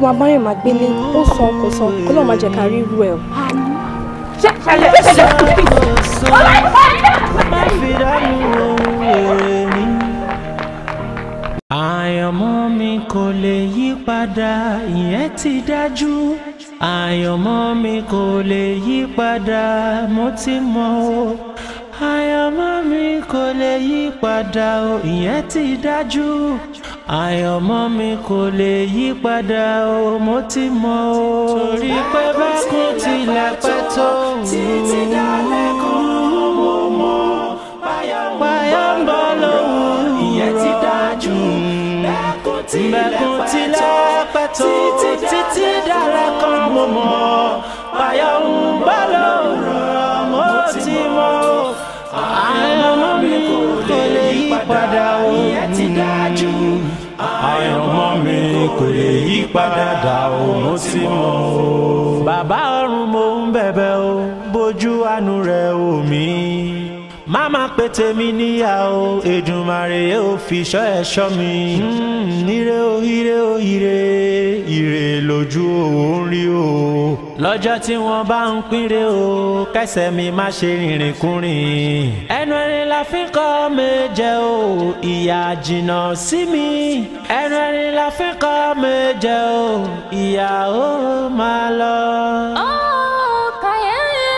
tó máa báyọ̀ máa gbélé ó san kò san kó lọ́ọ́ máa jẹ ká rí irú ẹ̀ o. àyànmọ́ mi kò lè yí padà ìyẹn ti dájú àyànmọ́ mi kò lè yí padà mo ti mọ̀ o àyànmọ́ mi kò lè yí padà ìyẹn ti dájú. àyànmọ́ mi kò lè yí padà o mo ti mọ̀ o torí pé bákùn ti làpẹ́ tó títí dalẹ́ kan mo mọ̀ báyà ń bọ̀ lóhùn ìyẹn ti dájú bákùn ti làpẹ́ tó títí dalẹ́ kan mo mọ̀ báyà ń bọ̀ lóhùn mo ti mọ̀ o. kò lè yí padà dà ó mo sì mọ̀ o. bàbá ọ̀run mo ń bẹ̀bẹ̀ o bójú àánú rẹ̀ wò mí. máma pe tèmi níyà o Èdùmàrè yóò fi ṣọ́ ẹ̀ṣọ́ mi. Hmm, ire o ire o ire ire lójú òun rí o lọ́jọ́ tí wọ́n bá ń pínre o kẹsẹ̀ mi má ṣe rìnrìn kúrìn. ẹnu ẹni la fi kọ́ mi o ìyà jìnnà sí mi. ẹnu ẹni la fi kọ́ mi jẹ o ìyà ó máa lọ. ó kàyé ńlá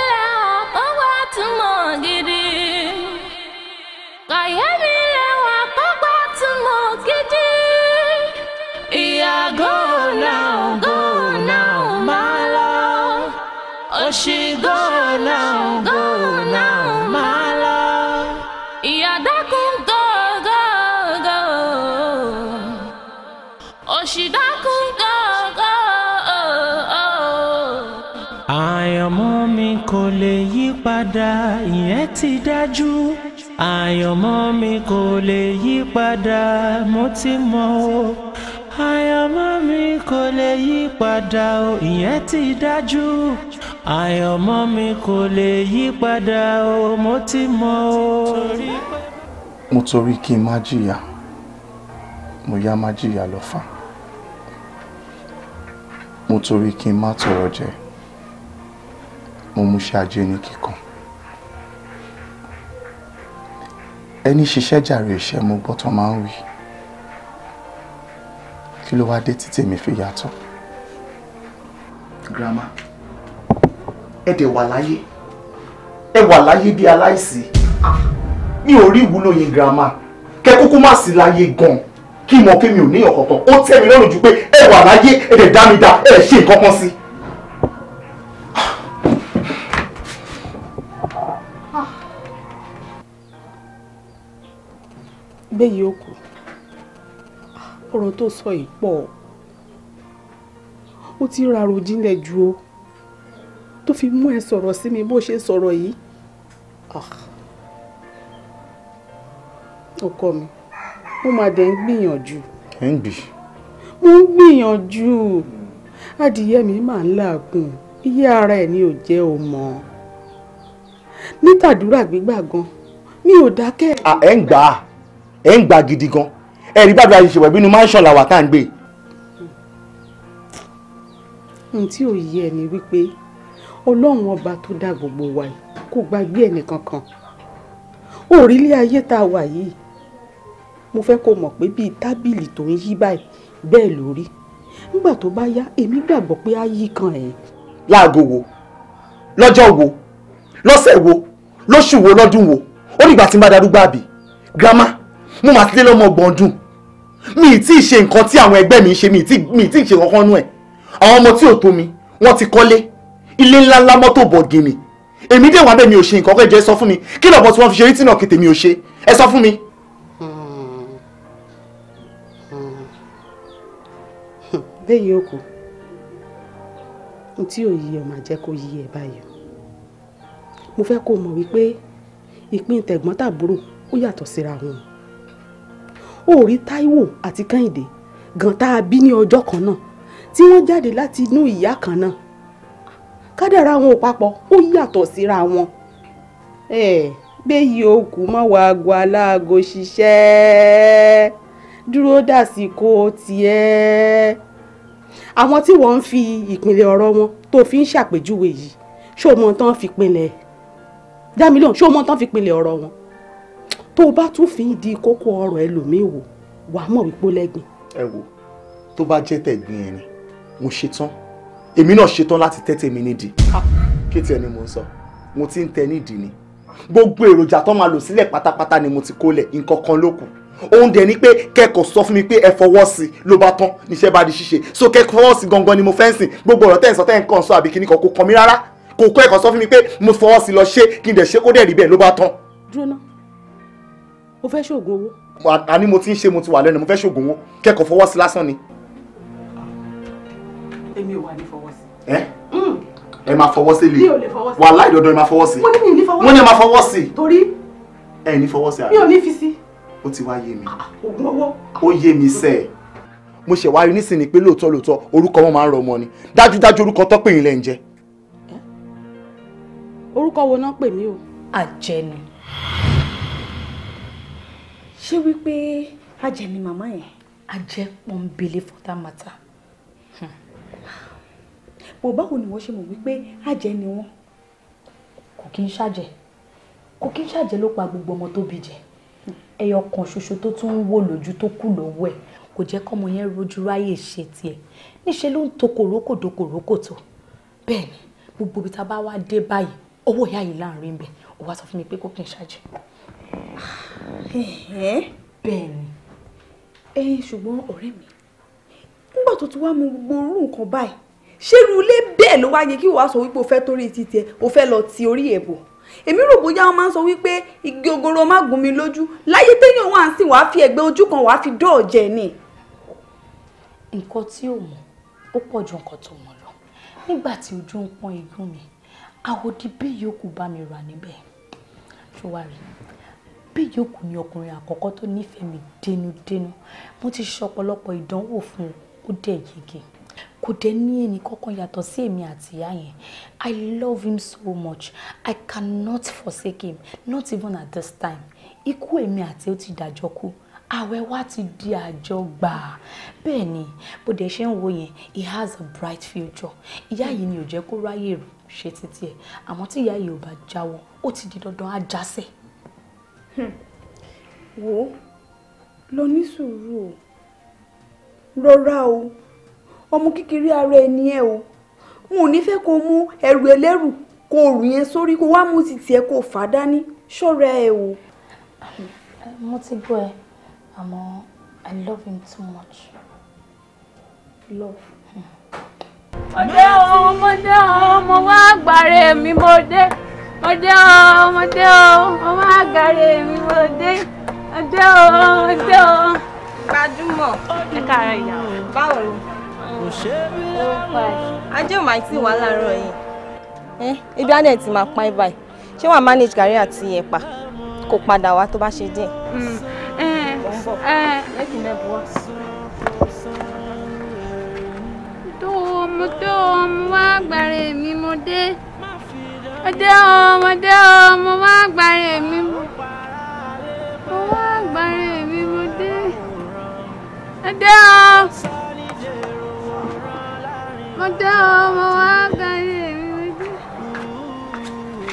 lè yí padà ìyẹn ti dájú àyànmọ́ mi kò lè yí padà mo ti mọ̀ o àyànmọ́ mi kò lè yí padà o ìyẹn ti dájú àyànmọ́ mi kò lè yí padà o mo ti mọ̀ o. mo torí kí n má jìyà mo yá má jìyà lọ́fà mo torí kí n má tọrọ jẹ mo mú ṣáájú ní kíkan ẹni ṣiṣẹ́ jàre iṣẹ́ mo gbọ́ tán máa ń wí kí ló wá dé tí tèmi fi yàtọ̀. grandma ẹ dẹ̀ wà láyé ẹ wà láyé bí aláìsí mi ò rí ìwúlò yín grandma kẹ kúkú má sí láyé gan kí mọ̀ kí mi ò níyàn kankan ó tẹ́ mi lọ́rùn ju pé ẹ wà láyé ẹ dẹ̀ dá mi dá ẹ ṣe nǹkan kan sí i. alábàágbé yìí ó kú ọ̀rọ̀ tó sọ yìí pọ̀ ó ti rárò jinlẹ̀ ju o tó fi mú ẹ sọ̀rọ̀ sí mi bó ṣe sọ̀rọ̀ yìí ah. ọkọ mi mo máa dẹ̀ ń gbìyànjú. ẹ ń bì. mo ń gbìyànjú adìyẹ mi máa ń làágùn iye ara ẹ̀ ni ò jẹ́ o mọ̀ nítàdúrà gbígbà gan mi ò dákẹ́. Ah, ẹ ń gbà á ẹ̀ ń gbà gidi gan ẹ̀rí bàbá yìí ṣèwẹ̀ bínú mansion làwà tá à ń gbé. ohun tí ò yé ẹ ni wípé ọlọ́run ọba tó dá gbogbo wa yìí kò gbàgbé ẹnìkankan òrílé ayé tá a wà yìí mo fẹ́ kó mọ̀ pé bíi tábìlì tó ń yí báyìí bẹ́ẹ̀ ló rí nígbà tó bá yá èmi gbàgbọ́ pé á yí kan ẹ̀. láago wo lọ́jọ́ wo lọ́sẹ̀ wo lóṣù wo lọ́dún wo ó nígbà tí n bá darúgbà àbí grandma mo máa ti dé lọ́mọ ọgbọ̀n ọdún mi ì tí ì ṣe nǹkan tí àwọn ẹgbẹ́ mi ń ṣe mi ì tí ì ṣe kankan nú ẹ̀ àwọn ọmọ tí ò tó mi wọ́n ti kọ́lé ilé ńlá ńlá mọ́tò bọ̀gìnì èmi dé wà bẹ́ẹ̀ mi ò ṣe nǹkan kẹjọ ẹ sọ fún mi kí lọ́bọ̀ tí wọ́n fi ṣe rítí náà kété mi ò ṣe ẹ sọ fún mi. bẹ́ẹ̀ yóò kù ohun tí ò yí ọ máa jẹ́ kó yí ẹ báyìí mo fẹ́ kó mọ̀ wípé ìpín tẹ̀gbọ́n tàbúrò ó yàtọ̀ síra wọn ó Taiwo Táíwò àti Kẹ́hìndé gan tá a bí ní ọjọ́ kan náà tí wọ́n jáde láti inú ìyá kan náà kádàrá wọn ò papọ̀ ó yàtọ̀ síra wọn. ẹ gbéyìí òkú mọ́ wàá gba aláàgọ́ ṣiṣẹ́ dúró dàsìkò tiẹ̀ àwọn tí wọ́n ń fi ìpìlẹ̀ ọ̀rọ̀ wọn tó fi ń ṣàpèjúwe yìí ṣó mọ tán fi pinlẹ̀ dámilọ́n ṣó mọ tán fi pinlẹ̀ ọ̀rọ̀ wọn tó o bá tún fi di kókó ọ̀rọ̀ ẹlòmíì wò wàá mọ̀ wípé ó lẹ́gbìn. ẹ wo tó bá jẹ́ tẹ̀gbìn ẹ̀rín mo ṣetán èmi náà ṣetán láti tẹ́tẹ̀ mi nídìí kéte ẹni mo ń sọ mo ti ń tẹ nídìí ni gbogbo èròjà tó máa lò sílẹ̀ pátápátá ni mo ti kó lẹ̀ nǹkan kan ló kù òun dẹ̀ ni pé kẹ́kọ̀ọ́ sọ fún mi pé ẹ fọwọ́ sí i ló bá tán níṣẹ́ bá di ṣíṣe so kẹ́kọ̀ọ́ fọwọ́ sí gangan ni mo fẹ́ ń sìn gbogbo ọ̀rọ̀ tẹ̀sán tẹ̀ ń kàn sọ àbí kíní kan kò kàn mí rárá kò kọ́ ẹ̀kọ́ sọ fún mi pé mo fọwọ́ sí i lọ ṣe kí n dẹ̀ ṣe kó dẹ̀ rí bẹ́ẹ̀ ló bá tán. dúró náà mo fẹ́ ṣoògùn owó. àní mo ti ń ṣe mo ti wà lẹ́nu mo fẹ́ ṣoògùn owó kẹ́kọ̀ọ́ fọwọ́ sí lásán ni. èmi ò wà ní fọwọ́ sí. ẹ hmm. ẹ máa fọwọ́ sí ilé wà láì dandan ẹ máa fọwọ́ sí. mo ní mi ò ní fọwọ́ sí. wọ́n ní ẹ máa fọwọ́ sí. torí. ẹ ní fọwọ́ sí àná. mi ò ní fi sí. ó ti wá yé mi. Ah, ah, oògùn owó. ó yé mi sẹ́ẹ̀ mo ṣe wá rí nísìnyí pé lóòótọ́ lóòótọ́ orúkọ wọn máa ń rọ ọmọ ni dájúdájú orúkọ tó pè yín lẹ́ ń jẹ. orúkọ wo náà pè mí o. àjẹnu ṣé wípé àjẹ́ ni màmá yẹn. àjẹ́ pọ́nbélé for that matter. Hmm. bò báwo ni wọ́n ṣe mọ̀ wípé àjẹ́ ni wọ́n. kò kí ń ṣàjẹ́ kò kí ń ṣàjẹ́ ló pa gbogbo ọmọ tó bí jẹ ẹyọ kan ṣoṣo tó tún ń wò lójú tó kù lọ́wọ́ ẹ̀ kò jẹ́ kọ́mọ yẹn rojú ráyè ṣe tiẹ̀ níṣẹ́ ló ń to kòrókòdó kòrókòtò bẹ́ẹ̀ ni gbogbo ibi tá a bá wá dé báyìí owó ìyá yìí láàrin bẹ̀ ó wá sọ fún mi pé kò kí n ṣàjẹ́ bẹ́ẹ̀ ni ẹ ṣùgbọ́n ọ̀rẹ́ mi nígbà tó ti wá mu gbogbo orú nǹkan báyìí ṣé irú ilé bẹ́ẹ̀ ló wá yẹ kí wàá sọ wípé o fẹ́ torí títì ẹ o fẹ́ lọ ti orí ẹ̀ bò èmi rò bóyá wọn máa ń sọ wípé igi ogoro má gún mi lójú láyé téèyàn wà ń sìn wàá fi ẹ̀gbẹ́ ojú kan wàá fi dọ́ọ̀ jẹ ni. nǹkan tí ò mọ̀ ó pọ̀ ju nǹkan tó mọ̀ lọ nígbà tí ojú ń pọ́n igun mi àwòdì bí yòókù bá mi rà níbẹ̀ ṣó wá rí i bẹ́ẹ̀ ni ọkùnrin àkọ́kọ́ tó nífẹ̀ẹ́ mi dénúdénú mo ti ṣe ìdánwò fún un ó dẹ̀ yege kò dẹ̀ ní ẹnì kankan yàtọ̀ sí èmi àti ìyá yẹn I love him so much I cannot forsake him not even at this time ikú èmi àti ó ti dàjọ kú àwẹ̀ wa ti di àjọ gbà bẹ́ẹ̀ ni bó dẹ̀ ṣe ń wo yẹn he has a bright future ìyá yìí ni ò jẹ́ kó ráyè rò ṣe títí ẹ̀ àmọ́ tí ìyá yìí ò bá jáwọ́ ó ti di dandan á jásẹ̀. Hmm. wò ó lọ ní o rọra o ọmọ kékeré ara ẹni ẹ o n ò ní fẹ́ kó mú ẹrù ẹlẹ́rù kó rù yẹn sórí kó wá mú títì ẹ kó fà á dání o. mo ti gbọ́ ẹ àmọ́ I love him too much. love. mo dé o mo dé o mi mo ọdẹ o ọmọdé o ọmọ àgàrẹ mi mo dé ọdẹ o ọdẹ o. gbajúmọ̀ ẹ káàárọ̀ ìyá o. báwo ni. ó pa ẹ. ajé ò máa ti wà láàárọ̀ yìí. ibi àná ẹ̀ ti máa pa ẹ báyìí ṣé wàá manage gàrí àti ẹ̀pà kó padà wá tó bá ṣe díẹ̀. Hmm. ẹ ẹ ẹ kì í mẹ́bù wá. tó o mo tó o mo wá àgbàrẹ mi mo dé ọdẹ ọmọdé ọmọ wá gbàrẹ mi mo wá gbàrẹ mi mo dé ọdẹ ọmọdé ọmọ wá gbàrẹ mi mo dé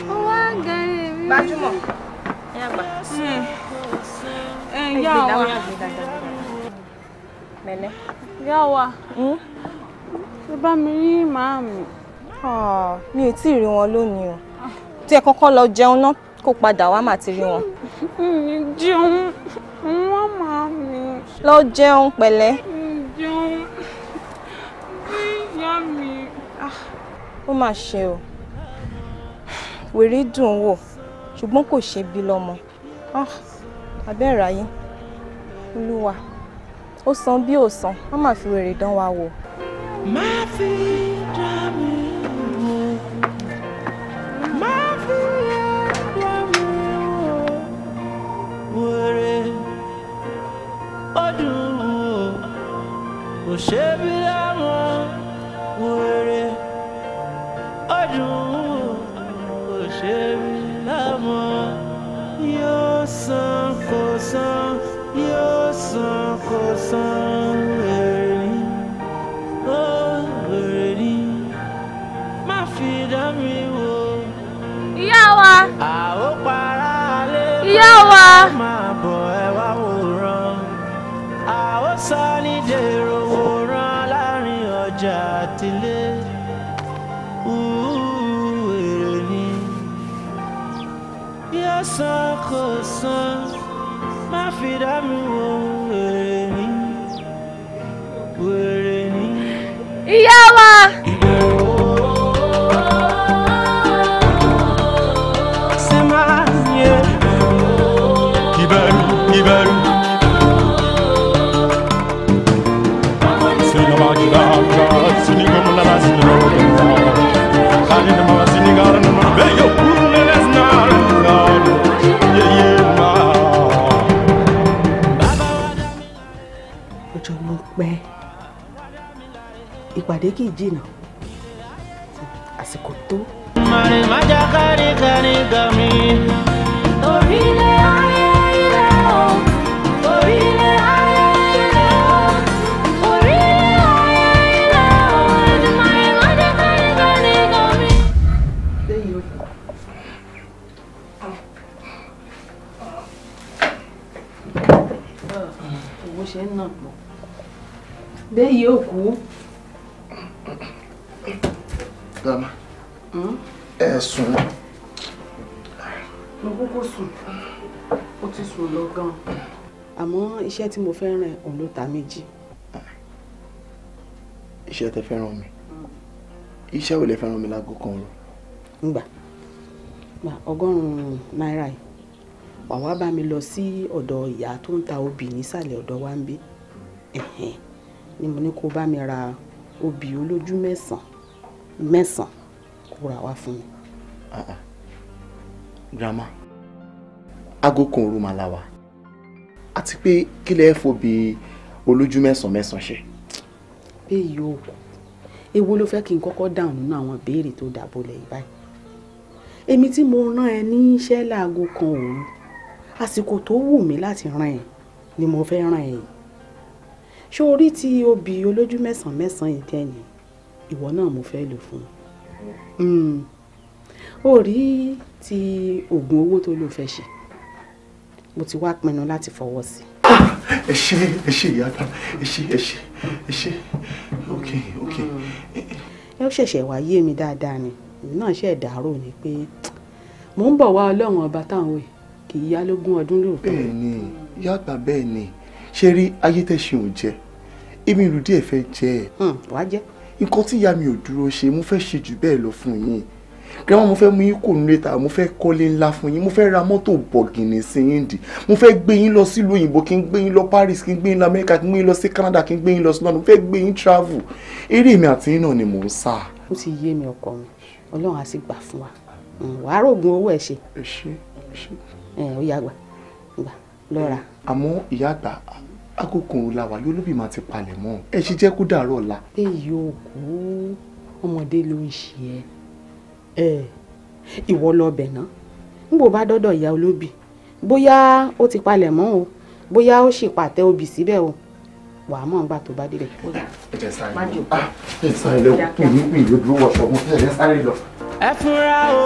mo wá gbàrẹ mi. gbajúmọ̀ ẹ àgbà. Hmm. ẹ yá wa mẹlẹ. yá wa. ṣé hmm? bá mi rí màámi. Ah, mi ò tí ì rí wọn lónìí o tí ẹ kọ́kọ́ lọ jẹun náà kó padà wá mà ti rí wọn. mi jẹun wọn máa mi. lọ jẹun pẹ̀lẹ́. mi jẹun ní ìyá mi. Ah. ó mà ṣe o wèrè dùn wò ṣùgbọ́n kò ṣe bí lọ́mọ ah, abẹ́ẹ̀ráyé olúwa ó san bí ó san wọ́n máa fi wèrè dán wa wò. máa fi. ṣe bí láwọn wèrè ó dùn ṣe bí láwọn yóò san kò san yóò san kò san ìyá wa ìyá wa. san kò san má fi dá mi wò wèrè wèrè ní. ìyá wa. ìpàdé kì í jìnnà àsìkò tó. màrìmájà káríkárí gàmí. orílẹ̀ ayé ilẹ̀ o orílẹ̀ ayé ilẹ̀ o orílẹ̀ ayé ilẹ̀ o ẹni màrìmájà káríkárí gàmí. owó ṣe ń nà pọ̀ bẹ́ẹ̀ yóò kú. fẹ́ sùn. mo kúkú sùn ó ti sùn lọ gan-an àmọ́ iṣẹ́ tí mo fẹ́ ràn òun ló ta méjì. iṣẹ́ tẹ fẹ́ràn mi iṣẹ́ ò lè fẹ́ràn mi láago kan rọ. ngbà gba ọgọ́rùn-ún náírà yìí wàá wá bá mi lọ sí ọ̀dọ̀ ìyá tó ń ta obì nísàlẹ̀ ọ̀dọ̀ wa ń bí ni mo ní kó bá mi ra obì olójú mẹ́sàn-án mẹ́sàn-án kó ra wá fún mi. Ah, ah. grandma ago kan òru màá la wà àti pé kí lẹ fòbi olójú mẹ́sàn-án mẹ́sàn-án ṣe. bẹ́ẹ̀ yóò kù èwo ló fẹ́ kí n kọ́kọ́ dáhùn nínú àwọn ìbéèrè tó dàbò lẹ̀ yìí báyìí èmi tí mo rán ẹ ní iṣẹ́ láago kan òru àsìkò tó wù mí láti rán ẹ ni mo fẹ́ rán ẹ ṣé orí tí obì olójú mẹ́sàn-án mẹ́sàn-án yìí tẹ̀ ìwọ náà mo fẹ́ lò fún un. Hmm ó rí ti oògùn owó tó lò fẹ́ ṣe mo ti wá pinnu láti fọwọ́ sí. Ah, ẹ ṣe ẹ ṣe ìyá ẹ ṣe ẹ ṣe ẹ ṣe ok ok. ẹ ó ṣẹ̀ṣẹ̀ wá yé mi dáadáa ni èmi náà ṣe dàárò ni pé mò ń bọ̀ wá ọlọ́run ọba táwọn kì í yá lógún ọdún lóòótọ́. bẹ́ẹ̀ ni ìyá àgbà bẹ́ẹ̀ ni ṣe rí ayé tẹ̀sìn ò jẹ́ èmi ìlú díẹ̀ fẹ́ jẹ́ ẹ̀. Hmm, wàá jẹ́. nǹkan tí ìyá mi ò dúró ṣe mo fẹ́ ṣe jù bẹ́ẹ̀ lọ fún yín grandma mo fẹ́ mú yín kò nílé ta mo fẹ́ kọ́lé ńlá fún yín mo fẹ́ ra mọ́tò bọ̀gìnì sí yín dì mo fẹ́ gbé yín lọ sílùú òyìnbó kí n gbé yín lọ Paris kí n gbé yín lọ America kí n gbé yín lọ sí Canada kí n gbé yín lọ sí London mo fẹ́ gbé yín travel eré mi àti yín náà ni mò ń sá. ó ti yé mi ọkọ mi Ọlọ́run á sì gbà fún wa wàá rògùn owó ẹ̀ ṣe. ẹ ṣe ẹ ṣe. ẹ ó yá gbà gbà lọ́ra. àmọ́ ìyá àgbà àkókò la wà lólóbì máa ti palẹ̀ mọ́ ẹ ṣe jẹ́ kó dàárọ̀ ọ̀la. èyí ò ọmọdé ló ń ṣe ẹ́ ẹ ìwọ lọ bẹ̀ ná níbo bá dọ́dọ̀ ìyá olóbì bóyá ó ti palẹ̀ mọ́ o bóyá ó sì pàtẹ obì síbẹ̀ o wàá mọ̀ nígbà tó bá débẹ̀. Ah, ẹ sáré lọ kí ni kí ni dúró wọ̀ ṣọ̀gùn ẹ sáré lọ. ẹ fúnra o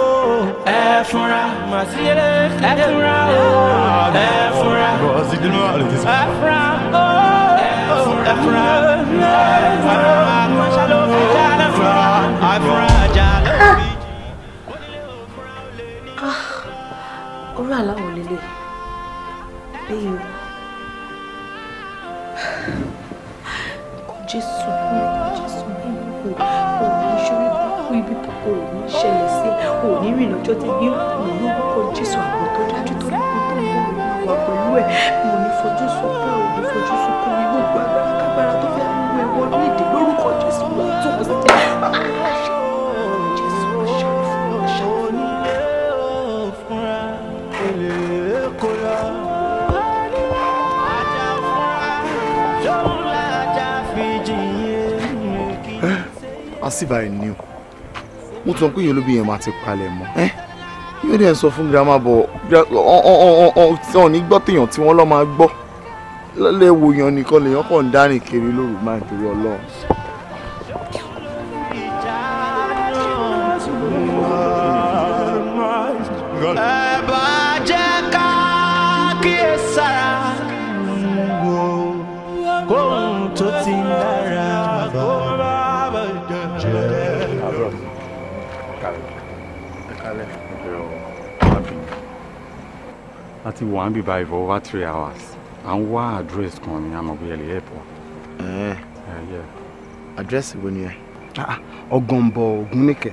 ẹ fúnra ẹ fúnra o ẹ fúnra ẹ fúnra o ẹ fúnra ẹ fúnra ẹ fúnra ẹ fúnra. irú aláwọ̀ lélẹ̀ bẹ́ẹ̀ o kò jésù kò jésù kò kò ní ṣorí kò ibi kò ní ṣẹlẹ̀ sí kò ní rìn lọ́jọ́ tí ní òun kò jésù àbò tó dájú tó dájú tó wà pẹ̀lú ẹ̀ mo ní fojú sùn kúrò. massive I knew mo tún pé yẹn olóbi yẹn máa ti palẹ̀ mọ́ ẹ́ yóò dẹ̀ sọ fún girama bọ̀ ọ̀ ní gbọ́ tèèyàn tí wọ́n lọ́ máa gbọ́ lẹ́wọ̀ yẹn nìkan lèèyàn kàn ń dárìn kiri lóru máa ń torí ọlọ́run. ti wà ń bíbá for over three hours à ń wá àdírẹ́sì kan ní amọ̀gbẹ́yẹlẹ airport. àdírẹ́sì wo ni ẹ. Ah, ah, ọ̀gànbọ̀ ògúnníkẹ̀.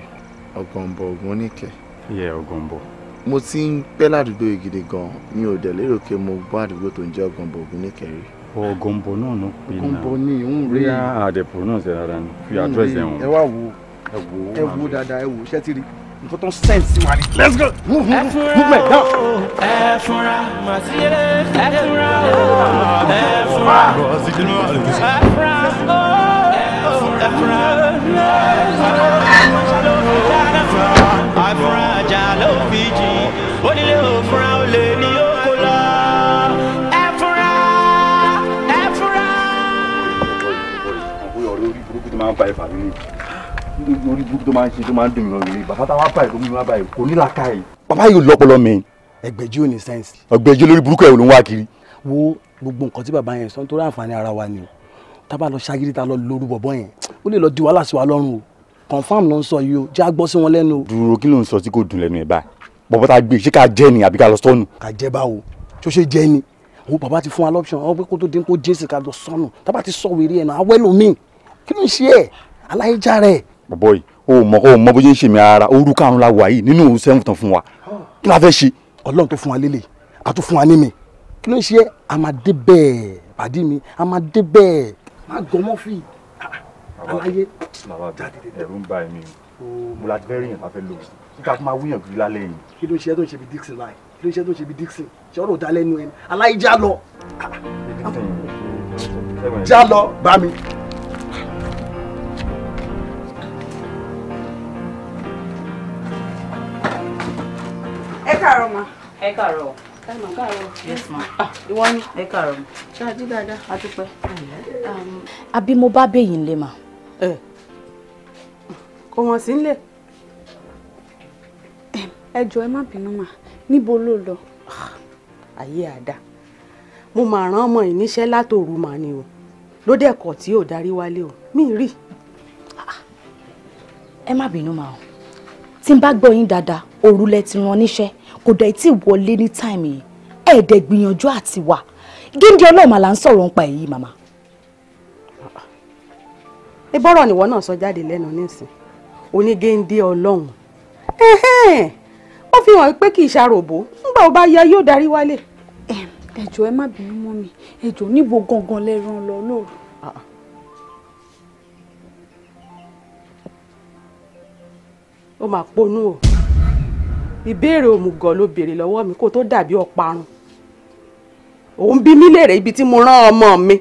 ọ̀gànbọ̀ ògúnníkẹ̀. yẹ ọ̀gànbọ̀. mo ti ń pẹ́ ládùúgbò yìí gidi gan-an mi ò dẹ̀ lérò pé mo gbọ́ àdúgbò tó ń jẹ́ ọ̀gànbọ̀ ògúnníkẹ̀ rí ọgọmbọ náà ló pe náà ọgọmbọ ni òun rí i àdẹ̀pọ̀ náà ṣe rárá ni fi àdírẹ́sì ẹ̀ wọ̀n ẹ wá wo ẹ wo dáadáa ẹ wo ṣẹ́ ti rí nǹkan tó ń sẹ́ǹsì wà ní. let's go movement down. ẹ fúnra màtíyẹlẹ ẹ fúnra ẹ fúnra ẹ fúnra ẹ fúnra ẹ fúnra àfúrajà ló fi jì onílé òfúra olè ní oko lọ. ẹ fúnra ẹ fúnra. ọ̀rẹ́ orí burúkú ti máa ń fa ìfà nínú orí burúkú tó máa ń ṣe tó máa ń dùn mí lórí bàbá táwa báyìí tó mú báyìí kò ní làákàyè. bàbá yóò lọ́pọlọ mi. ẹgbẹ́jì ò ní sáyẹ́nsì. ẹgbẹ́jì lórí burúkú ẹ̀ ló ń wá kiri. wo gbogbo nǹkan tí bàbá yẹn sọ nítorí àǹfààní ara wa ni o tábà lọ ṣagídí ta lọ lóru bọ̀bọ̀ yẹn ó lè lọ di wàhálà sí wa lọ́rùn o confam ló ń sọ yìí o já gbọ́ sí wọn lẹ́nu. o bàbá kí aláìjà rẹ̀ bọ̀bọ̀ yìí o mọ o mọ bó ṣe ń ṣe mi ara ooru karùn-ún la wà yìí nínú sẹ́wọ̀n tán fún wa kí la fẹ́ ṣe. ọlọ́run tó fún wa lélẹ̀ a tó fún wa nímì kí ló ń ṣe a máa dé bẹ́ẹ̀ pàdé mi a máa dé bẹ́ẹ̀ máa gbọ́mọ́ fi aláyé. bàbá ẹ̀rù ń bá mi mo la fẹ́ rìn àfẹ́ lò kíkà fún ma wúyàn kiri lálẹ́ yìí. kí ló ń ṣe tó ń ṣe bí Dixon láì kí ló ń ṣe tó ń ṣe bí Dixon ṣé ọ̀rọ̀ dalẹ́ nu ẹni aláyé já lọ já lọ bá mi. káàárọ̀ ma. ẹ káàárọ̀. ẹ mà káàárọ̀. yes ma. Ah, ìwọ ni. ẹ káàárọ̀ ma. ṣáájú dáadáa àdúpẹ́. Um, àbí mo bá bẹ̀yìn lè mà. kò wọ́n sí nílé. ẹ jọ̀ọ́ ẹ má bínú mà níbo ló lọ. Ah, ayé àdá mo máa rán ọmọ yìí níṣẹ́ látòru mà ni o ló dẹ̀kọ̀ tí ò darí wálé o mi rí. Ah, ẹ má bínú mà o tí n bá gbọ́ yín dáadáa òru lẹ ti rán níṣẹ́ kò dẹ̀ tí wọlé ní táìmì yìí ẹ̀ dẹ̀ gbìyànjú àti wà géńdé ọlọ́ọ̀mà là ń sọ̀rọ̀ ń pa èyí màmá. ẹ bọ́rọ̀ nìwọ náà sọ jáde lẹ́nu nísìn oní géńdé ọlọ́run ó fi hàn pé kì í ṣàròbó nígbà ó bá yá yóò darí wálé. ẹ jọ̀ọ́ ẹ má bínú mọ́ mi ẹ níbo gangan lẹ lọ lóru. ó mà ponú o ìbéèrè òmùgọ̀ ló béèrè lọ́wọ́ mi kó tó dàbí ọ̀parun òun bí mi léèrè ibi tí mo rán ọmọ mi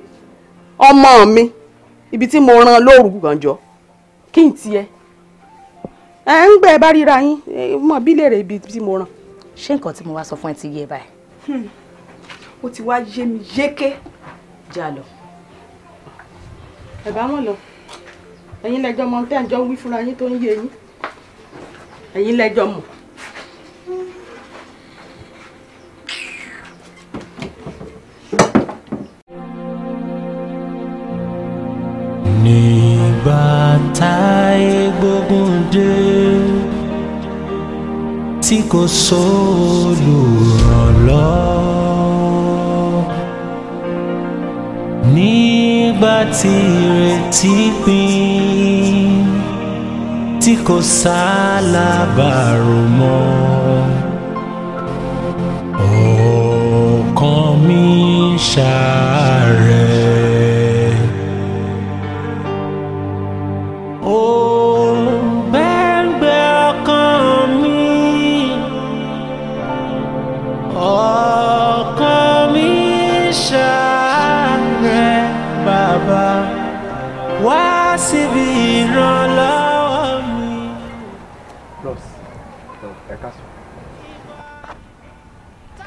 ọmọ mi ibi tí mo rán lóru gànjọ́ kí n tiẹ̀ ẹ ń gbẹ bá ríra yín mọ bí léèrè ibi tí mo rán. ṣé nǹkan tí mo wá sọ fún ẹ ti yé báyìí. Hmm. ó ti wá yé mi yéké já lọ. ẹ bá mọ̀ lọ ẹ̀yin lẹ́jọ́ mọ̀ tẹ́ ẹ̀ wí fúnra yín tó ń yé yín ẹ̀yin lẹ́jọ́ mọ̀. Ni táyé gbógun dé tí kò sólùrànlọ́ nígbà tí ìrètí pin tí kò sálábàárò mọ́ ọkàn mi ṣàárẹ̀.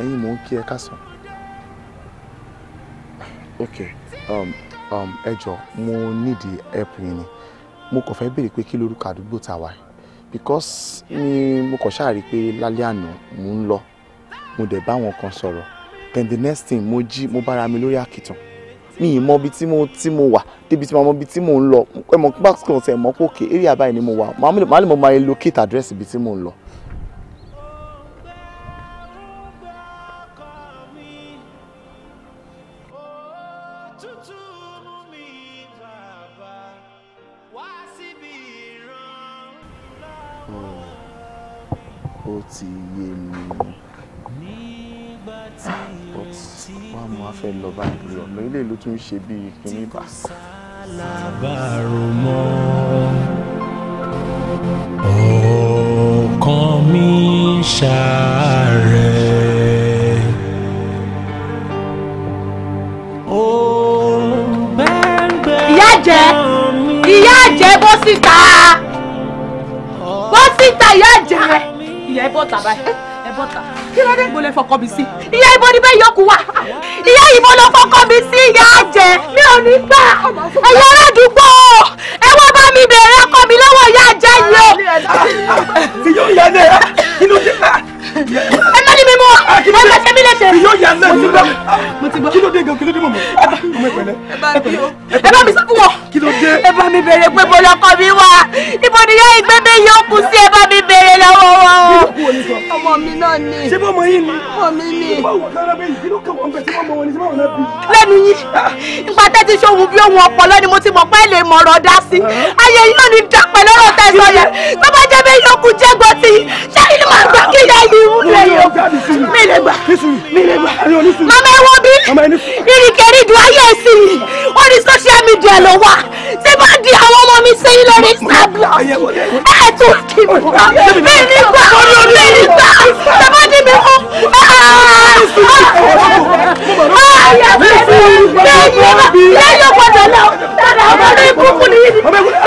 ẹ̀yin mò ń kí ẹ kásán. ok um, um, ẹ jọ mo nídìí help yín ni mo kàn fẹ́ béèrè pé kí lorúkọ àdúgbò tá wà because ni mo kàn ṣáà rí i pé lálẹ́ àná mò ń lọ mo dẹ̀ bá wọn kan sọ̀rọ̀ then the next thing mo jí mo bára mi lórí àkìtàn mi ì mọ ibi tí mo tí mo wà débi tí mo mọ ibi tí mo ń lọ ẹ mọ pàṣẹ ọ̀sẹ̀ mọ́ pòkè eré àbáyé ni mo wà màá lè mọ máa locate address ibi tí mo ń lọ ó ti yé mi but wàá mú wá fẹ́ lọ báyìí ọ̀nà ilé ló tún ṣe bíi kìíní bá. alábàárò mọ ọkàn mi ṣàárẹ̀ ó bẹ́ẹ̀ bẹ́ẹ̀ ìyá jẹ́ ìyá jẹ́ bó síta bó síta ìyá jẹ́ ìyá ẹ bọ́ta báyìí ẹ bọ́ta kí ló dé gbọ́lẹ̀ fọkọ mi sí. ìyá ibo ni bẹ́ẹ̀ yọkù wà ìyá ibo ló fọkọ mi sí ìyá àjẹ mi ò ní gbà ẹ̀yẹ aládùúgbò ẹ wá bá mi bèrè ọkọ mi lọ́wọ́ ìyá àjẹ yìí o. ẹ má wọ́n bá ṣe mí léṣe. yóò yà lẹ́nu mo ti gbọ́ kí ló dé gan kí ló dé mọ̀mọ́ ọmọ ìpẹ̀lẹ́ ẹ bá mi sọ fún wọn. kí ló dé. ẹ bá mi bèrè pé mo lọkọ mi wá ibo ni yóò gbé mi yóò kù sí ẹ bá mi bèrè lọ́wọ́ wọn. ọmọ mi náà ni. ṣé bọ́mọ yín ni. ọmọ mi ni. lẹ́nu yín nípa tẹ́tí sóhun bí ohun ọpọlọ ni mo ti mọ̀ pé lè mọ̀rọ̀ dá sí. Uh-huh. ayé yóò ní dàpẹ́ lọ́rọ̀ tẹ̀sán yẹn tó bá jẹ́ mi yóò kù jẹ́gbọ́ sí i ni màá gbà kí ìyá yìí mú lẹ yìí o mi lè gbà mi lè gbà màmá ẹ wo bí ìrìnkèrìdò ayé ẹsìn yìí ó ní social media ló wà tí bá di àwọn ọmọ mi sẹ́yìn lórí instagram ẹ̀ tún kí mi gbà mi ní gbà mi ní gbà tí bá bẹ ọ. yẹ́yẹ́ gbọ́dọ̀ lọ tọ́lá ọmọdé kúkú ni yìí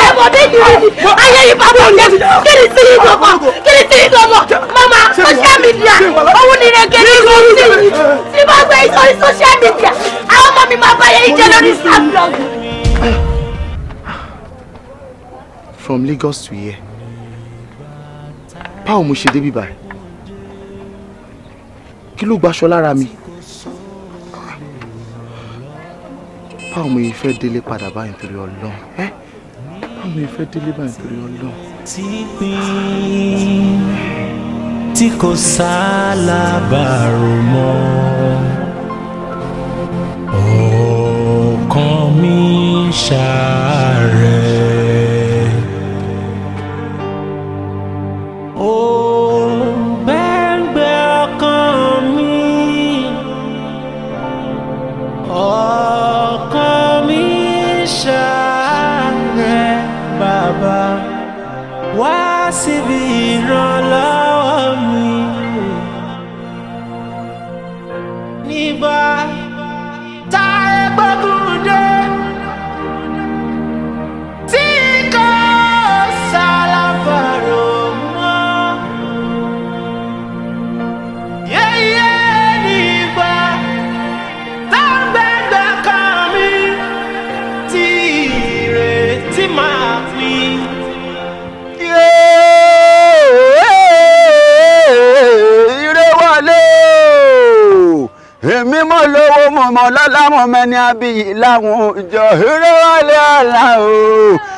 ẹ̀mọ́dé ni yìí ayé ìbá bọ̀ jẹ́ kí ni sí yìí gbọ̀mọ̀ kí ni sí yìí gbọ̀mọ̀ mama social media òun ni rẹ̀ gẹ́gẹ́ bí ti yìí tí bá gbé ìsọ̀rí social media àwọn ọmọ mi máa bá yẹ ìjẹ́ lórí snapblog. From Lagos to here báwo mo ṣe débi báyìí kí ló gbaṣọ lára mi báwo mo fẹ́ délé padà báyìí nítorí ọlọ́run ẹ́ báwo mo fẹ́ délé báyìí nítorí ọlọ́run. tí pín tí kò sálábàárò mọ́ ọkàn mi ṣàárẹ̀. civil mímọ́ lówó mọ̀mọ́ lọ́lá mọ̀mọ́ ni àbíyí láwọn ìjọ ìrẹ́wọ̀lẹ́ ọ̀la o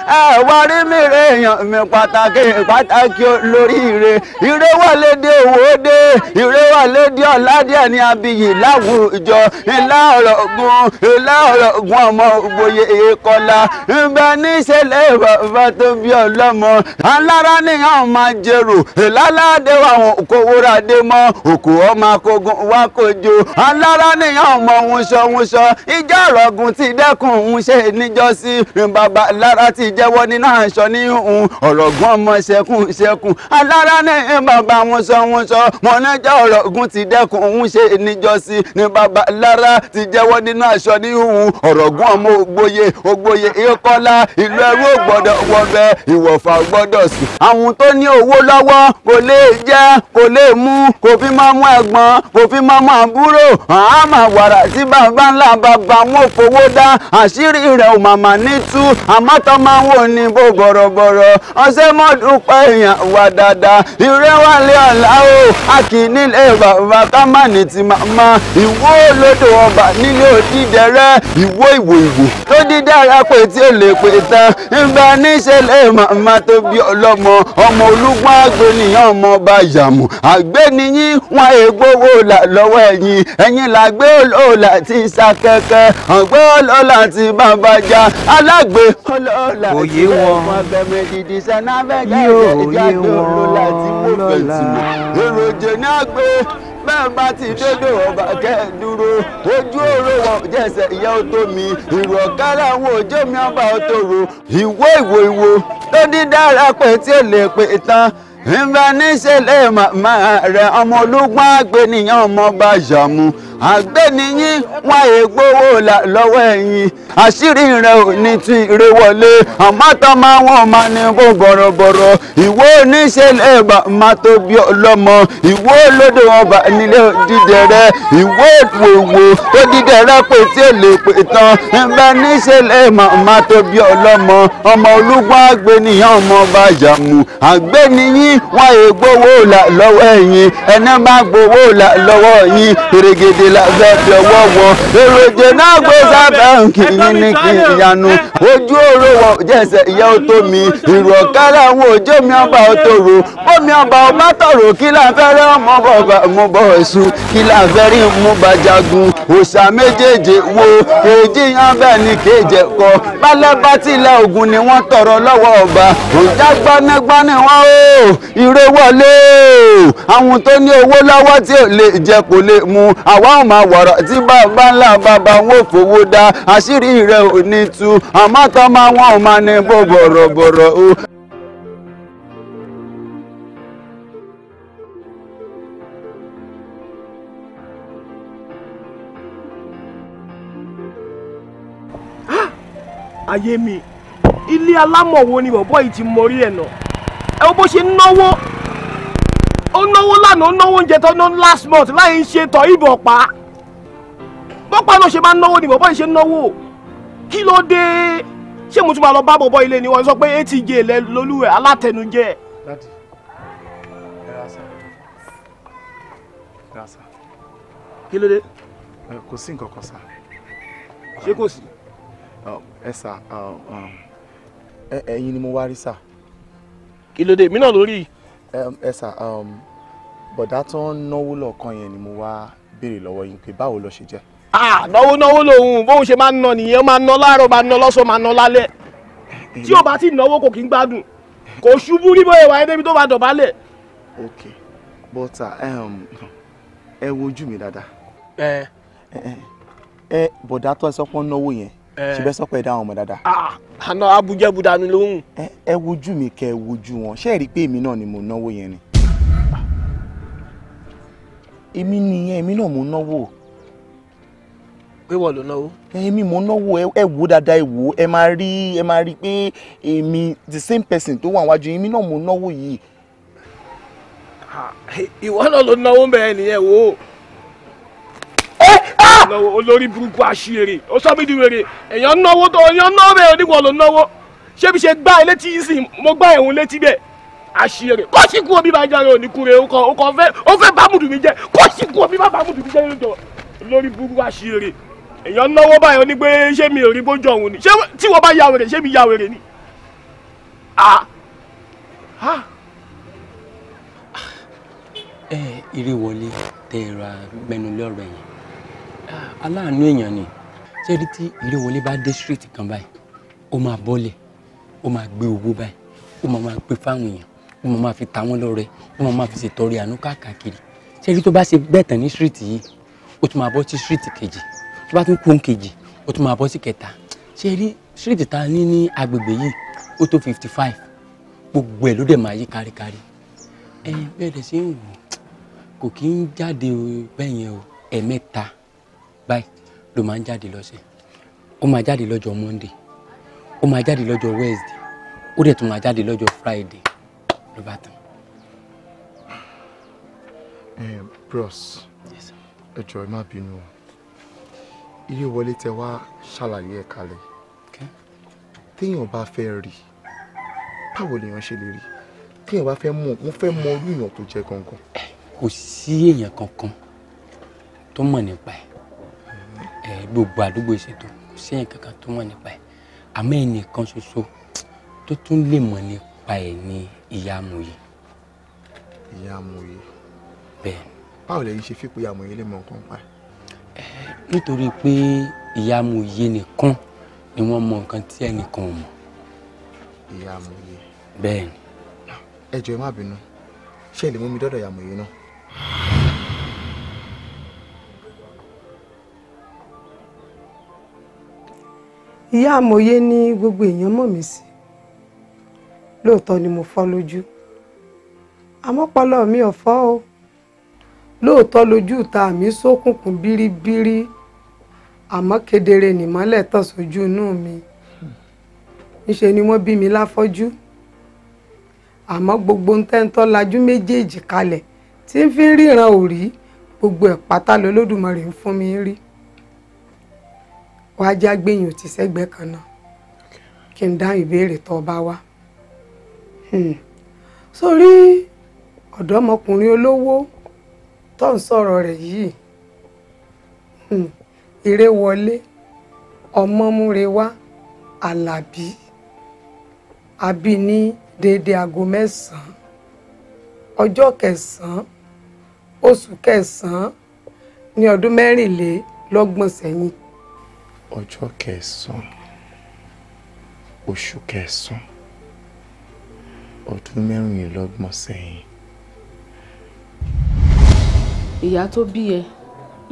ẹ wá rí mi rè èèyàn mi pàtàkì pàtàkì olóríire ire wà lédè òwò dé ire wà lédè ọ̀làdíẹ̀ ní abiyì láwùjọ ńlá ọ̀rọ̀ gun ńlá ọ̀rọ̀ gun ọmọ ògbóye èkọlá ńbẹ ní ìṣẹ̀lẹ̀ bàbá tó bí ọlọ́mọ alára níyàn máa jèrò ìlàládé àwọn òkòwòrà dé mọ́ òkú ọmọ akógun wá kojú alára níyàn ọmọ wúnṣọ wúnṣọ ìjà ọ̀rọ̀gùn ti dẹ́kun ń ṣe níjọ́sí bàbá lára ti jẹ́wọ́ ní náà sọ ní òun ọ̀rọ̀ gún ọmọ ṣẹkùn ṣẹkùn alára ní bàbá wọn sọ wọn sọ wọn náà jẹ́ ọ̀rọ̀ ogun ti dẹ́kun òun ṣe níjọ́sí ní bàbá lára ti jẹ́wọ́ ní náà sọ ní òun ọ̀rọ̀ gún ọmọ ògbóye ògbóye ìkọlá ìlú ẹrú ògbọ́dọ̀ wọbẹ̀ ìwọ̀fà gbọ́dọ̀ sùn. àwọn tó ní owó lọ́wọ́ kò lè jẹ kò lè mú kò fi máa mú ẹ̀gbọ́n kò fi máa mú àbúrò àmà wàrà tí bàbá ńlá bàbá wọn fowó dá àṣírí rẹ̀ ò màmá ní tú àmọ́tọ́ máa wò ní bó bọ̀rọ̀bọ̀rọ̀ ọ̀sẹ̀ mọ́dúpẹ́ èèyàn wà dáadáa ìrẹ́ wà lé ọ̀la o a kì í nílé bàbá kámánì ti màmá ìwó lódò ọba nílé òdìdẹrẹ́ ìwó ìwò ìwò tó dídára pé tí ò lè pè tán ìgbà níṣẹ̀lẹ̀ màmá tó bí ọlọ́mọ ọmọ olúgbọ́n àgbẹ̀ nìyàn ọmọ ọba yàmù àgbẹ̀ nìyí wọn ègbówó là lọ́wọ́ ẹ̀yìn ẹ̀yìn làgbé olóòlà ti sá kẹ́kẹ́ ọ̀gbẹ́ olóòlà ti bàbá já alágbé olóòlà kò yé wọn yóò yé wọn lọ́la. èròjè náà gbé bẹ́ẹ̀ bá ti dédò ọba kẹ́ ẹ̀ dúró ojú òru wọn jẹ̀sẹ̀ ìyá ó mi ìrọ̀ kálá àwọn òjò mi ọba ó ro ìwó ìwò ìwò tó dídára pé tí ó lè pè tán. ìbánisẹ̀lẹ̀ màmá rẹ̀ ọmọ ológun àgbẹ̀nìyàn ọmọ bàjàmù àgbẹ̀nìyìn wọn ègbówó lọ́wọ́ ẹ̀yìn àṣírí rẹ̀ ò ní ti rè wọlé àmọ́ tó máa wọ́n máa ní bó bọ̀rọ̀bọ̀rọ̀ ìwọ oníṣẹ̀lẹ̀ màmá tó bí ọlọ́mọ ìwọ olódò ọba ma wọn è gbowó lọ́wọ́ ẹ̀yin ẹ̀nà má gbowó lọ́wọ́ yín erégedé la fẹ́ fi ọwọ́ wọ èròjẹ náà gbé sábẹ́ kìíní ní kí ìyanu ojú oró wọ jẹ́sẹ̀ ìyá ó mi ìrù ọ̀ká làwọn òjò mi ọba ó tòrò bómi ọba ó bá tòrò kí là ń fẹ́rẹ́ ọmọ bọ̀ mú bọ̀ èṣù kí là ń fẹ́rí mú bá jagun òòṣà méjèèjì wo èjì yan bẹ́ẹ̀ ni kéèjẹ kọ bálẹ́ bá tilẹ̀ Ògún ni wọ́n tọrọ lọ́wọ́ ọba òjá gbanágbaná wọn o ire wọlé àwọn tó ní owó lọ́wọ́ tí ò lè jẹ kò lè mu àwa ò máa wọ̀rọ̀ tí bàbá ńlá bàbá wọn ò fowó dá àṣírí rẹ̀ ò ní tú àmọ́ tó máa wọn ò máa ní bò bọ̀rọ̀bọ̀rọ̀ o. ayé mi ilé alámọ̀ wo ni bọ̀bọ́ yìí ti mọrí ẹ̀ náà ẹ wo bó ṣe ń náwó ó náwó lánàá ó náwó oúnjẹ tó ná last month láì ń ṣe tọ̀ ìbọn pa bọ́pá náà ṣe máa ń náwó ni bọ́pá ṣe ń náwó kí ló dé ṣé mo tún máa lọ bá bọ̀bọ̀ ilé ni wọ́n sọ pé atj lẹ lolúwẹ̀ alátẹnujẹ. kí ló dé. kò sí nǹkan kan sa. ṣé kò sí. ẹ sà um, um, ẹ̀yin ni mo wá rí sà kí ló dé mí náà lórí. ẹ sà um, bọ̀dá tó ń náwó lọ́ọ̀kan yẹn ni mo wá béèrè lọ́wọ́ yín pé báwo ló ṣe jẹ́. náwó náwó lòun bóun ṣe máa ń ná nìyẹn máa ń ná láàárọ̀ máa ń ná lọ́sàn-án máa ń ná lálẹ́ tí ò bá ti náwó kò kí ń gbádùn kò ṣubú ní bóyá ìwà ẹdẹ́bí tó bá dọ̀bálẹ̀. ok bọ́tà ẹ wojú mi dáadáa. ẹ bọ̀dá tó ẹ sọ pé ó náwó yẹn Eh. ṣùgbọ́n sọ pé ẹ dá àwọn ọmọ dáadáa. Ah, àná abujẹ́bu dání lóhùn. ẹ wojú mi kẹ ẹ wojú wọn ṣé ẹ rí i pé èmi náà ni mo náwó yẹn ni. Ah. èmi nìyẹn èmi náà mo náwó. pé wọ́n ló náwó. èmi mo náwó ẹ wò dáadáa ẹ wò ẹ máa rí ẹ máa rí i pé èmi the same person tó wà wájú èmi náà mo náwó yìí. Ah, ìwọ náà ló náwó bẹ́ẹ̀ nìyẹn wò ó náwó olórí burúkú àṣìírè ó sọ mí di wèrè èèyàn náwó tó èèyàn náwó bẹ́ẹ̀ oníwọ̀n ló náwó ṣé bí ṣe gbá ẹ létí yìí sìn mo gbá ẹ̀hún létí bẹ́ẹ̀ àṣìírè kó sì kú omi máa jáde òní kúre ó kàn fẹ́ ó fẹ́ bámùdù mi jẹ kó sì kú omi má bámùdù mi jẹ lójọ olórí burúkú àṣìírè èèyàn náwó báyọ̀ ní pé ṣé mi ò rí bójú ọ̀hún ni ṣé tí wọ́n bá ya wèrè ṣé mi ya wèrè ni. ẹ ìrèwọlé tẹ ẹ ra mẹnulẹ ọ̀rọ̀ yẹn aláàánú èèyàn ni sẹ́ẹ̀rí tí ìrẹ́wọlé bá dé street kan báyìí ó máa bọ́lẹ̀ ó máa gbé owó báyìí ó máa máa gbé fáwọn èèyàn ó máa máa fi ta wọ́n lọ́rẹ ó máa máa fi ṣètọrẹ àánú káàkiri sẹ́ẹ̀rí tó bá ṣe bẹ́ẹ̀ tán ní street yìí ó tún máa bọ́ sí street kejì tó bá tún kú òun kejì ó tún máa bọ́ sí kẹta sẹ́ẹ̀rí street ta ní ní agbègbè yìí ó tó fifty five gbogbo ẹ̀ ló dẹ̀ máa yí káríkárí ẹ bẹ́ẹ̀ dẹ̀ ṣe kò kí ń jáde bẹ́yẹn o ẹ̀mẹ́ta báyìí ló máa ń jáde lọ́sẹ̀ ó máa jáde lọ́jọ́ monday ó máa jáde lọ́jọ́ wednesday ó dẹ̀ tún máa jáde lọ́jọ́ friday ló bá tán. Eh, bros ẹ jọ̀ọ́ ẹ má bínú o ilé ìwọlé tẹ wá ṣàlàyé ẹ kalẹ̀ téèyàn bá fẹ́ rí báwo lèèyàn ṣe lè rí téèyàn bá fẹ́ mọ̀ wọ́n fẹ́ mọ irú èèyàn tó jẹ́ gangan. kò sí èèyàn kankan tó mọ̀ nípa ẹ̀ gbogbo àdúgbò ìṣètò kò sí èèyàn kankan tó mọ̀ nípa ẹ̀ àmọ́ ẹnìkan ṣoṣo tó tún lè mọ̀ nípa ẹ̀ ni ìyá amòye. ìyá amòye. bẹ́ẹ̀. báwo lẹ́yìn ṣe fi pé ìyá amòye lè mọ nǹkan pa ẹ̀. nítorí pé ìyá amòye nìkan ni wọ́n mọ nǹkan tí ẹnìkan ò mọ̀. ìyá amòye. bẹ́ẹ̀ ni. ẹ jọ̀ọ́ ẹ má bínú ṣé ẹ lè mú mi dọ́dọ̀ ìyá amòye náà. ìyá àmọ̀yé ní gbogbo èèyàn mọ̀ mí sí lóòótọ́ ni mo fọ́ lójú àmọ́pọlọ mi ò fọ́ o lóòótọ́ lójú ta mi ṣókùnkùn bíríbírí àmọ́ kedere nìmọ́lẹ̀ tàn sójú inú mi níṣe ni wọ́n bí mi láfọ́jú àmọ́ gbogbo ń tẹ́ńtọ́ lajú méjèèjì kalẹ̀ tí ń fi ríran òrí gbogbo ẹ̀ pátá lolódùmarè ń fún mi rí wàá já gbìyànjú ti sẹ́gbẹ̀ẹ́ kan náà kí n dáhùn ìbéèrè tó bá wá. Hmm. sórí ọ̀dọ́mọkùnrin olówó tó ń sọ̀rọ̀ rẹ̀ yìí hmm. eré wọlé ọmọmúrewá alábí àbí ní déédé aago mẹ́sàn-án ọjọ́ kẹsàn-án oṣù kẹsàn-án ní ọdún mẹ́rìnlélọ́gbọ̀n sẹ́yìn ọjọ́ kẹsàn-án oṣù kẹsàn-án ọdún mẹ́rìnlélọ́gbọ̀n sẹ́yìn. ìyá tó bí ẹ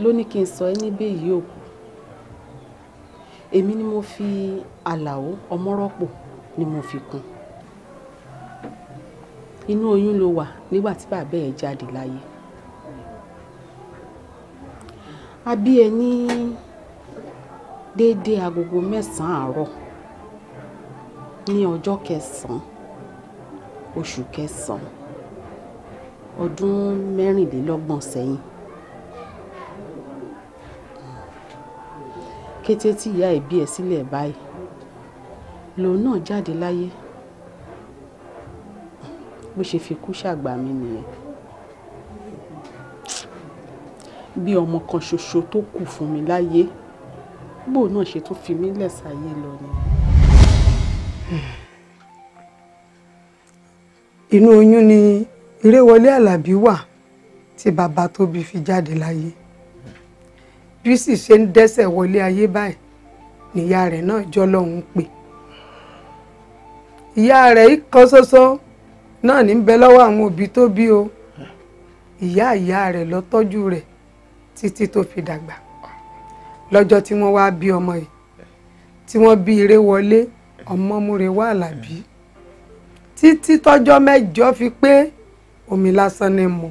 ló ní kí n sọ ẹ́ níbẹ̀ yìí òkú èmi ni mo fi àlàó ọmọrọ́pò ni mo fi kún inú oyún ló wà nígbà tí bàbá ẹ jáde láyé a bí ẹ ní. Ni déédéé agogo mẹ́sàn-án àárọ̀ ní ọjọ́ kẹsàn-án oṣù kẹsàn-án ọdún mẹ́rìnlélọ́gbọ̀n sẹ́yìn kété tí ìyá ẹ̀ bí ẹ̀ sílẹ̀ báyìí lòun náà jáde láyé bó ṣe fi kú ṣàgbà mi nìyẹn bí ọmọ kan ṣoṣo tó kù fún mi láyé bó náà ṣe tún fi mí lẹ́sàáyé lọ ni. inú oyún ni ìréwọlé alábí wà tí bàbá tóbi fi jáde láyé bí sì ṣe ń dẹ́sẹ̀ wọlé ayé báyìí níyà rẹ̀ náà jọlọ́hún pé ìyá rẹ̀ kan ṣoṣo náà ní bẹ lọ́wọ́ àwọn òbí tó bí o ìyá ìyá rẹ̀ ló tọ́jú rẹ̀ títí tó fi dàgbà lọ́jọ́ tí wọ́n wáá bí ọmọ yìí tí wọ́n bí ire wọlé ọmọ múre wá àlàbí títí tọ́jọ́ mẹ́jọ fi pé omi lásán ni mu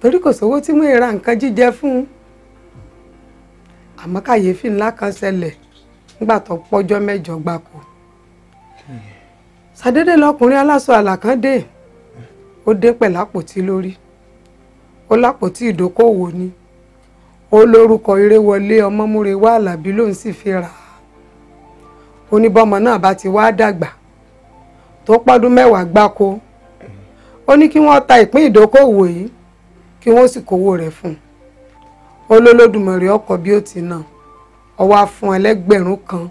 torí kò sówó tí wọ́n ra nǹkan jíjẹ fún un àmọ́ kàyéfì ńlá kan ṣẹlẹ̀ nígbà tó pọ́jọ́ mẹ́jọ gbáko ṣàdédé lọkùnrin aláṣọ àlàkàndé ó dé pẹ̀lápòtí lórí ó lápòtí ìdókòwò ni. Hmm ó lórúkọ Ìrèwọlé Ọmọmúrewá Àlàbí lòun sì fi rà á ó ní bọ́mọ náà bá ti wá dàgbà tó pọ́dún mẹ́wàá gbáko ó ní kí wọ́n ta ìpín ìdókòwò yìí kí wọ́n sì kówó rẹ̀ fún un ó lólódùmarè ọkọ̀ bí ó ti nà ó wá fún ẹlẹ́gbẹ̀rún kan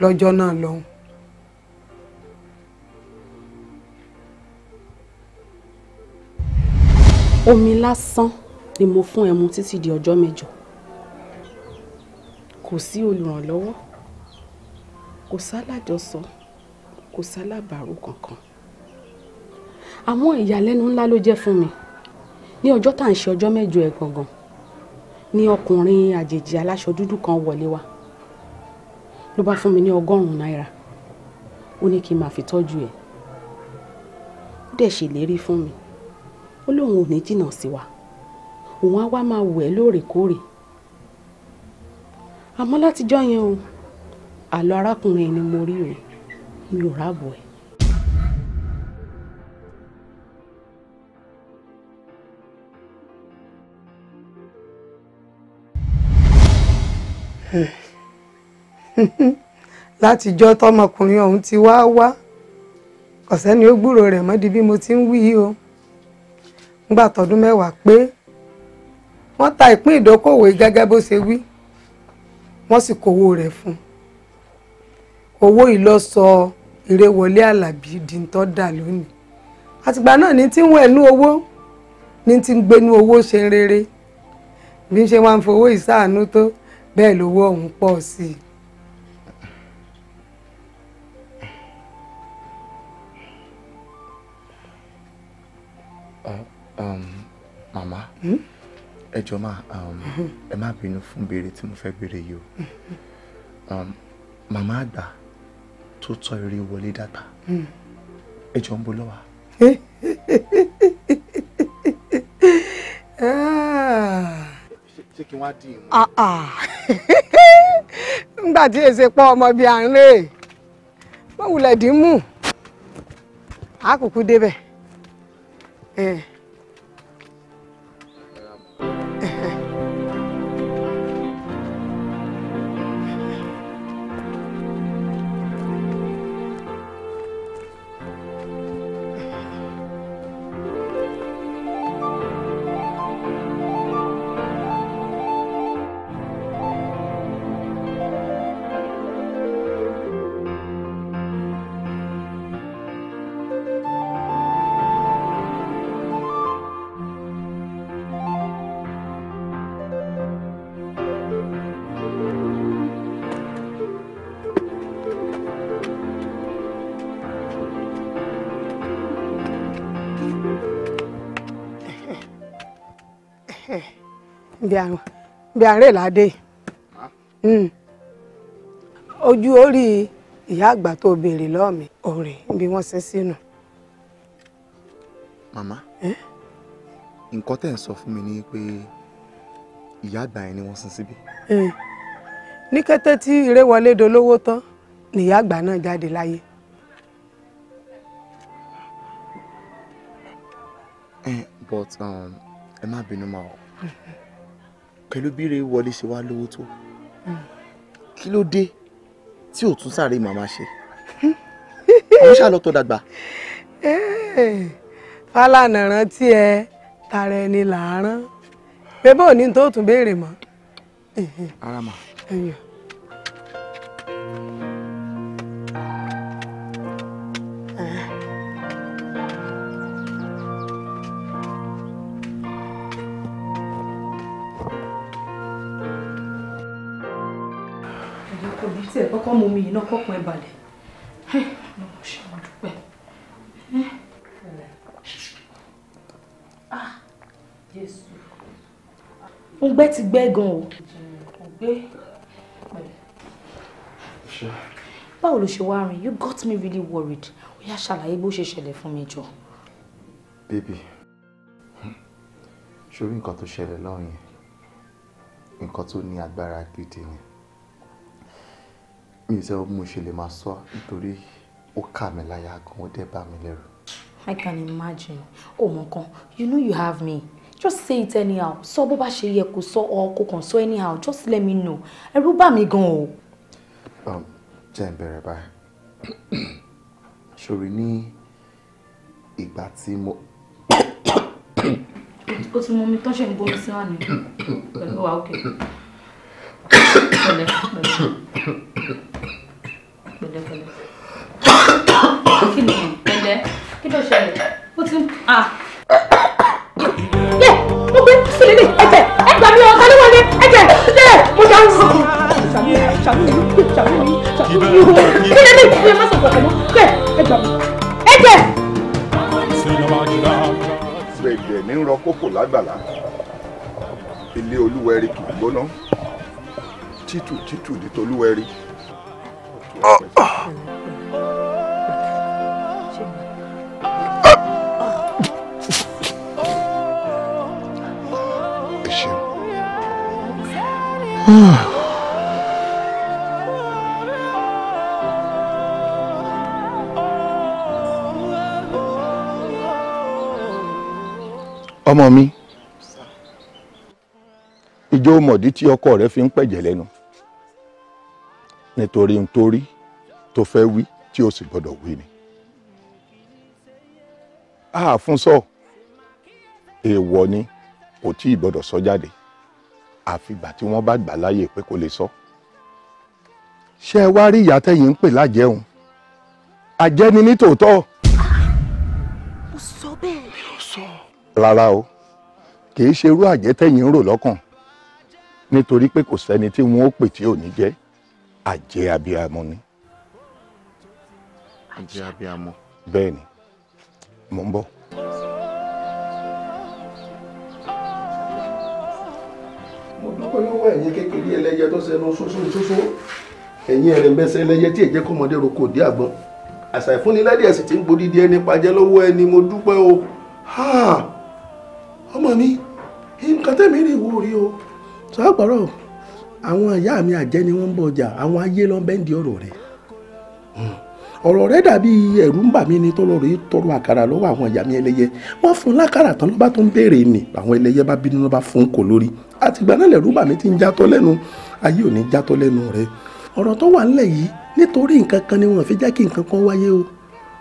lọ́jọ́ náà lọ́hùn. omi lásán ni mo fún ẹ mu títí di ọjọ́ mẹ́jọ kò sí olùrànlọ́wọ́ kò sálàjọsọ kò sálàbàárò kankan àmọ́ ìyàlẹ́nu ńlá ló jẹ́ fún mi ní ọjọ́ tá à ń ṣe ọjọ́ mẹ́jọ ẹ̀ gangan ni ọkùnrin àjèjì aláṣọ dúdú kan wọlé wá ló bá fún mi ní ọgọ́rùn-ún náírà ó ní kí n máa fi tọ́jú ẹ̀ ó dẹ̀ ṣèlérí fún mi ó lóun ò ní jìnnà sí wa òun á wá máa wẹ̀ lóòrèkóòrè àmọ́ látijọ́ yẹn o àlọ́ arákùnrin ni mo rí rè mi ò ráàbọ̀ ẹ̀. látijọ́ tọmọkùnrin ọ̀hún ti wá wá kọ̀sẹ́ni ó gbúrò rẹ̀ mọ́ di bí mo ti ń wí yìí o ńgbà tọdún mẹ́wàá pé wọ́n ta ìpín ìdókòwò gẹ́gẹ́ bó ṣe wí wọ́n sì kówó rẹ̀ fún owó ìlọ́sọ ìrèwọlé àlàbí di ń tọ́ dà lónìí àtìgbà náà ní tí ń wẹ̀nú owó ní tí ń gbénú owó ṣe rere bí ń ṣe wá ń fowó ìsáàánú tó bẹ́ẹ̀ lówó ọ̀hún pọ̀ sí i. Eh, um, màmá. Hmm? ejo ma um e ma binu fun bere ti mo fe bere yo um mama da to to ri wole data mm ejo nbo lo wa ah ah ngba ti e se po omo bi anle mo wule di mu a kuku de bí àrùn bí àrùn èlàdé ah. hmm. ojú orí ìyá àgbà tó béèrè lọ́ọ̀ mi ọ̀rẹ́ bí wọ́n ṣe sínú. màmá eh? nǹkan tẹ̀ ń sọ fún mi ni pé ìyá àgbà yẹn ni wọ́n sin síbi. Eh. ní kété tí eré wọlé dolówó tán ni ìyá àgbà náà jáde láyé. Eh, but um, ẹ má bínú mọ́ ọ pẹ̀lú bí rèé wọlé ṣe wá lówó tó hmm. kí ló dé tí ò tún sáré màmá ṣe àwọn hmm. ṣáà lọ tó dàgbà. Eh, Fálànà rántí ẹ tara ẹni làárán bébà ò ní tó tún béèrè mọ́. ara mà. kọ́ mọ omi yìí náà kọ́kàn ẹ̀ balẹ̀ ló mọ̀ ṣe mo dúpẹ́. Ah, Jésù. ń gbẹ́ ti gbẹ́ gan o. báwo ló ṣe wá rìn you got me really worried ó yá ṣàlàyé bó ṣe ṣẹlẹ̀ fún mi jọ. bébì ṣorí nǹkan tó ṣẹlẹ̀ lọ́rùn yẹn nǹkan tó ní agbára gidi ni mi ò sẹ́wọ́n mo ṣe lè máa sọ nítorí ó kà mí láyà gan ó dẹ̀ bà mí lẹ́rù. I can imagine ọmọ kan you know you have me just say it anyhow sọ bó bá ṣe yẹ kó sọ ọ kó kàn sọ anyhow just let me know ẹ̀rù bà mí gan o. Um, jẹ́ ń bẹ̀rẹ̀ báyìí ṣòrí ní ìgbà tí mo. ó ti mú mi tán ṣe ń bomi sí wa òkè pẹ̀lẹ́ pẹ̀lẹ́ pẹ̀lẹ́ kí ni pẹ̀lẹ́ kí ló ṣẹlẹ̀ ó ti ń à. yẹ mo gbé sílẹ̀ ní ẹ̀jẹ̀ ẹ gbà mí o ta ló wọlé ẹ̀jẹ̀ ṣe mo ṣàmì mi ṣàmì mi ṣàmì mi ṣàmì mi ṣàmì mi o kí lè ní ìdílé má sọ̀rọ̀ ní rọ kókò lágbàlá ilé olúwẹ̀rí kì í gbóná títù títù ní tolúwẹrí. ẹ Ah. ọmọ mi ìjọ mọ̀dí tí ọkọ rẹ fi ń pẹ̀jẹ̀ lẹ́nu nítorí n tó rí tó fẹ́ wí tí ó sì gbọ́dọ̀ wí ni. àfúnsọ èèwọ̀ ni kò tí ì gbọ́dọ̀ sọ jáde àfìgbà tí wọ́n bá gbà láàyè pé kò lè sọ. ṣé ẹ wá rí ìyá tẹ̀yìn ń pè lájẹun àjẹ́ ni nítòótọ́. ó sọ bẹ́ẹ̀. mi ò sọ. rárá o kì í ṣerú àjẹ́ tẹ̀yìn ń rò lọ́kàn nítorí pé kò sẹ́ni tí wọ́n ó pè tí ò ní jẹ́ àjẹ́ abiyamọ ni. àjẹ́ abiyamọ. bẹ́ẹ̀ ni mò ń bọ̀. mo dúpẹ́ lọ́wọ́ ẹ̀yin kékeré ẹlẹ́yẹ tó ṣẹnu ṣoṣoṣoṣo ẹ̀yin ẹ̀rẹ̀mbẹ̀sẹ̀ ẹlẹ́yẹ tí èjẹ́ kọ́mọdé roko dé àgbọn àṣà ìfúnnilẹ́dẹ̀ ẹ̀sìn tí ń gbòdìdí ẹni pàjẹ́ lọ́wọ́ ẹni mo dúpẹ́ o ọmọ mi nǹkan tẹ́mi rí wo rí o ṣáà pàrọ̀ àwọn ìyá mi àjẹ́ ni wọ́n ń bọ̀ ọjà àwọn ayé ló ń bẹ́ǹdì ọ̀rọ̀ rẹ̀ hmm. ọ̀rọ̀ rẹ̀ dàbí ẹ̀rù ń bà mí ni tó lọ rí tọrọ àkàrà lọ́wọ́ àwọn ìyá mi ẹlẹ́yẹ wọ́n fún un lákàrà tán ló tó ń béèrè ni àwọn ẹlẹ́yẹ bá bínú ló bá fún un kò lórí àtìgbà náà lẹ̀rù bà mí ti ń jatọ́ lẹ́nu ayé ò ní jatọ́ lẹ́nu rẹ̀ ọ̀rọ̀ tó wà ńlẹ̀ yìí nítorí nǹkan kan ni wọ́n fi jẹ́ kí nǹkan kan wáyé o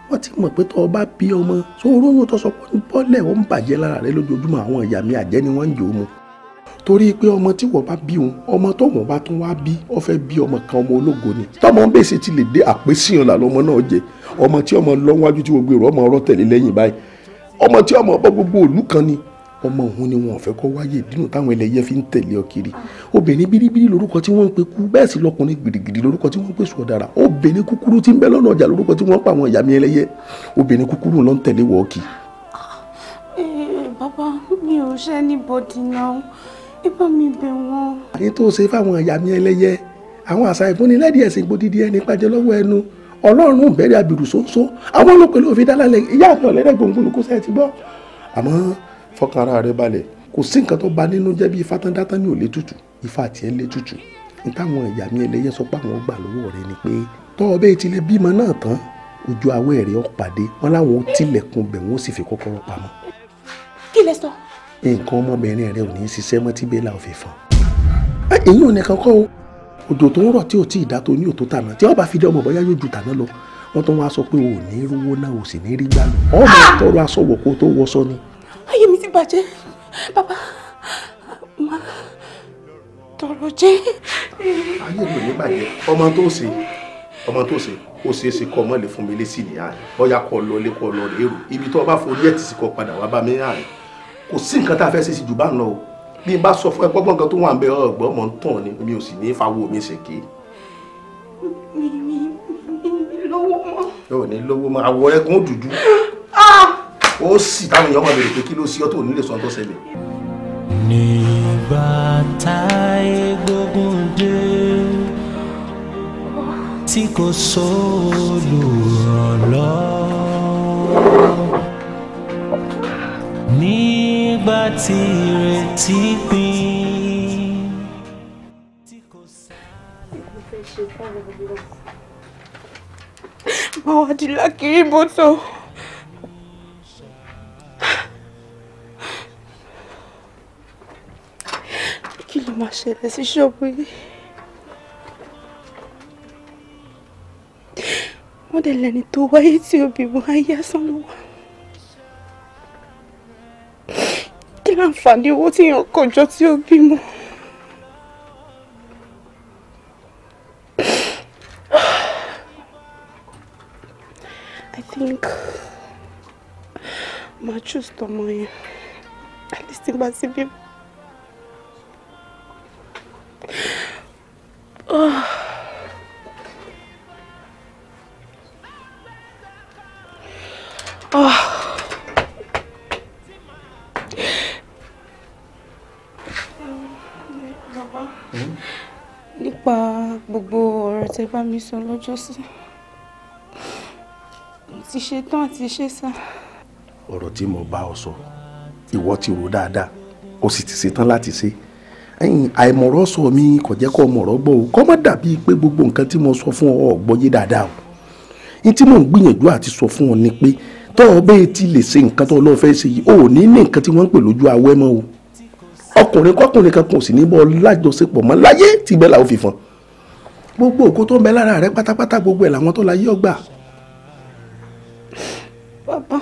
wọ́n ti mọ̀ pé tó o bí ọmọ sóró yóò tó sọ pé bọ́lẹ̀ ó bàjẹ́ lára rẹ lójoojúmọ́ àwọn ìyá mi àjẹ́ ni wọ́n ń jò ó mu torí pé ọmọ tí wọ́n bá bí òun ọmọ tó wọ́n bá tún wá bí ọ fẹ́ bí ọmọ kan ọmọ ológo ni tọmọ bẹ́sẹ̀ ti lè dé àpésìyàn là lọmọ náà jẹ ọmọ tí ọmọ lọ́wájú tí gbogbo èrò ọmọ ọrọ̀ tẹ̀lé lẹ́yìn báyìí ọmọ tí ọmọ bọ́ gbogbo òlú kan ni ọmọ òun ni wọn ò fẹ́ kọ́ wáyé ìdínú táwọn ẹlẹ́yẹ fi ń tẹ̀lé ọ kiri obìnrin biribiri lorúkọ tí wọ́n ń pe kú bẹ́ẹ̀ sì lọkùnrin gidigidi lorúkọ tí wọ́n ń pè sùn ọ̀dàrà obìnrin kúkúrú tí ń bẹ lọ́nà ọjà lorúkọ tí wọ́n ń pa àwọn ìyá mi ẹlẹ́yẹ obìnrin kúkúrú ló ń tẹ̀lé wọ́ọ̀kì. ẹ ah, eh, bàbá mi ò ṣe anybody now ẹ bá mi bẹ̀ wọ́n. àyè tó ṣe fáwọn ẹ̀yà mi ẹlẹ́yẹ àwọn àṣà ìfúnnilẹ́dì ẹ̀sìn gbòdìdí ẹni pàjẹ́ lọ́wọ́ ẹnu ọlọ́run bẹ̀rẹ̀ àbìrù ṣoṣo àwọn olópin ló fi dá lálẹ́ ìyá àti ọ̀lẹ́dẹ̀ gbòǹgbò ló kó sẹ́ẹ̀ ti gbọ́. àmọ́ fọkàn ara rẹ balẹ̀ kò sí nǹkan tó ba nínú jẹ́ bí ifá tán dátán ní òlé tutù ifá tiẹ̀ lé tutù nítawọn ẹ̀yà mi ẹlẹ́yẹ sọ pé àwọn gbà lọ́wọ́ rẹ ni pé tọ́ ọ bẹ́ẹ̀ tilẹ̀ bímọ náà tán ojú awẹ́ rẹ̀ ọ̀ pàdé wọn láwọn ó tilẹ̀kùn bẹ̀ wọ́n sì fi kọ́kọ́rọ́ pamọ́. kí lẹ sọ nǹkan ọmọbìnrin rẹ ò ní ṣiṣẹ́ mọ́ tí bẹ́là òfin fún èyí ò nìkan kọ́ o òjò tó ń rọ̀ tí ò tí ì dá tó ní òtó tàná tí wọ́n bá fi dé ọmọ bọ́yá yóò ju tàná lọ wọ́n tó wá sọ pé o ò ní rówó náà o sì ní rí gbà lọ ọmọ ah! tọrọ aṣọwọ̀ kó tó wọṣọ ni. ayé mi ti bàjẹ́ bàbá má tọrọ jẹ́. ayé mi ò ní bàjẹ́ ọmọ tó ṣe ọmọ tó ṣe ó ṣeé ṣe kọ́ ọmọ lè fún mi lé sí ìyá rẹ̀ bọ́yá kọ́ lọ lé kọ́ lọ rèé rò ibi tó o bá forí ẹ̀ tì sí kọ́ padà wá bá mi rà rẹ̀ kò sí nǹkan tá a fẹ́ ṣe sí jù bá ń lọ o bí n bá sọ fún ẹ gbọ́gbọ́n kan tó wà ń bẹ ọ̀gbọ́n mọ̀ ń tàn ni mi ò sì ní fáwọ́ mi ṣe ké. mi mi mi lówó mọ́. yóò ní lówó mọ́ àwọ̀ rẹ kún dúdú. Ah! ó sì táwọn èèyàn máa bèrè pé kí ló sí ọ́ tó nílé sọ́n tó ṣẹlẹ̀. nígbà táyé gbógun dé tí kò sóòlù ràn nígbà tí ìrètí pin. báwa di lákìrí bọ́tọ̀. kí ló máa ṣẹlẹ̀ sí ṣọ́ọ̀bù yìí. wọ́n dẹ̀ lẹ́ni tó wáyé tí obìnrin ayé asán ló wà. kí láǹfààní owó tí èèyàn kọjọ tí ó bímọ. I think màá choose tọmọ yẹn at least nígbà tí bímọ. Oh. Oh. bàbá mm-hmm. nípa gbogbo ọ̀rọ̀ tẹ bá mi sọ lọ́jọ́ sí mo ti ṣe tán àti ṣe sá. ọ̀rọ̀ tí mo bá ọ sọ ìwọ ti rò dáadáa o sì ti ṣetán láti ṣe ẹ̀yin mi kò jẹ́ kó mọ̀rọ̀ gbọ́ o kọ́ má dàbí pé gbogbo nǹkan tí mo sọ fún ọ ò gbọ́yé dáadáa o ní tí mò ń gbìyànjú àti sọ fún ọ ni pé tọ́ ọ bẹ́ẹ̀ ti lè ṣe nǹkan tó lọ́ọ́ fẹ́ ṣe yìí o ò ní ní nǹkan tí wọ́n ń pè lójú awẹ́ mọ́ o ọkùnrin kọkùnrin kan kò sì ní bọ́ lájọṣepọ̀ mọ́ láyé tìgbẹ́ làwọn fi fọn gbogbo òkú tó ń bẹ lára rẹ pátápátá gbogbo ẹ̀ làwọn tó láyé ọgbà. bàbá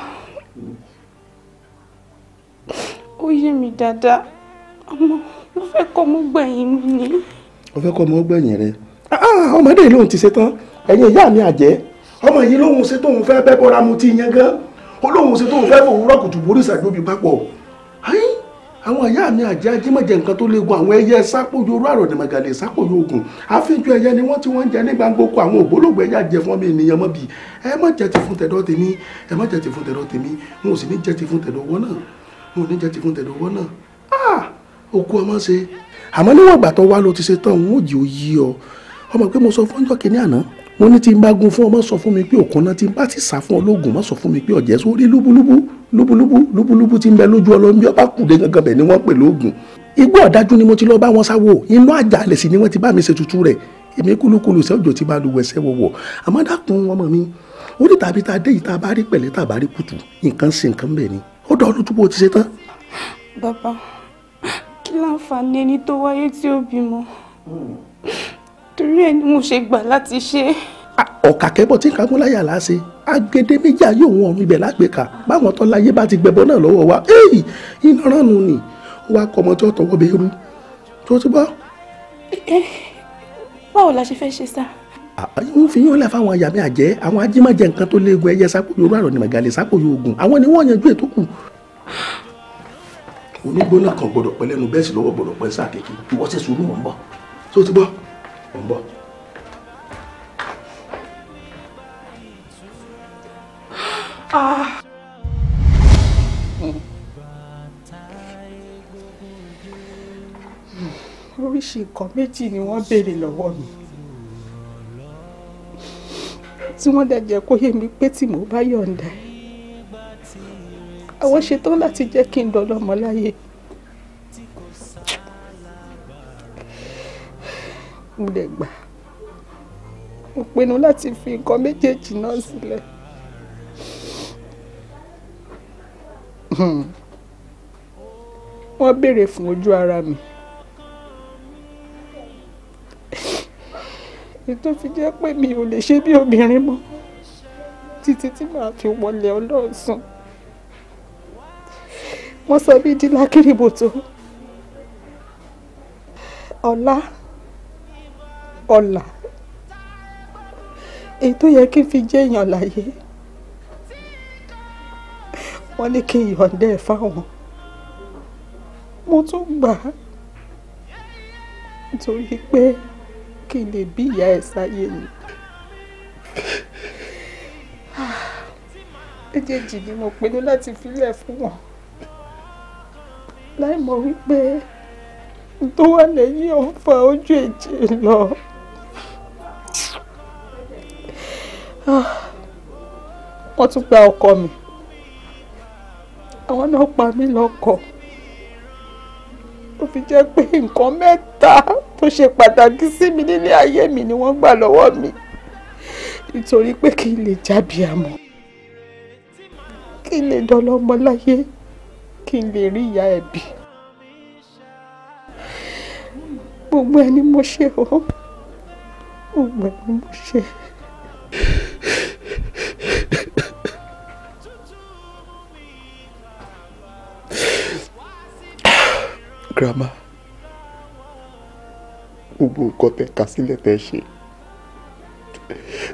ó yé mi dáadáa àmọ́ mo fẹ́ kọ́ mọ́ gbẹ̀yìn mi ni. mo fẹ́ kọ́ mọ́ gbẹ̀yìn rẹ ah, ọmọdé lòun ti ṣe tán ẹ̀yin ìyá mi àjẹ́ ọmọ yìí lòun ṣe tóun fẹ́ bẹ́ bọ́ra mu ti yan gan ó lòun ṣe tóun fẹ́ fòwúrọ̀ kùtù borí ìṣàgbọ́bí papọ̀ ayín àwọn ìyá mi àjẹ́ ajímọ̀jẹ̀ nǹkan tó léegun àwọn ẹyẹ sápòjò orú àròdìmọ̀gàlè sápòjò ogun àfihàn ẹyẹ ni wọ́n tí wọ́n ń jẹ ní gbangba oko àwọn ògbólógbò ẹyẹ àjẹ fún ọmọ ènìyàn mọ́ bíi ẹ má jẹ ti fún tẹ̀dọ̀ tèmi ẹ má jẹ ti fún tẹ̀dọ̀ tèmi wọn ò sì ní jẹ ti fún tẹ̀dọ̀ wọn náà wọn ò ní jẹ ti fún tẹ̀dọ̀ wọn náà ah okú ọmọ ṣe àmọ́ níwọ̀n ìgbà tó wá ló ti ṣe tán òun ò jì ó yí ọ mo ní tí n bá gun fún ọ má sọ fún mi pé òkun náà tí n bá ti sá fún ọ lóògùn má sọ fún mi pé ọ̀jẹ̀ sórí lúbúlúbú lúbúlúbú lúbúlúbú tí n bẹ lójú ọlọ́run bí ọba kùdé gangan bẹ̀ ni wọ́n pè lóògùn igbó ọ̀dájú ni mo ti lọ bá wọn sáwọ́ inú àjàlẹ̀ sì ni wọ́n ti bá mi ṣe tutù rẹ̀ èmi kúlúkúlù sẹ́wọ́jọ́ ti bá lu wẹ̀sẹ̀ wọ̀wọ̀ àmọ́ dákun ọmọ mi orí tàbí ta dé ìta bá rí pẹ̀lẹ́ torí ẹ ni mo ṣe gbà láti ṣe. Ah, ọ̀kà kẹ́bọ̀ tí nǹkan gún láṣẹ agede ayé òun ibẹ̀ lágbèéká báwọn tó láyé bá ti gbẹbọ náà lọ́wọ́ wa iná ránu ni wàá kọ́ ọmọ tí ó tọwọ́ bẹ́ẹ̀ rú tó ti bọ́. Eh, báwo la ṣe fẹ́ ṣe sá. àwọn ah, fi yín ó lẹ̀ fáwọn àyàmí àwọn ajímọ̀jẹ nǹkan tó léegun ẹyẹ sápò yorùbá àrọ̀ ni màgàlè sápò yorùbá àwọn ni wọ́n yanjú ètò kù onígbóná kan gbọ́dọ̀ pẹ́ lẹ́nu bẹ́ẹ̀ sì lọ́wọ́ gbọ́dọ̀ pẹ́ sáà kékeré ìwọ sùúrù wọn bọ tó ti bọ ń bọ̀. Ah. oríṣi nǹkan méjì ni wọ́n béèrè lọ́wọ́ mi tí wọ́n dẹ̀ jẹ́ kó yé mi pé tí mo bá yọ̀ǹda àwọn ṣetán láti jẹ́ kí n dọ́lọ́mọ láyé. mo dẹ̀ gbà mo pinnu láti fi nǹkan méjèèjì náà sílẹ̀. wọ́n béèrè fún ojú ara mi ètò fi jẹ́ pé mi ò lè ṣe bí obìnrin mọ́ títí tí màá fi wọlé ọlọ́run sùn wọ́n sọ bí dílákìrìbò tó ọ̀la ọ̀la èyí tó yẹ kí n fi jẹ́ èèyàn láyé wọ́n ní kí n yọ̀ǹda ẹ̀ fáwọn mo tún gbà á nítorí pé kí n lè bí ìyá ẹ̀ sáyé ni méjèèjì ni mo pinnu láti filẹ̀ fún wọn láì mọ̀ wípé tó wà lẹ́yìn ọ̀fà ojú ẹ̀jẹ̀ lọ wọ́n tún gba ọkọ mi àwọn náà pa mí lọ́kọ ó fi jẹ́ pé nǹkan mẹ́ta tó ṣe pàtàkì sí mi nílé ayé mi ni wọ́n gbà lọ́wọ́ mi nítorí pé kí n lè jábì àmọ́ kí n lè dọlọ́mọ láyé kí n lè rí ìyá ẹ̀bí gbogbo ẹni mo ṣe o mo grandma gbogbo nǹkan tẹ́ kà sílẹ̀ tẹ́ ṣe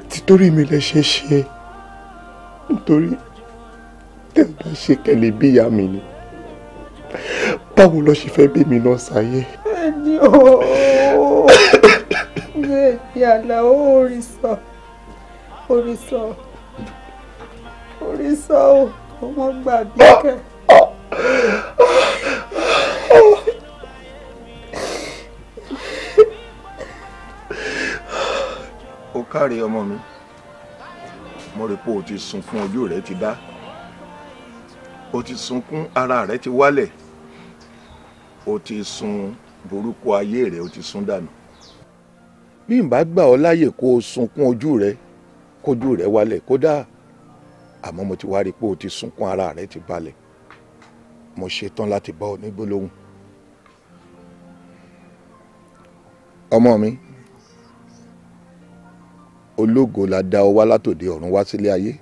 títorí mi lẹ ṣe ṣe nítorí tẹ́ ò bá ṣe kẹlẹ bíyà mi ni báwo lọ ṣe fẹ́ bí mi náà sáyé. ẹni ayé ìyàlá òrìṣà òrìṣà òrìṣà ò ọmọ gbàgbé kẹ. o káre ọmọ mi mo rí pé o ti sunkún ojú rẹ ti dá o ti sunkún ara rẹ ti wálẹ̀ o ti sun burúkú ayé rẹ o ti sun dànù bí n bá gbà ọ láàyè kó o sunkún ojú rẹ kójú rẹ wálẹ̀ kódà àmọ́ mo ti wá rí i pé o ti sunkún ara rẹ ti balẹ̀ mo ṣetán láti bá ọ ní gbólóhùn. ọmọ mi ológo la dá ọ wá látòde ọ̀run wá sílé ayé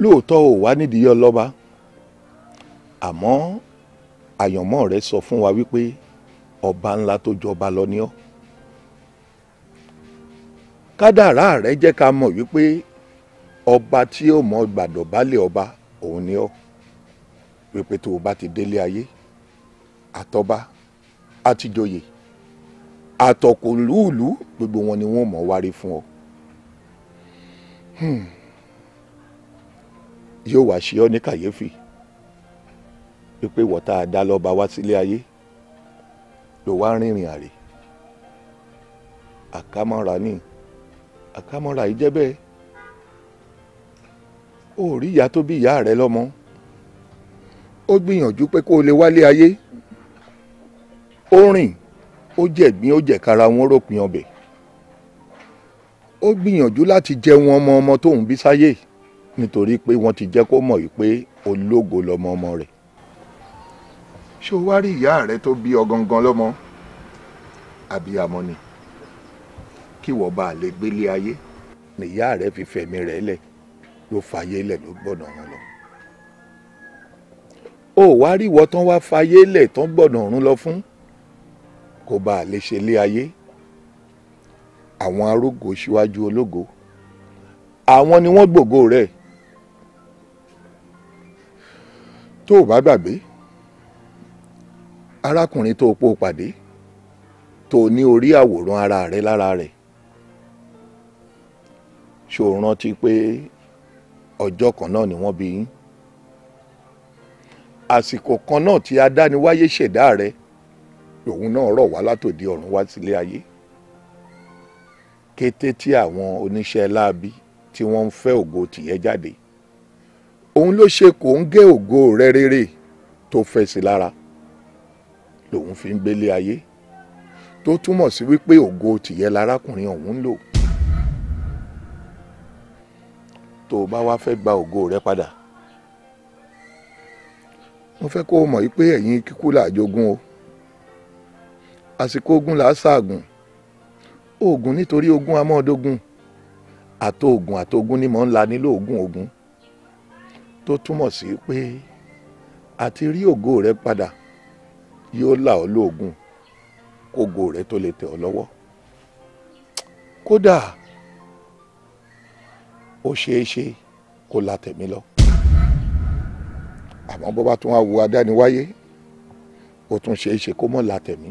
lóòótọ́ ò wá nídìí ọlọ́ba àmọ́ àyànmọ́ rẹ sọ fún wa wípé ọba ńlá tó jọba lọ ní ọ kádàrá rẹ jẹ́ ká mọ̀ wípé ọba tí ó mọ gbàdọ̀ balẹ̀ ọba òun ni ọ wípé tó o bá ti délé ayé àtọba àtijọyè àtọkùnlúùlú gbogbo wọn ni wọ́n mọ̀ wárí fún ọ. Hmm. yóò wá ṣe ọ ní kàyéfì wípé wọ́n tá a dá lọ́ba wá sílé ayé. Si ló wá rìnrìn àrè àkámọ́ra ní àkámọ́ra yìí jẹ́ bẹ́ẹ̀ ó rí ìyá tó bí ìyá rẹ lọ́mọ ó gbìyànjú pé kó o lè wálé ayé ó rìn ó jẹ̀gbín ó jẹ̀kara wọn rópin ọbẹ̀ ó gbìyànjú láti jẹ wọn ọmọ ọmọ tóun bí sáyé nítorí pé wọ́n ti jẹ́ kó mọ̀ yìí pé ológo lọmọ ọmọ rẹ̀ ṣé o wá rí ìyá rẹ tó bí ọ gangan lọ́mọ abiyamọ ni kí wọ́n bá lè gbélé ayé níyà rẹ fi fẹ̀mí rẹ̀ lẹ̀ ló fàyè lẹ̀ ló gbọ̀nà ọ̀run lọ. ó wá rí ìwọ tán wá fàyè lẹ̀ tán gbọ̀nà ọ̀run lọ fún kó bá lè ṣe lé ayé àwọn arógo síwájú ológo àwọn ni wọ́n gbògo rẹ̀ tó o bá gbàgbé arákùnrin tó pò pàdé tó ní orí àwòrán ara rẹ lára rẹ ṣó rántí pé ọjọ́ kan náà ni wọ́n bí yín àsìkò kan náà tí adániwáyé ṣẹ̀dá rẹ òun náà rọ̀ wá látòdì ọ̀run wá sílé ayé kété tí àwọn oníṣẹ́ láabi tí wọ́n ń fẹ́ ògo tìyẹ́ jáde òun ló ṣe kò ń gé ògo rẹ rere tó fẹ́ sí lára lòun fi ń gbélé ayé tó túmọ̀ sí wípé ògo tìyẹ larákùnrin ọ̀hún ń lò tó o bá wá fẹ́ gba ògo rẹ padà mo fẹ́ kó o mọ̀ wípé ẹ̀yin kíkú là jogún o àsìkò ogun là á ṣaàgùn oògùn nítorí ogun amọ́ọ̀dógún àtòògùn àtòògùn ni mò ń la nílò ogun ogun tó túmọ̀ sí pé àti rí ògo rẹ padà yóò là ọ́ lóògùn kógo rẹ tó lè tẹ̀ ọ́ lọ́wọ́ kódà ó ṣeé ṣe kó la tẹ̀mí lọ àmọ́ bó bá tún wá wo adániwáyé ó tún ṣeé ṣe kó mọ̀ la tẹ̀mí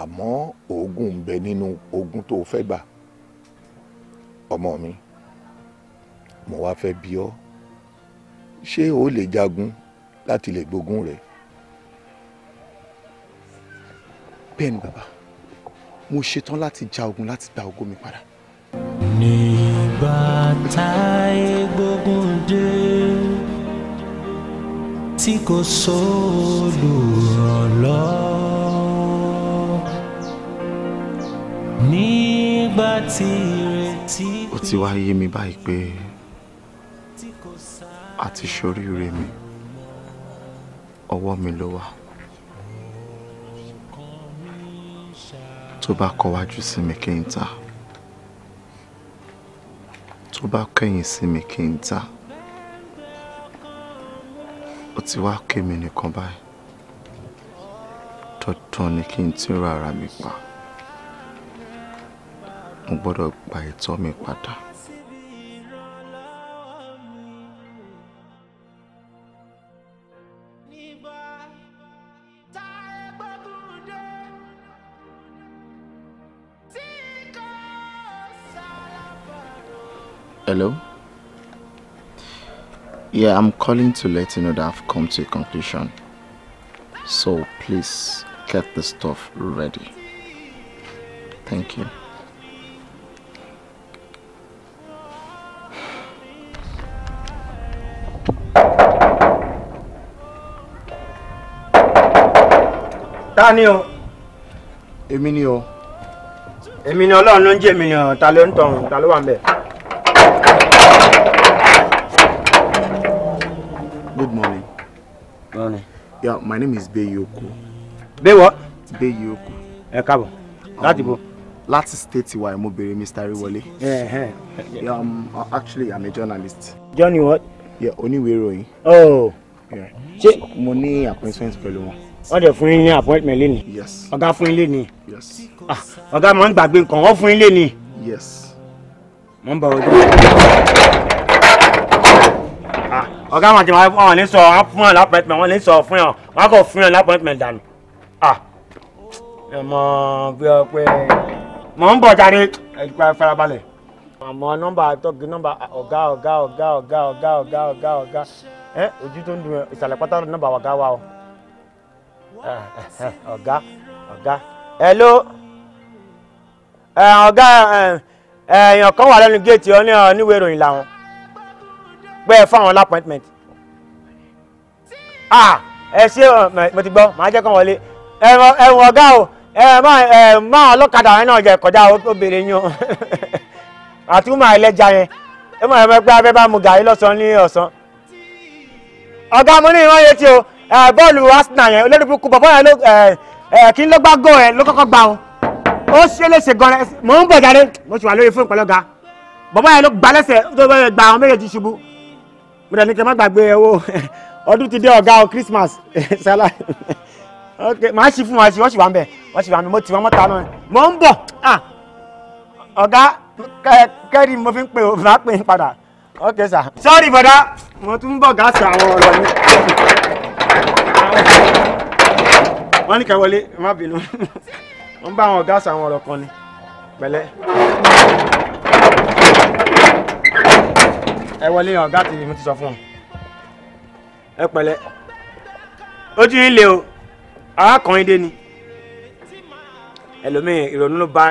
àmọ́ oògùn ń bẹ nínú oògùn tó fẹ́ gbà ọmọ mi mo wá fẹ́ bi ọ́ ṣé o lè jagun láti lè gbógun rẹ̀ bẹ́ẹ̀ ni bàbá mo ṣetán láti ja ogun láti gba ògo mi padà. nígbà táyé gbógun dé tí kò sólùrànlọ́ nígbà tí ìrètí. ó ti wá yé mi báyìí pé àti ṣoríire mi ọwọ́ mi ló wà. tó bá kọwájú sí mi kí n ta tó bá kẹ̀yìn sí mi kí n ta ó ti wá ké mi nìkan báyìí dandan ni kí n tún rárá mi pa mo gbọ́dọ̀ gba ìtọ́ mi padà. Hello? Yeah, I'm calling to let you know that I've come to a conclusion. So please get the stuff ready. Thank you. Daniel. ni o? Èmi ni o. Èmi ni Ọlọ́run ló ń Good morning. Morning. Yeah, my name is Beyoko. Be what? Beyoko. Ẹ káàbọ̀. Láti um, bo. Láti state wa mo bèrè Mr. Ariwole. Eh eh. Yeah, um, actually I'm a journalist. Johnny what? Yeah, oníwèé ìròyìn. Oh. Yeah. Ṣé mo ní appointment pẹ̀lú wọn? wọ́n dẹ̀ fún yín ní appointment lé ní. yes. ọ̀gá fún yín lé ní. yes. ah ọ̀gá máa ń gbàgbé nǹkan wọ́n fún yín lé ní. yes. mo ń bọ̀ ọ́ dé ọ̀gá àwọn àti wọn ní sọ wọn fún ọ lápẹ̀tẹ̀ wọn ní sọ fún ọ wọn kò fún ọ lápẹ̀tẹ̀ dànù. ẹ bí ọ pé mọ ń bọ̀ jáde ẹ farabalẹ̀. àmọ́ nọ́mbà tọ́gì nọ́mbà ọ̀gá ọ̀gá ọ̀gá ọ̀gá ọ̀gá ọ̀gá ọ̀gá ọ̀gá ẹ ojú tó ń dun ìsàlẹ̀ pátá nọ́mbà ọ̀gá wa o. ọ̀gá ọ̀gá hello ọ̀gá èèyàn kan wà lẹ́nu géètì ọ ní ìwé ìròyìn làwọn pẹ́ fáwọn lápọ́ìntmẹ́ǹt ah ẹ ṣé mo ti gbọ́ màá jẹ́ kàn wọlé ẹ̀wọ̀n ọ̀gá o máa ọlọ́kadà yẹn náà jẹ kọjá obìnrin yẹn àti wọ́n máa ẹlẹ́ja yẹn ẹ mọ̀ ẹ̀mọ́ pé abẹ́ bá mu gàrí lọ́sàn-án ní ọ̀sán. ọ̀gá mo ní ìwọ́n retí o bọ́ọ̀lù Arsenal yẹn olódùkú kú bọ̀bọ́ yẹn kí n ló gbá gọ́ ẹ̀ ló kọ́kọ́ gbá o ó ṣe léṣe gan ẹ mò ń bọ̀ jáde mo sì wà lórí fóònù pẹ̀lú ọ̀gá bọ̀bọ́ yẹn ló gbá lẹ́sẹ̀ tó bá yẹ gba àwọn méjèèjì ṣubú mo dẹ̀ ní kí ẹ má gbàgbé ẹwọ́ ọdún ti dé ọ̀gá o Christmas sálá ok màá ṣì fún wa ṣì wọ́n ṣì wà ń bẹ̀ wọ́n ṣì wà ń bẹ̀ mo tì wọ́n mọ́ta náà mo ń bọ̀ ọ̀gá kẹ́rì mo fi ń pè ó máa padà ok sir sorry bọ̀dá mo tún ń bọ̀ gáàsì àwọn ọ̀rọ̀ mi wọ́n ní kẹ́ wọlé má bínú wọ́n bá àwọn ọ̀gá àṣà àwọn ọ̀rọ̀ kan ni pẹ̀lẹ́ ẹ wọlé ọ̀gá àti mo ti sọ fún ọ ẹ pẹ̀lẹ́ ojú yín lé o arákùnrin dé ni ẹlòmíì ìrònú ló bá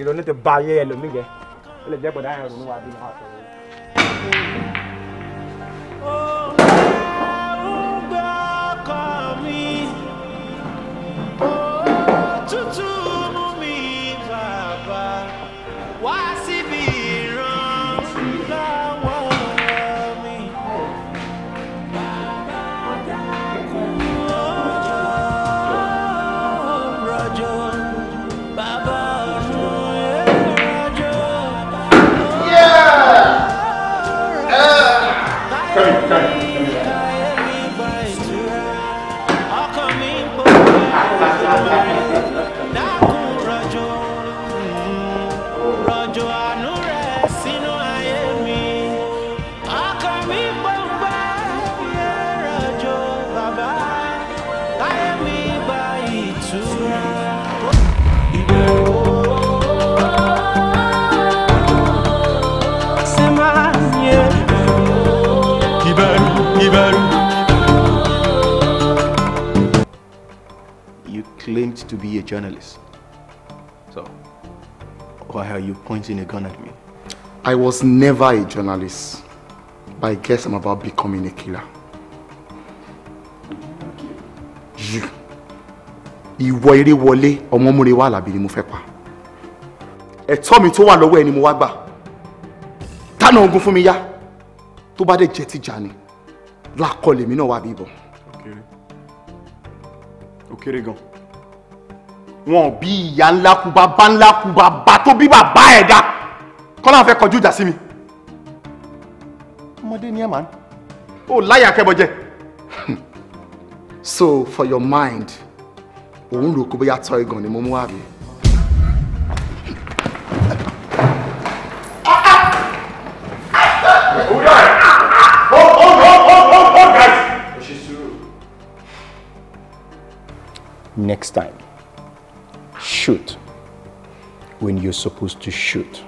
ìrònú ti ba ayé ẹlòmíì jẹ ó lè jẹ́ pẹ̀lú àwọn ìrònú wa bí wọ́n á sọ̀rọ̀. Oh. claimed to be a journalist. So, why are you pointing a gun at me? I was never a journalist, but I guess I'm about becoming a killer. You. Ìwọ eré wọlé ọmọ múre wà làbí ni mo fẹ́ pa. Ẹ̀tọ́ mi tó wà lọ́wọ́ ẹ ni mo wá gbà. Tánà ogun fún mi yá. Tó bá dẹ̀ jẹ́ tìjà ni. Lákọ̀ lèmi náà wà bí ìbọn. Ó kéré. Ó wọn ò bí ìyá ńlá kú bàbá ńlá kú bàbá tó bí bàbá ẹ̀ dá kọ́lá fẹ́ kọjú ìjà sí mi ọmọdé ni ẹ̀ máa ń ó láyà akẹ́bọ̀jẹ́. so for your mind òun rò kó bóyá tọ́ igan ni mo mú wá bí. Next time. Shoot when you're supposed to shoot.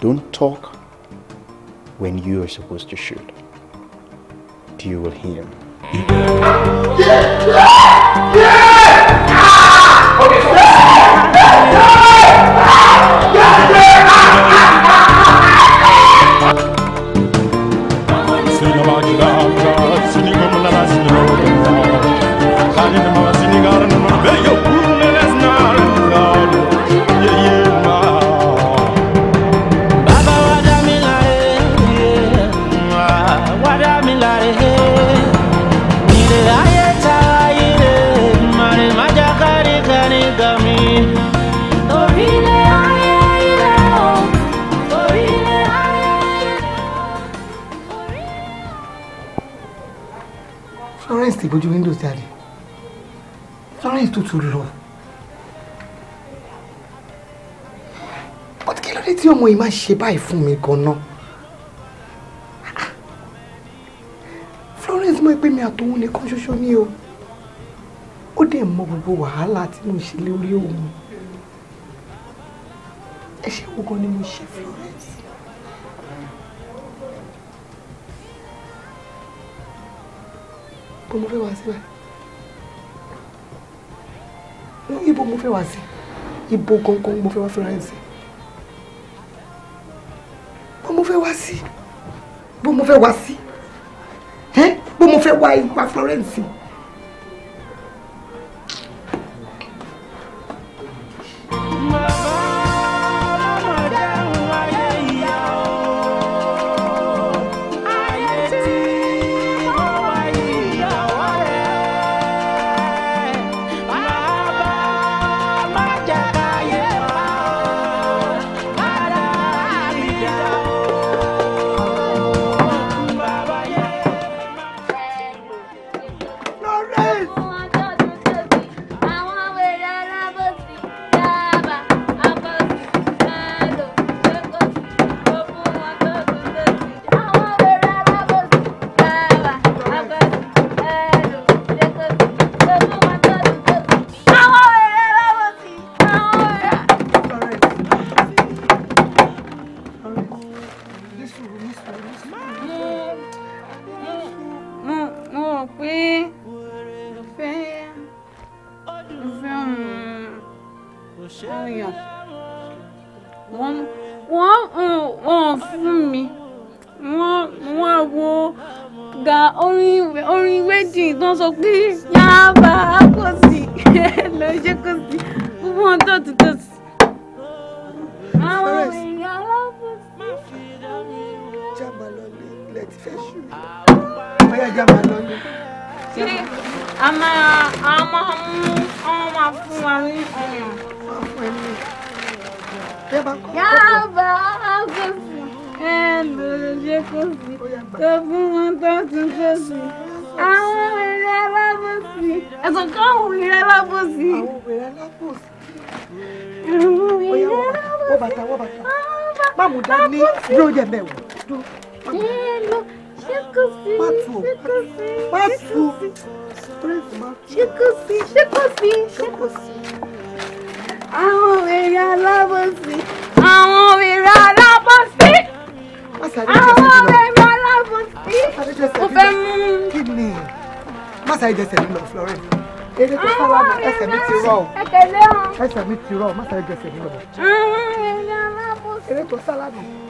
Don't talk when you are supposed to shoot. Do you will hear? bójú wíńdò jáde Florence tó tún lọ. but kí ló dé tí ọmọ yìí máa ṣe báyìí fún mi gan-an. Florence mọ̀ pé mi àtòun nìkan ṣoṣo ni o ó dẹ̀ mọ gbogbo wàhálà tí mo ṣe lórí òun ẹ ṣe wo gan ni mo ṣe Florence. bó mo fẹ́ wá sí báyìí ibo mo fẹ́ wá sí ibo gangan mo fẹ́ wá fẹ́ra ẹ̀ sí bó mo fẹ́ wá sí bó mo fẹ́ wá sí bó mo fẹ́ wá ìwà Florence. yẹ mẹ́wò. ṣé lọ ṣé kò sí ṣé kò sí má tu ṣé kò sí ṣé kò sí ṣé kò sí. àwọn wèrè alábòsí àwọn wèrè alábòsí àwọn wèrè alábòsí mo fẹ́ mú. kí ni má sáré mi lọ Florence èdè tó sára mi ẹsẹ̀ mi ti rọ̀ ẹsẹ̀ mi ti rọ̀ má sáré jẹsẹ̀ mi lọ. èdè tó sára mi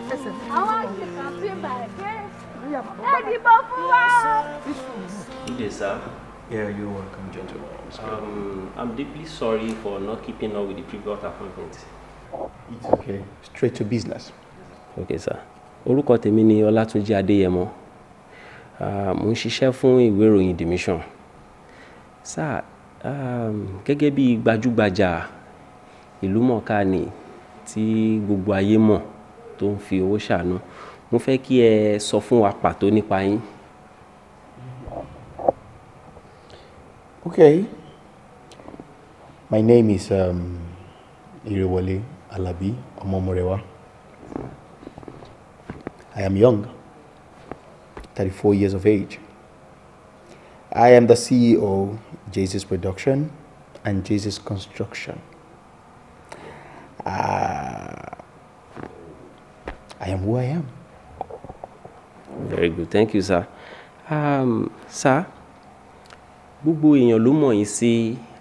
àwọn àgbẹ̀ kan fi bàjẹ́ ẹ dìbò fún wa. Idesa. Yeah, you're welcome, gentlemen. Um, I'm deeply sorry for not keeping up with the previous appointment. It's okay. Straight to business. Okay, sir. Orúkọ tèmi ni Ọlátúnjí Adéyẹmọ. Mo ń ṣiṣẹ́ fún ìwé ìròyìn The Mission. Sir, um, gẹ́gẹ́ bí gbajúgbajà ìlúmọ̀ọ́ká ni tí gbogbo ayé mọ̀ tó ń fi owó ṣàánú mo fẹ́ kí ẹ sọ fún wa pàtó nípa yín. Okay. My name is um, Irewole Alabi Omomorewa. I am young, 34 years of age. I am the CEO Jesus Production and Jesus Construction. Uh, I am who I am. Very good. Thank you, sir. Um, sir, gbogbo èèyàn ló mọ̀ yín sí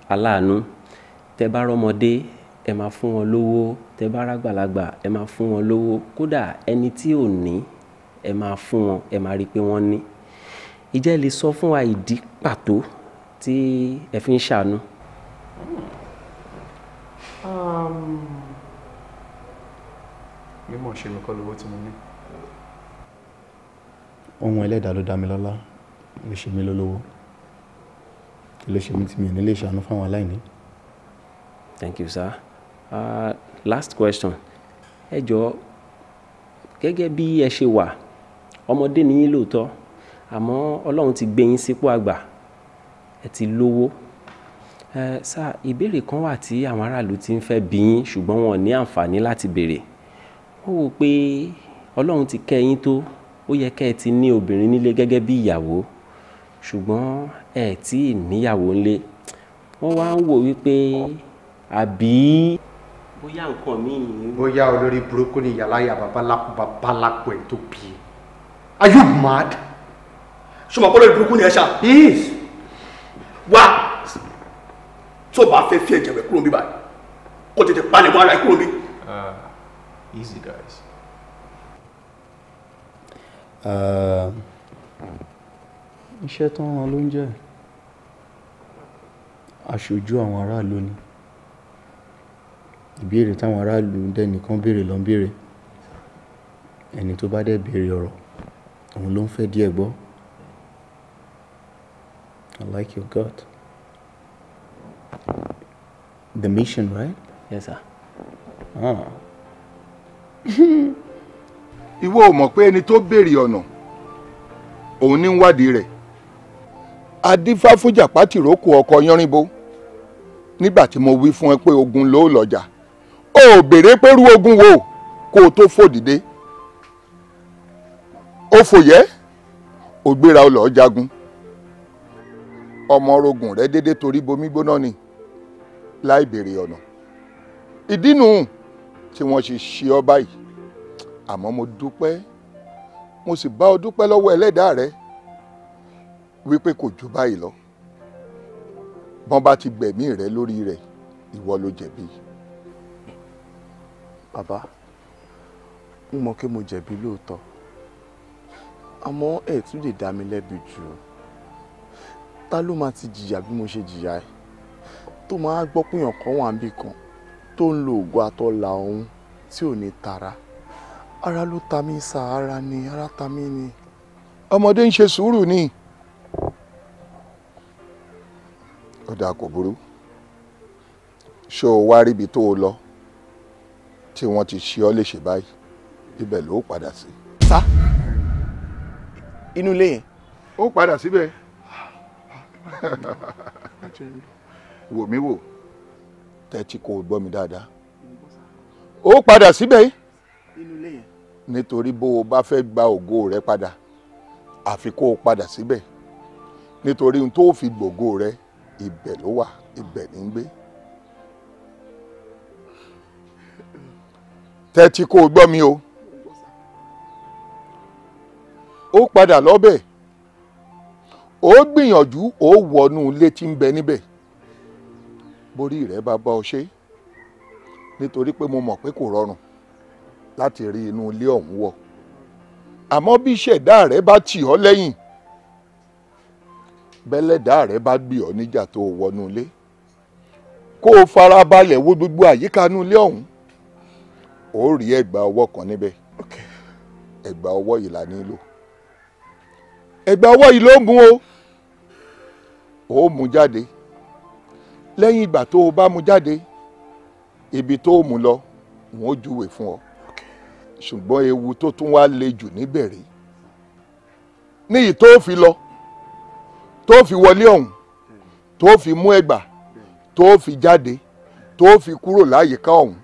aláàánú. Tẹ bá rọmọdé, ẹ máa fún wọn lówó. Tẹ bá rágbàlagbà, ẹ máa fún wọn lówó. Kódà ẹni tí ò ní, ẹ máa fún wọn, ẹ máa rí i pé wọ́n ní. Ìjẹ́ lè sọ fún wa ìdí pàtó tí ẹ fi ń ṣàánú. ṣe mi lówó tí mo ní. ohun ẹlẹ́dàá ló dá mi lọ́lá ló ṣe mí lólówó kí ló ṣe mí tí mi ní lè ṣàánú fáwọn aláìní. thank you sir uh, last question ẹ jọ̀ọ́ gẹ́gẹ́ bí ẹ ṣe wà ọmọdé ni yín lóòótọ́ àmọ́ ọlọ́run ti gbé yín sípò àgbà ẹ ti lówó ẹ eh, sáà ìbéèrè kan wà tí àwọn aráàlú ti ń fẹ́ bí yín ṣùgbọ́n wọn ní àǹfààní láti béèrè wò ó pé ọlọ́run ti kẹ́ yín tó ó yẹ kẹ́ ẹ ti ní obìnrin nílé gẹ́gẹ́ bí ìyàwó ṣùgbọ́n ẹ tí ì níyàwó ńlé wọ́n wá ń wò wípé àbí bóyá nǹkan míì ni. bóyá olórí burúkú ni yàrá yàrá balakuba balaku tó bí are you mad. ṣùgbọ́n olórí burúkú ni ẹ ṣá. yes. wá tó o bá fẹ́ fi ẹ̀jẹ̀ rẹ̀ kúrò níbàyí kó o tètè palẹ̀ mọ́ ara ẹ̀ kúrò níbí easy guys? Uh, iṣẹ́ tán wọn ló ń jẹ́ aṣojú àwọn aráàlú ni ìbéèrè táwọn aráàlú dẹ́nìkan béèrè ló ń béèrè ẹni tó bá dẹ̀ béèrè ọ̀rọ̀ òun ló ń fẹ́ díẹ̀ gbọ́ I like your gut. the mission right yes sir ah. ìwọ ò mọ̀ pé ẹni tó béèrè ọ̀nà òun ní wádìí rẹ̀ adífáfújà pátìrókù ọkọ yánrìnbó nígbà tí mo wí fún ẹ pé ogun ló lọ́jà ó béèrè pẹ̀lú ogun wo kó o tó fòdìdé ó fòyẹ́ ó gbéra ó lọ́ọ́ jagun ọmọ orogun rẹ déédéé torí bomi gbóná ni láì béèrè ọ̀nà ìdí nù. No tí wọ́n ṣe ṣe ọ báyìí àmọ́ mo dúpẹ́ mo sì bá ọ dúpẹ́ lọ́wọ́ ẹlẹ́dàá rẹ wípé kò ju báyìí lọ bọ́n bá ti gbẹ̀mí rẹ lórí rẹ ìwọ ló jẹ̀bi. bàbá mo mọ̀ pé mo jẹ̀bi lóòótọ́ àmọ́ ẹ̀ tún lè dá mi lẹ́bi jù ú ta ló máa ti jìyà bí mo ṣe jìyà ẹ̀ tó máa gbọ́ pé èèyàn kan wà níbì kan tó ń lo oògùn atọ́là ọ̀hún tí ò ní tara ara ló ta mí sàárà ni ara ta mí ni ọmọdé ń ṣe sùúrù ni ọ̀dà kò burú ṣé o wá ríbi tó o lọ tí wọ́n ti ṣe ọ́ léṣe báyìí ibẹ̀ ló padà sí. sá inú ilé yẹn. ó padà síbẹ̀ wò mí wò tẹ́tí kò gbọ́ mi dáadáa ó padà síbẹ̀ yìí nítorí bó o bá fẹ́ gba ògo rẹ padà àfi kó o padà síbẹ̀ nítorí ohun tó fi gbògo rẹ ibẹ̀ ló wà ibẹ̀ ní ń gbé. tẹ́tí kó o gbọ́ mi o ó padà lọ́bẹ̀ ó gbìyànjú ó wọnú ilé ń bẹ níbẹ̀ borí rẹ bá bá ọ ṣe nítorí pé mo mọ̀ pé kò rọrùn láti rí inú ilé ọ̀hún wọ̀ àmọ́ bí ìṣẹ̀dá rẹ bá tì ọ́ lẹ́yìn bẹ́lẹ́dá rẹ bá gbì ọ́ níjà tó o wọnú ilé kó o fara balẹ̀ wo gbogbo àyíká inú ilé ọ̀hún ó rí ẹ̀gbà ọwọ́ kan níbẹ̀ ẹ̀gbà ọwọ́ yìí la nílò ẹ̀gbà ọwọ́ yìí ló mú o ó mú jáde lẹ́yìn ìgbà tó o bá mu jáde ibi tó o mú lọ wọn ó júwe fún ọ ṣùgbọ́n ewu tó tún wá le jù níbẹ̀ rèé níyì tó fi lọ tó fi wọlé ọ̀hún tó fi mú ẹgbà tó fi jáde tó fi kúrò láyìíká ọ̀hún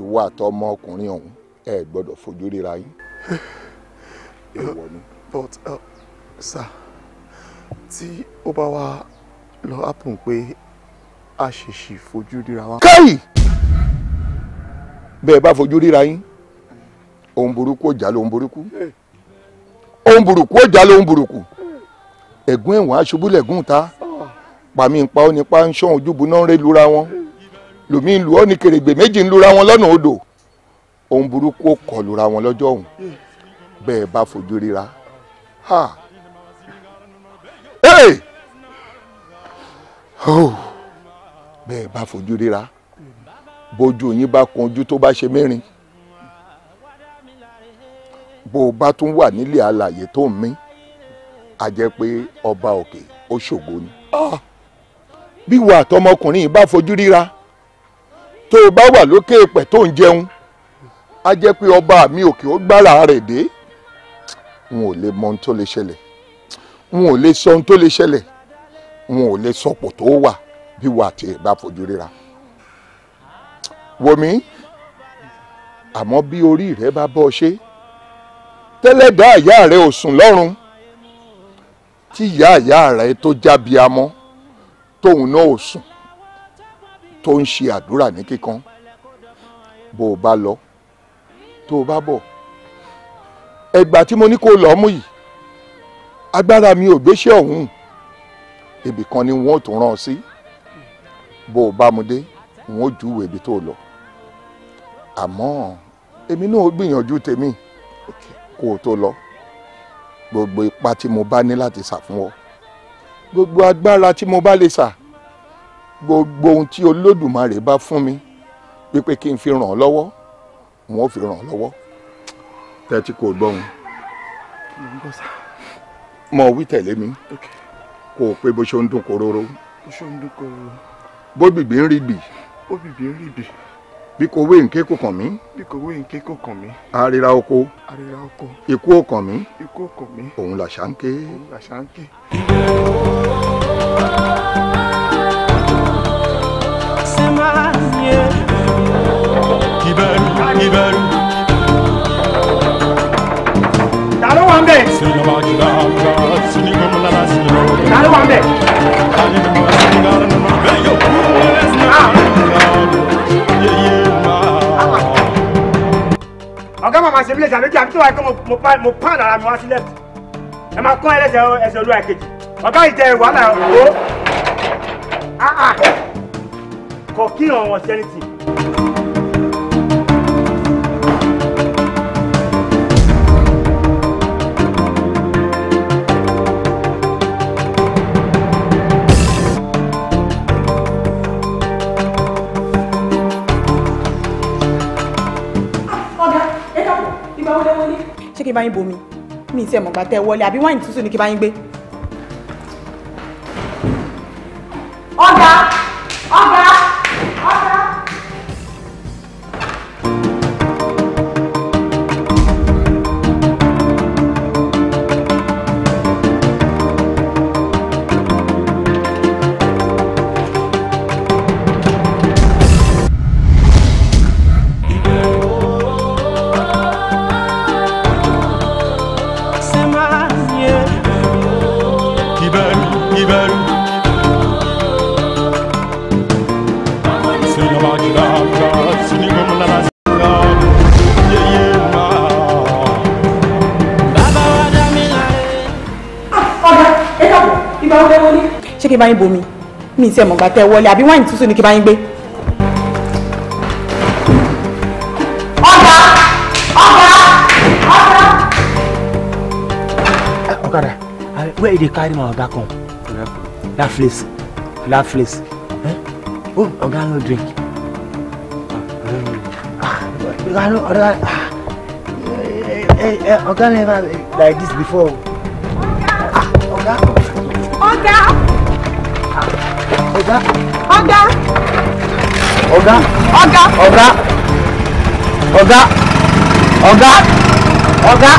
ìwọ àtọmọ ọkùnrin ọ̀hún ẹ gbọ́dọ̀ fojú ríra yín but uh, sir tí ó bá wá lọ happen pé a ṣèṣì fojú ríra wa. káyì bẹ́ẹ̀ bá fojú ríra yín ohun burúkú ọjà lóhun burúkú ohun burúkú ọjà lóhun burúkú ẹ̀gún ẹ̀wọ̀n aṣubú lẹ̀gún ta pàmí ń pa ó nípa ń ṣọ́ ojúbu náà ń rẹ́ lura wọn lòmí ń lu ọ́ ní kèrègbè méjì ń lura wọn lọ́nà odò ohun burúkú ó lura wọn lọ́jọ́ ọ̀hún bẹ́ẹ̀ bá fojú ríra ha. Hey! Oh bẹ́ẹ̀ bá fojú ríra bójú yín bá kun ojú tó bá ṣe mẹ́rin bó o bá tún wà nílé alàyè tó ń mí a jẹ́ pé ọba òkè ó ṣògo ni. Ah! bí ìwà àtọmọkùnrin yìí bá fojú ríra tó o bá wà lókè èèpẹ̀ tó ń jẹun a jẹ́ pé ọba mi òkè ó gbára rẹ̀ dé n ò lè mọ ohun tó lè ṣẹlẹ̀ n ò lè sọ ohun tó lè ṣẹlẹ̀ n ò lè sọpọ̀ tó wà bí wà tí ẹ bá fojú ríra wòmí àmọ́ bí orí rẹ bá bọ́ ṣe tẹ́lẹ̀dá ìyá rẹ ò sùn lọ́rùn tí ìyá ìyá rẹ tó jábí amọ́ tóun náà ò sùn tó ń ṣe àdúrà ní kíkan bó o bá lọ tó o bá bọ̀ ẹgbà tí mo ní kó lọ́ọ́ mú yìí agbára mi ò gbéṣẹ́ ọ̀hún ibìkan ni wọ́n ò tún rán ọ sí. Si bó o bá mu dé n ó júwe ibi tó lọ àmọ́ èmi náà gbìyànjú tèmi kó o tó lọ gbogbo ipá tí mo bá ní láti sà fún ọ gbogbo agbára tí mo bá lè sà gbogbo ohun tí olódùmarè bá fún mi wípé kí n fi ràn ọ́ lọ́wọ́ n ó fi ràn ọ́ lọ́wọ́ tẹ́tí kò gbọ́hun mọ̀ wí tẹ̀lé mi kó o pé bó ṣe ń dún kòróró. bó ṣe ń dún kòróró bóbìbì ń rí bì. bóbìbì ń rí bì. bí kò wé nké kò kàn mí. bí kò wé nké kò kàn mí. arira oko. arira oko. ikú ò kàn mí. ikú ò kàn mí. òun làṣà ń ké. òun làṣà ń ké. kibaru kibaru. ta ló wà ń bẹ̀. sinimá kìlá kìlá sinimá dáná wà mẹ́. Ah. ọ̀gá màmá ṣe bílẹ̀ ṣàbẹ́jì àbí tó wà pé mo pààlà ara mi wá sílẹ̀ ẹ máa kọ́ ẹlẹ́sẹ̀ ẹsẹ̀ olúwa kejì ọ̀gá ìjẹ wàhálà ọ̀hún ah, ah. kò kí ọ̀hún ọ̀sẹ̀ ní tì. kí n bá yín bomi mi ì tiẹ̀ mọ̀gbà tẹ́ wọlé àbí wáìnì tútù ní kí n bá yín gbé. kí n bá yín bomi mi ti ẹ̀ mọ̀gbà tẹ́ wọlé àbí wáìnì tútù ni kí n bá yín gbé. ọ̀gá ọ̀gá ọ̀gá. ọ̀kadà uh, where you dey carry my oga come that place that place eh? oh oga no drink. oga ah, no oga ah. eh, eh, eh, oga never like this before. oga ah, oga. Oga, oga, oga, oga, oga, oga, oga, oga.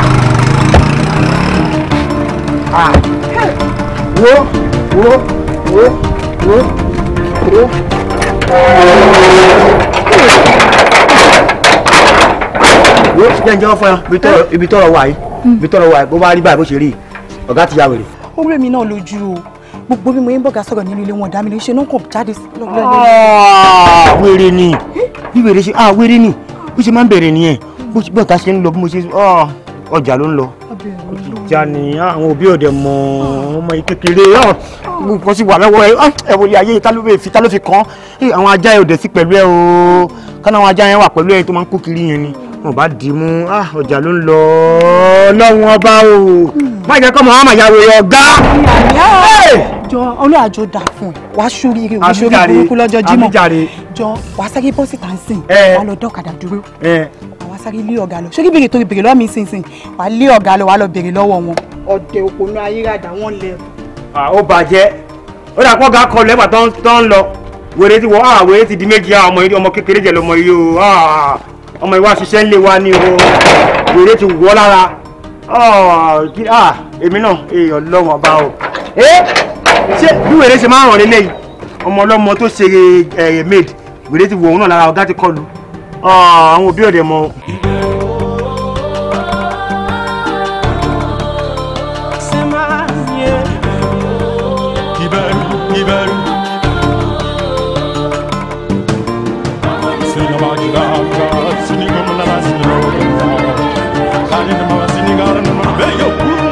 ah wo wo wo wo wo. wo jẹ́ ǹjẹ́ wọ́n fún ẹ ibi tọ́rọ̀ wà yìí ibi tọ́rọ̀ wà yìí bó bá rí báyìí bó ṣe rí ọ̀gá ti ya wèrè. ó rẹ̀ náà lójú o gbogbo bí mo yín bọ̀gá sọ̀rọ̀ nínú ilé wọn dá mi lóṣù náà kàn jáde sí lọ́wọ́ lẹ́yìn. Ah, wèrè ni bí wèrè ṣe ah wèrè ni bó ṣe máa ń bẹ̀rẹ̀ nìyẹn bó ṣe bọ̀gá ṣe ń lọ bí mo ṣe ah, ọjà ló ń lọ ìjà ni ah, àwọn òbí òde mọ ọmọ kékeré nǹkan sì wà lọ́wọ́ ẹ ẹ̀wò ilé ayé ta ló fi ta ló fi kàn án eh, àwọn ajá ẹ òde sí pẹ̀lú ẹ o kánà àwọn ajá yẹn wà pẹ̀lú ẹ tó máa ń kó kiri yẹn ni wọn bá dì í mú ọjà ló ń lọ lọ́wọ́n ọba o hmm. má jẹ́ kọ́ mọ̀ ọ́n àmàyàwó ọ̀gá jọ Olúwa jọ̀ọ́ dà fún ẹ wàá sórí ire òní sórí burúkú lọ́jọ́ Jímọ̀ jọ wàá sáré bọ́sì tá n sìn wàá lọ dọ́kadà dúró wàá sáré lé ọ̀gá lọ sórí béèrè tó béèrè lọ́wọ́ mi sínsìn wàá lé ọ̀gá lọ wàá lọ béèrè lọ́wọ́ wọn. ọ̀dẹ̀ òpònú ayérádà wọn lẹ. ó bàjẹ́ ó dà pọ̀ ga kọlu ẹ̀pà tó ń lọ wèrè ti wọ wèrè ti di méjì ọmọ kékeré jẹ̀ lọmọ yìí o ọmọ ìwà ṣiṣẹ́ ńlẹ̀ wa ni o wèrè ti wọ́ lára èmi náà èèyàn lọ́wọ́ ọba o ṣé bí wèrè ṣe máa ń ràn lélẹ́yìí ọmọ ọlọ́mọ tó ṣe ẹ̀yẹ maid wèrè ti wò òun náà lára ọ̀gá ti kọlu àwọn òbí ọ̀dẹ̀ mọ́. Hey, yo!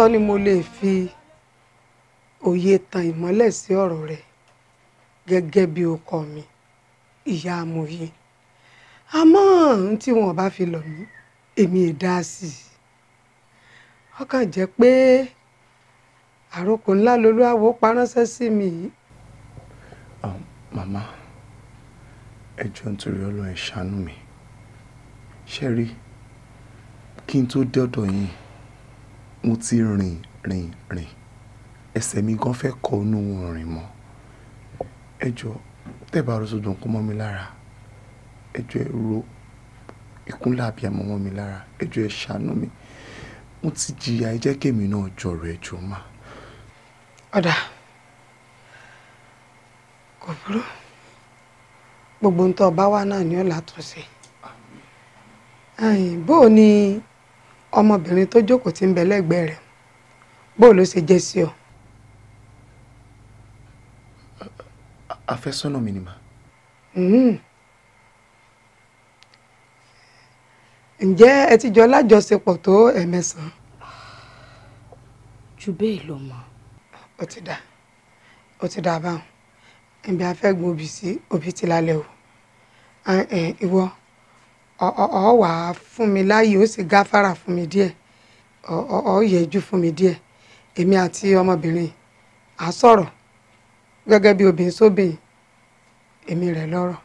tọ́ ni mo lè fi òye tan ìmọ́lẹ̀ sí ọ̀rọ̀ rẹ gẹ́gẹ́ bí ọkọ mi ìyá amòye àmọ́ ohun tí wọn bá fi lọ̀ mí èmi ì dá sí i ọkàn jẹ́ pé àròkò ńlá lolúwawo paránṣẹ́ sí mi. Ah, màmá ẹ jọ̀ọ́ nítorí Ọlọ́run ẹ ṣàánú mi ṣe rí kí n tó dọ́dọ̀ yín mo ti rìn rìn rìn ẹsẹ̀ mi gan fẹ́ kọ inú rìn mọ́ ẹ jọ tẹ́ bá rọ́ṣọ́ dùn kó mọ́ mi lára ẹ jọ ẹ ro ìkúnlẹ̀ àbíyamọ mọ́ mi lára ẹ jọ ẹ ṣàánú mi mo ti jìyà ẹ jẹ́ kémi náà jọ̀rọ̀ ẹ jọ mà. ọ̀dà kò burú gbogbo ń tọ́ ọba wa náà ni ó látọ̀ sí bó o ní ọmọbìnrin tó jókòó tí ń bẹ lẹ́gbẹ̀ẹ́ rẹ̀ bó ló ṣe jẹ́ sí ọ. àfẹ́sọ́nà mi ni mà. Hmm. ǹjẹ́ ẹ ti jọ lájọṣepọ̀ tó ẹ̀mẹsàn-án. jù bẹ́ẹ̀ lọ mọ́. ó ti dà ó ti dà báwọn ẹ̀mí afẹ́gun òbí sí òbí ti lálẹ́ o ìwọ ọ wà á fún mi láàyè ó sì gáfárà fún mi díẹ̀ ọ yẹjú fún mi díẹ̀ èmi àti ọmọbìnrin à sọ̀rọ̀ gẹ́gẹ́ bí obìnrin sóbìnrin èmi rẹ̀ lọ́rọ̀.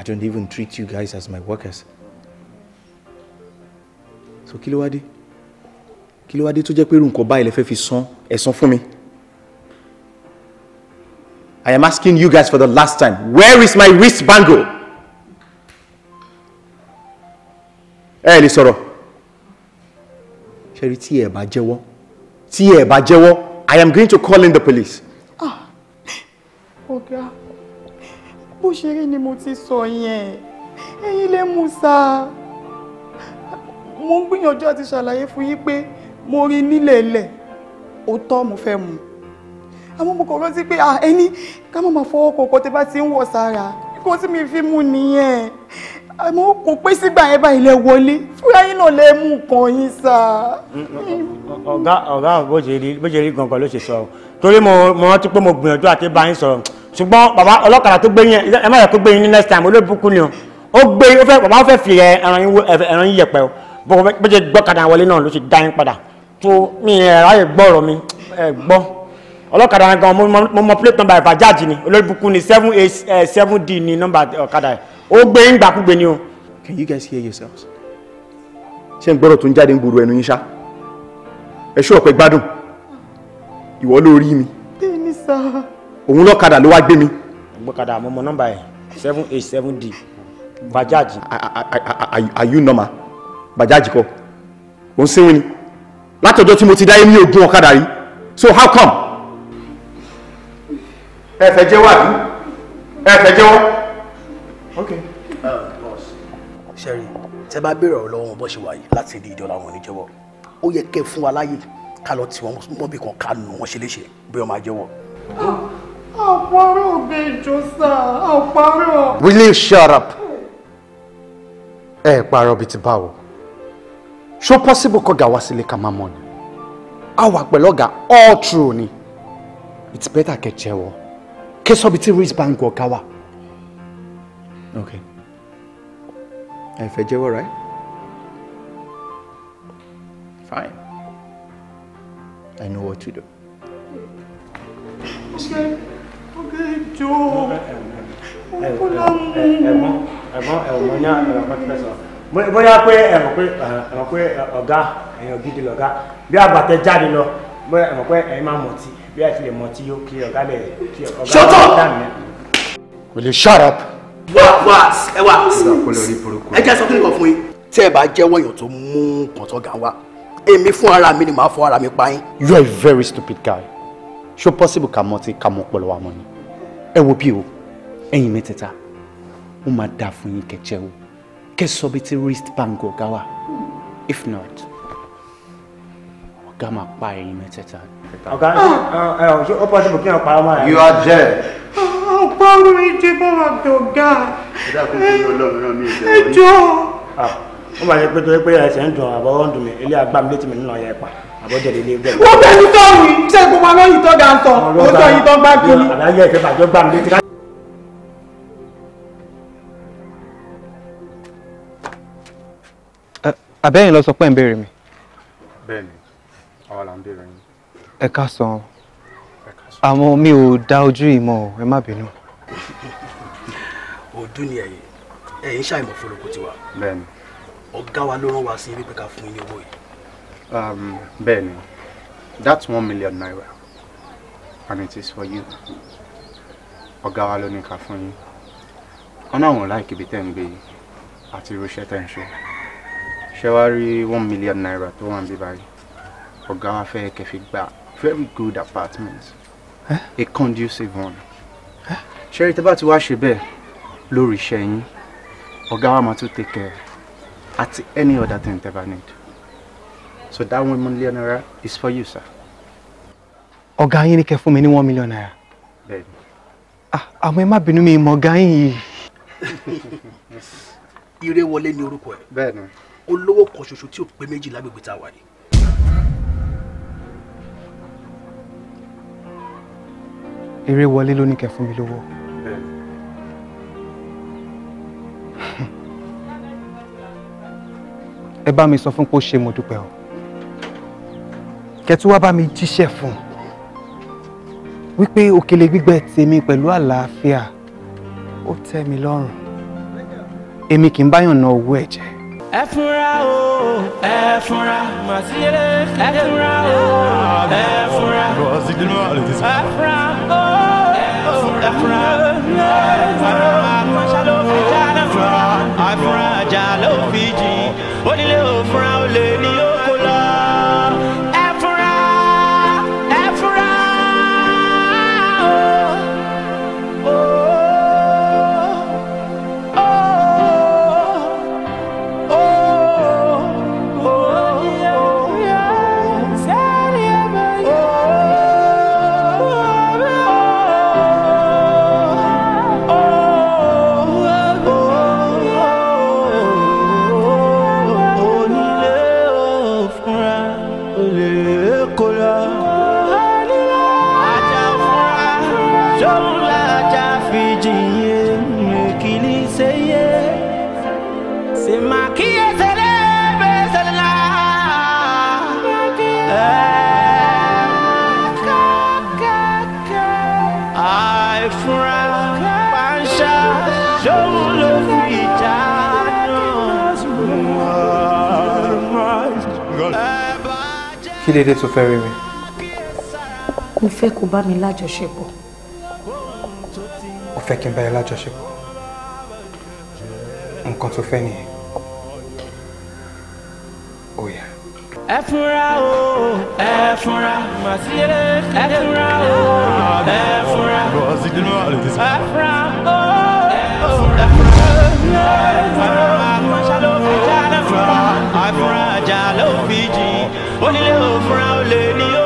I don't even treat you guys as my workers. So kí ló wá dé? Kí ló wá dé tó jẹ́ pé irú fi san ẹ̀san fún mi? I am asking you guys for the last time, where is my wrist bangle? Eh lè sọ̀rọ̀. Ṣé rí tí ẹ bá jẹ́wọ́? Tí ẹ bá I am going to call in the police. Ah, oh God bó ṣe rí ni mo ti sọ yẹn ẹ̀yin lè mú sá mo ń gbìyànjú àti ṣàlàyé fún yín pé mo rí nílẹ̀ ilẹ̀ òótọ́ mo fẹ́ mu àmọ́ mo kò rántí pé ẹni ká má máa fọwọ́ kọ̀ọ̀kan tẹ́ bá ti ń wọ̀ sára kó tí mi fi mú nìyẹn àmọ́ kò pé sígbà yẹn báyìí lẹ wọlé fúra yín náà lẹ mú nǹkan yín sá. ọ̀gá ọ̀gá bó ṣe rí gan-an ló ṣe sọ torí mo rántí pé mo gbìyànjú àti bá sọ̀rọ̀ ṣùgbọ́n bàbá ọlọ́kadà tó gbé yín ẹ má yẹ kó gbé yín ní next time olóòbùkú ni ó gbé ó fẹ́ bàbá ó fẹ́ fi ẹran yín yẹpẹ o bó gbọ́kadà wọlé náà ló ṣe dá yín padà tó mi ráyè gbọ́ mi ẹ gbọ́ ọlọ́kadà yẹn gan mo mọ plate number ìfàjáàjì ni olóòbùkú ni seven eight seven d ni number ọ̀kadà yẹn ó gbé yín gbàkúgbé ni o. Can you guys hear yourselves? ṣé n gbọ́dọ̀ tó ń jáde ń gbòòrò ẹnu yín ṣá ẹ ṣú ọ̀pẹ gbádùn ìwọ ló mi. bẹ́ẹ̀ ni sáà òun lọ́kadà ló wá gbé mi. ọgbọ́kadà àmọ́ mọ nọ́mbà ẹ̀ seven eight seven d bajaj. are you normal bajaj kọ òun sẹ́wìn ni látọjọ́ tí mo ti dáyé mi ò gun ọ̀kadà rí so how come. ẹ fẹ́ jẹ́wọ́ àbí ẹ fẹ́ jẹ́wọ́. ok. sẹ́rí tẹ́ bá béèrè ọ̀rọ̀ lọ́wọ́ bó ṣe wà yìí láti di ìdọ́là wọn níjẹ́wọ́ ó yẹ kẹ́ fún wa láàyè ká lọ tí wọ́n mọ́bì kan ká nù wọ́n ṣe léṣe bí wọ́n máa jẹ́wọ́. Ah! Àparọ́ Will you shut up? Eh, parọ́ bíi ti báwo. Ṣó possible kọ́gà wá sílé ká máa mọ̀ ni? A wà pẹ̀lú all true ni. It's better kẹ́ jẹ́wọ́. Kẹ́ sọ bíi tí Reese Bank ọ̀gá wà. Okay. Ẹ fẹ́ jẹ́wọ́ right? Fine. I know what to do. Okay jọ ọkùnrin ẹ̀gbọ́n ẹ̀gbọ́n ẹ̀wọ̀n ní àwọn ọmọ bóyá pé ẹ̀mọ̀ pé ẹ̀mọ̀ pé ọ̀gá èèyàn gidi lọ̀gá bí àgbàtẹ jáde lọ bóyá ẹ̀mọ̀ pé ẹ̀yin máa mọ̀ tí bí àti lè mọ̀ tí yóò kí ọ̀gá lè kí ọ̀gá lè dá mi. Will you shut up? wá wá ẹ wá ẹ jẹ́ sọ kí nìkan fún yín. tẹ́ ẹ bá jẹ́wọ́ èèyàn tó mú nǹkan tó ga wá èmi fún ara mi ni màá fọ ara mi pa yín. you are a very stupid guy ṣó possible kà mọ́ ti kà mọ́ pẹ̀lú wa mọ́ ni ẹ wo bí o ẹ̀yin mẹ́tẹ̀ẹ̀ta ó máa dà fún yín kẹjẹ o kẹ sọ bí ti wrist bank ọ̀gá wa if not ọ̀gá máa pa ẹ̀yin mẹ́tẹ̀ẹ̀ta. ọ̀gá ẹ ọ̀ ṣe ó pọ̀ kí n pa ọmọ rẹ. you are dead. Ah, ọ̀pọ̀ orí ti bọ́ wa dọ̀gá. ẹ dákun kí ló lọ́mìíràn mi ìjẹ́ orí. ẹ jọ. Ah, ó máa ṣe pé torí pé ẹsẹ̀ ń dùn àbọ̀wọ́ ń dùn mí ilé agbámi létí mi nínú ọ̀yà pa àbọ̀jẹ̀lẹ̀ ilé gbẹ̀rẹ̀. wọ́n bẹ̀rù sọ́ọ̀rù yìí ṣé gbogbo àwọn yìí tó ga ń sọ ó sọ yìí tó gbá kiri. àlàyé ìfẹ́ bàjọ́ gbà mí létí. àbẹ́yìn lọ sọ pé ń béèrè mi. bẹ́ẹ̀ni àwa là ń béèrè yín. ẹ ká san àmọ́ mi ò dá ojú ìmọ̀ ẹ má bínú. ọdún ni ẹ̀yin ẹ̀yin ṣàìmọ̀ fọlọ́kọ tiwa ọ̀gá wa ló rán wa sí wípé ká fún yín ní owó yìí. Um, Benny, that's one million naira. And it is for you. Oga wa ló ní ká fún yín. Ọ̀nà àwọn láìkí ibi tẹ́ ń gbé yìí àti irúṣẹ́ tẹ́ ń ṣe. Ṣé one million naira to wan ń bí báyìí? Ọ̀gá wa fẹ́ kẹ́ fi gba very good apartment. A conducive one. Ṣé rí tẹ́ bá ti wá ṣe bẹ́ẹ̀ lórí iṣẹ́ yín? Ọ̀gá wa máa tún take care àti any other thing tẹ́ bá need so that one million naira is for you sir. ọ̀gá yín ní kẹ́ fún mi ní one million naira. bẹ́ẹ̀ni. Ah, àmọ́ ẹ má bínú mi mọ̀ ọ̀gá yín yìí. ire wọlé ni orúkọ ẹ. bẹ́ẹ̀ni. olówó kan ṣoṣo tí ò pé méjì lágbègbè tá a wà ní. eré wọlé ló ní kẹ́ fún mi lówó. ẹ bá mi sọ fún pé ó ṣe mo dúpẹ́ o kẹtù wá bá mi jíṣẹ́ fún un wípé òkèlè gbígbẹ tèmi pẹ̀lú àlàáfíà ó tẹ́ mi lọ́rùn èmi kì í báyàn ná owó ẹ̀ jẹ. ẹ fúnra o ẹ fúnra ẹ fúnra o ẹ fúnra ẹ fúnra o ẹ fúnra àfúnra àjà ló fi jì onílé òfúnra. kí ló dé tó fẹ́ rí mi. mo fẹ́ kó bá mi lájọṣepọ̀. o fẹ́ kí n bá ẹ lájọṣepọ̀ nǹkan tó fẹ́ nìyẹn ó yá. ẹ fura o ẹ fura ẹ fura o ẹ fura ẹ fura o ẹ fura ẹ fura ẹ ẹ fura. One love for our lady.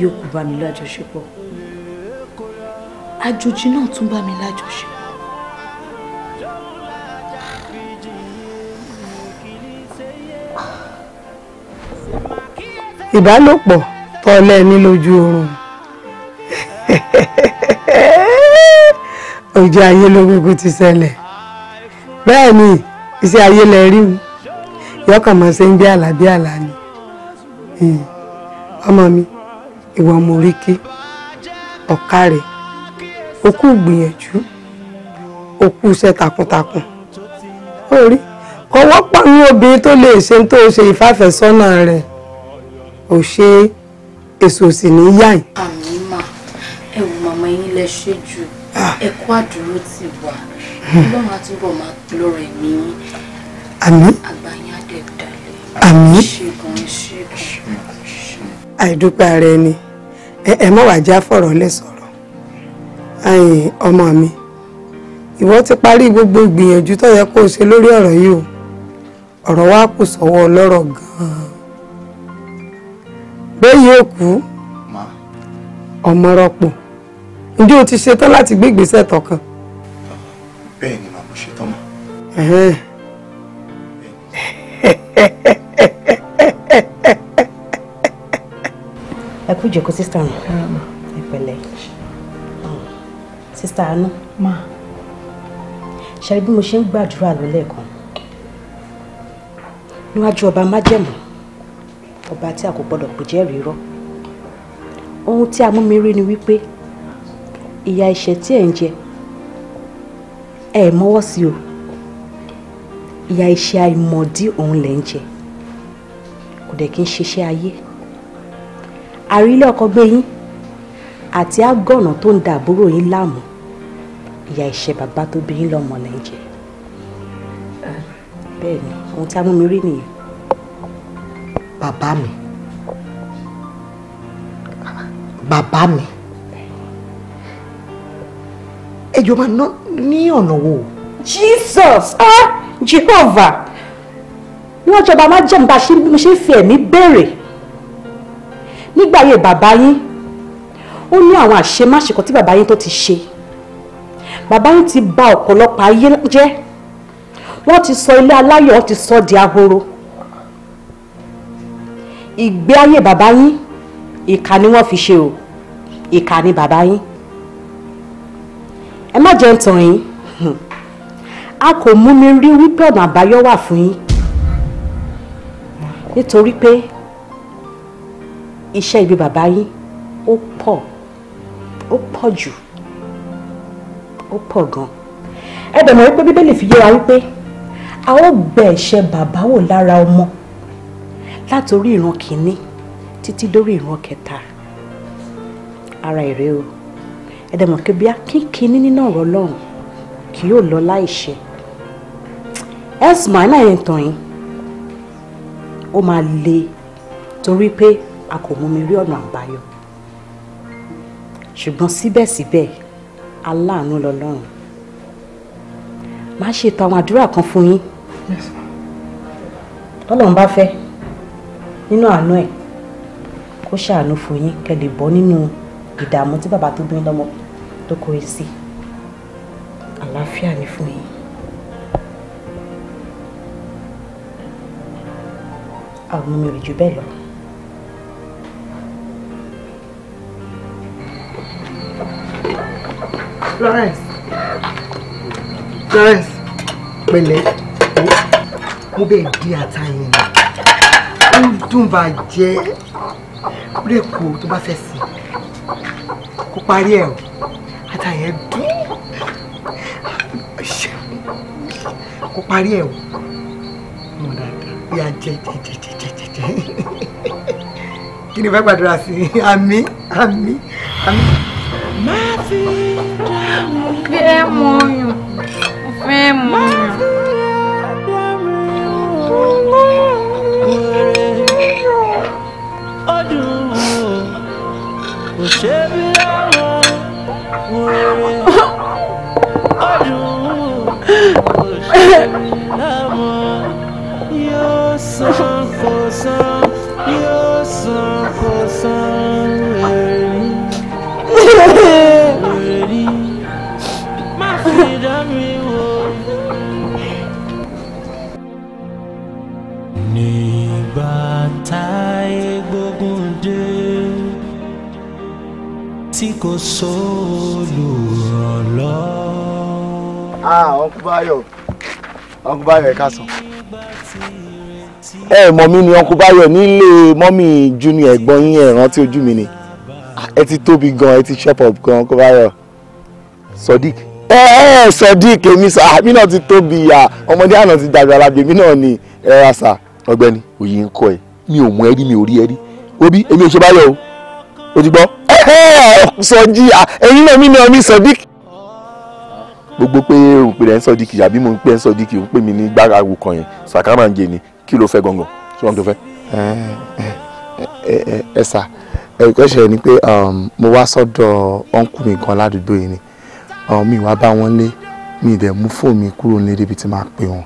yòókù bá mi lájọṣepọ̀ àjòjì náà tún bá mi lájọṣepọ̀. ìbálòpọ̀ tọ́lẹ̀ ní lójú oorun ojú ayé ló gbogbo ti ṣẹlẹ̀ bẹ́ẹ̀ ni iṣẹ́ ayé lẹ rí mi yọkàn ṣe ń bí àlà bí ni hm. ọmọ mi ìwà ọmọ oríkì ọ̀kárẹ̀ òkú gbìyànjú òkú iṣẹ́ takuntakun orí kò wọ́pọ̀ ní obìnrin tó lè ṣe tó ṣe ìfàfẹ́sọ́nà rẹ̀ ò ṣe èso sì ní yáì. àmì mà ẹ wò màmá yín lẹ ṣe jù ah. ẹ kó àdúró ti wà hmm. ọlọ́run á túbọ̀ máa lọ́rọ̀ ẹ̀mí yín àmì àgbáyé á dẹ̀ dalẹ̀ àmì ṣègùn àìdúpẹ́ ara ẹni ẹ mọ̀ wá já fọ̀rọ̀ lẹ̀ sọ̀rọ̀ ẹ̀yin ọmọ mi ìwọ ti parí gbogbo ìgbìyànjú tó yẹ kó o ṣe lórí ọ̀rọ̀ yìí o ọ̀rọ̀ wa kù sọ́wọ́ ọlọ́rọ̀ gan-an bẹ́ẹ̀ yóò kú ọmọ rọpò ǹjẹ́ o ti ṣetán láti gbé ìgbésẹ̀ tọkàn. bẹ́ẹ̀ ni màmú ṣetán mọ́. ẹ kú ìjókòó sísítà mi ẹ pẹ̀lẹ́ sísítà Àánú ṣe bí mo ṣe ń gbàdúrà lọ́lẹ̀ kan níwájú ọba májẹ̀mú ọba tí a kò gbọdọ̀ pè jẹ́ rírọ́ ohun tí a mú mi rí ni wípé ìyà ìṣẹ́ tí ẹ̀ ń jẹ ẹ̀ mọ́wọ́ sí o ìyà ìṣẹ́ àìmọ̀dí òun lẹ̀ ń jẹ kò dẹ̀ kí n ṣiṣẹ́ ayé àrílé ọkọ gbé yín àti àgọ́nà tó ń da àbúrò yín láàmú ìyá ìṣẹ́ bàbá tó bí yín lọ́mọ lẹ́ jẹ́ bẹ́ẹ̀ ni ohun tí a mú mi rí nìyẹn. bàbá mi bàbá mi ẹ máa ná ní ọ̀nà wo. Jesus ah Jehovah ní ọjọba má jẹun bá ṣe ń fi ẹ̀mí béèrè nígbà yẹn bàbá yín ó ní àwọn àṣemáṣe kan tí bàbá yín tó ti ṣe bàbá yín ti bà ọ̀pọ̀lọpọ̀ ayé jẹ́ wọ́n ti sọ ilé aláyọ̀ wọ́n ti sọ di ahoro ìgbé ayé bàbá yín ìkà ni wọ́n fi ṣe o ìkà ni bàbá yín ẹ má jẹ́ ń tàn yín a kò mú mi rí wípé ọ̀nà àbáyọ wà fún yín nítorí pé iṣẹ́ ibi bàbá yín ó pọ̀ ó pọ̀ jù ó pọ̀ gan ẹ bẹ̀ mọ̀ wípé bíbélì fi yé wa wípé a ó bẹ̀ ẹ̀ṣẹ̀ bàbá wò lára ọmọ látòrí ìran kìíní títí dórí ìran kẹta ara èrè o ẹ dẹ̀ mọ̀ pé bí akínkínní nínú ọ̀rọ̀ Ọlọ́run kì yóò lọ láìṣẹ ẹ sùn máa náà yẹn tàn yín ó máa le torí pé a kò mú mi rí ọ̀nà àbáyọ ṣùgbọ́n síbẹ̀síbẹ̀ aláàánú lọ́lọ́run máa ṣètò àwọn àdúrà kan fún yín tọ́lọ́run bá fẹ́ nínú àánú ẹ̀ kó ṣàánú fún yín kẹ́ lè bọ́ nínú ìdààmú tí bàbá tó bí lọ́mọ tó kórè sí àlàáfíà ni fún yín. àwọn mi ò rí jù bẹ́ẹ̀ lọ. Florence Florence pẹ̀lẹ́ mo bẹ̀ di ata yẹn ni ó ń dùn bàjẹ́ bírèkù tó bá fẹ́ sí kó parí ẹ̀ o ata yẹn dùn kó parí ẹ̀ o mo dáadáa bí a jẹ jẹ jẹ jẹ jẹ jẹ kí ni fẹ́ gbàdúrà sí àmín àmín má fi dá mi. mo fẹ́ mọ yàn mo fẹ́ mọ kò sólùrànlọ́. ah ọkùn báyọ̀ ọkùn báyọ̀ ẹ̀ka sàn. ẹ mọ̀ mí ni ọkùn báyọ̀ nílé mọ́mì junior ẹ̀gbọ́n yín ẹ̀ rántí ojú mi ni ah, ẹ ti tóbi gan ẹ ti shape up gan ọkùn báyọ̀ sodiq ẹ ẹ sodiq èmi sọ àmì náà ti tóbi ya ọmọdé àná ti dàgbà alábi èmi náà ni ẹ ra sà ọ̀gbẹ́ni òye ń kọ ẹ mi ò mọ ẹ rí mi ò rí ẹ rí obi èmi ò ṣe báyọ̀ o òjìgbọ́ sọjí ẹ̀yin náà mi náà mi sọdík. gbogbo pé òun pè rẹ̀ ń sọdík àbí mo ń pè ń sọdík òun pè mí ní gbára wò kàn yẹn sàkámàǹjẹ ni kí ló fẹ́ gangan ṣé wọ́n tó fẹ́. ẹ sà ẹ̀kọ́ ṣe ni pé um, mo wá sọ́dọ̀ ọ̀nkù mi gan ládùúgbò yìí ni um, mi wá bá wọn lé mi ìdẹ̀ mú fóònù mi kúrò nílé ibi tí màá pè wọn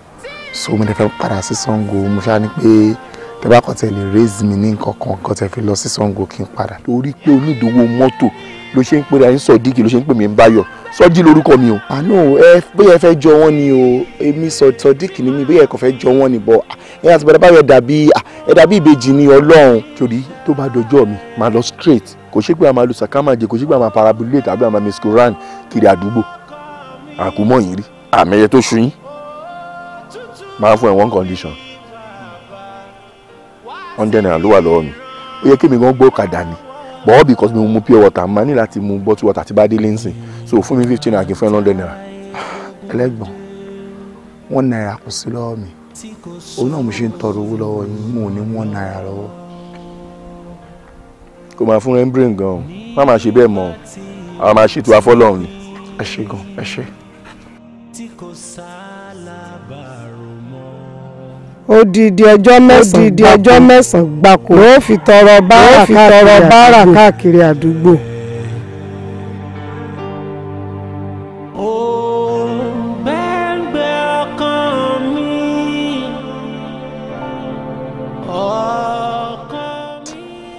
so mo dẹ̀ fẹ́ padà sí Ṣàngó mo ṣáà ní pé tẹ bá kàn tẹ lè raise mi ní nǹkan kan tẹ fi lọ sí Ṣàngó kí n padà. torí pé onídòwò mọ́tò ló ṣe ń pè ra sọdíkì ló ṣe ń pè mí ń báyọ̀ sọdí lórúkọ mi o. àánú ẹ bóyá ẹ fẹ́ jọ wọ́n ni o èmi sọdíkì ni mi bóyá ẹ kàn fẹ́ jọ wọ́n ni bọ̀ ẹ àti bàdà báyọ̀ dàbí ẹ dàbí ìbejì ni ọlọ́run. torí tó bá dọjọ́ mi máa lọ straight kò ṣe pé a máa lu sàkámàjẹ kò ṣe pé a máa parabolate tàbí a máa mescoran kiri àdúgbò àkúmọ̀ yìí rí àmẹ́yẹ tó ṣu yín máa fún ẹ one condition hundred naira ló wà lọ́wọ́ mi ó yẹ kí mi gan gbọ́ kàdá ni but all because mi mu pure water màá ní láti mu bottle water ti bá dé lẹ́sìn so fún mi fifteen naira kì í fún ẹ hundred naira. ẹlẹ́gbọ̀n one naira kò sí lọ́wọ́ mi òun náà mo ṣe ń tọrọ owó lọ́wọ́ yín mo ò ní one naira lọ́wọ́. kò máa fún rembrandt gan o má máa ṣe bẹ́ẹ̀ mọ́ o àwọn máa ṣètò afọ́lọ́run ni ẹ ṣe gan ẹ ṣe odidi ọjọ́ mẹ́sàn odidi ọjọ́ mẹ́sàn gbáko ló fi tọrọ bárà káàkiri àdúgbò.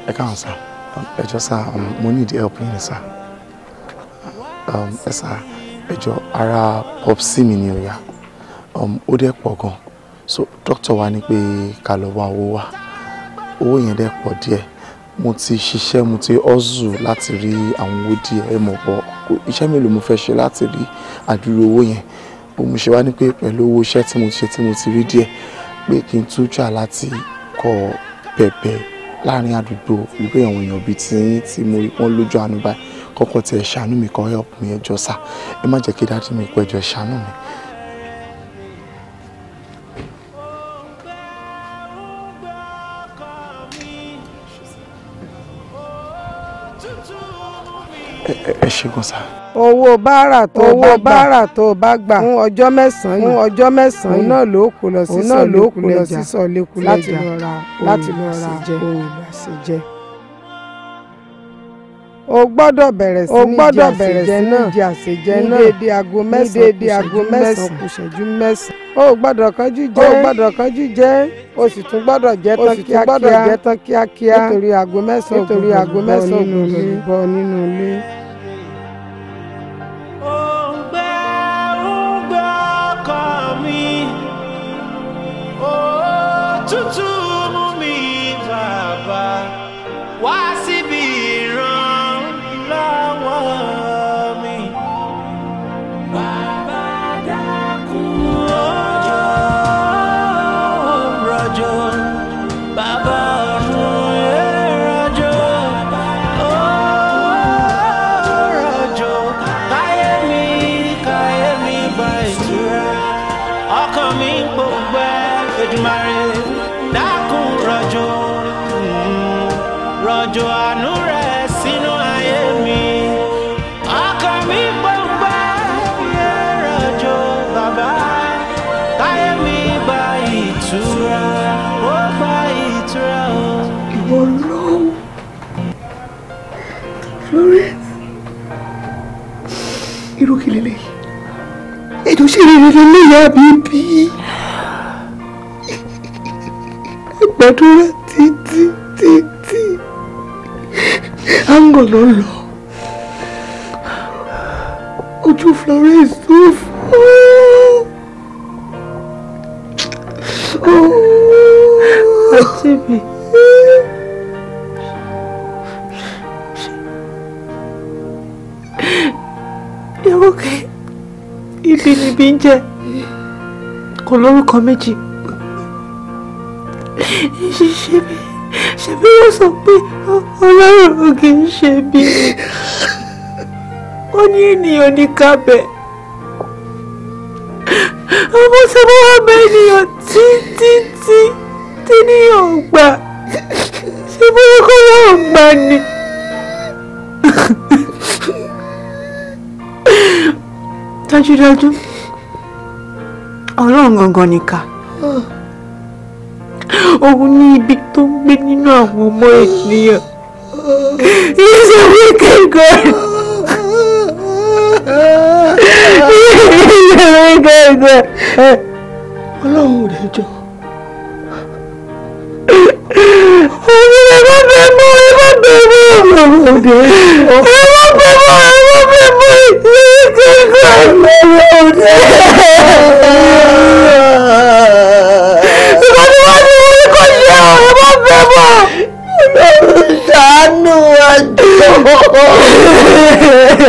ẹ káàárọ̀ sá um, ẹ jọ̀ọ́ sá um, mo need help yín sá um, ẹ sá ẹ ara pop sí mi ni ó yá ó dẹ̀ pọ̀ gan so doctor wa ní pé ká lọ wá owó wa owó yẹn dẹ̀ pọ̀ díẹ̀ mo ti ṣiṣẹ́ mo ti hustle láti rí àwọn owó díẹ̀ ẹ mọ̀ bọ́ iṣẹ́ mélòó mo fẹ́ ṣe láti rí àdúró owó yẹn bó mo ṣe wá ní pé pẹ̀lú owó iṣẹ́ tí mo ti mo ti rí díẹ̀ pé kí n tún jà láti láàrin àdúgbò irú àwọn èèyàn bíi tí tí mo rí wọn lójú àánú báyìí kọ́kọ́ tiẹ̀ ṣàánú mi kọ́ help mi ẹjọ́ sá ẹ má jẹ́ kí dájú mi pẹ́jọ́ ṣàánú mi ẹ ṣe gan sa. owó báárà tó owó báárà tó bá gbà fún ọjọ́ mẹ́sàn-án fún ọjọ́ mẹ́sàn-án náà ló kù lọ sí sọ̀lẹ́kùlẹ̀jà láti lọ ra ohun ìgbàsíjẹ́ o gbọ́dọ̀ bẹ̀rẹ̀ sí ní di àṣejẹ náà ní dédé aago mẹ́sàn-án kù ṣẹ́jú mẹ́sàn-án. o gbọ́dọ̀ kánjú jẹ o gbọ́dọ̀ kánjú jẹ o sì tún gbọ́dọ̀ jẹ tán kíákíá o sì tún gbọ́dọ̀ jẹ tán kíákíá nítorí aago mẹ́sàn-án nítorí aago mẹ́sàn-án ògùn bọ nínú ilé. Tútù mi bàbá Why? tó ṣe rere léyà mi bí ìgbàdúrà títí títí áńgọ̀ ló lọ ojú Florence tó fún. kí ni bí ń jẹ́ kò lórúkọ méjì ṣe bí ṣe bí wọ́n sọ pé ọlọ́run kì í ṣe bí ó ní ènìyàn ní kábẹ́ àwọn tí wọ́n wá bẹ ènìyàn tí tí tí tí níyàn gbà ṣe bí wọ́n kọ́ wọ́n gbà ni. dájúdájú ọlọ́run gangan nìkà hmm. òun ní ibi tó gbé nínú àwọn ọmọ ènìyàn he is a wicked God he is a wicked God ọlọ́run ò lè jọ. 我我别摸，我别摸，别摸，别摸，别摸，别摸！你这个混蛋！你快点，你快点，我别摸！我要杀人了！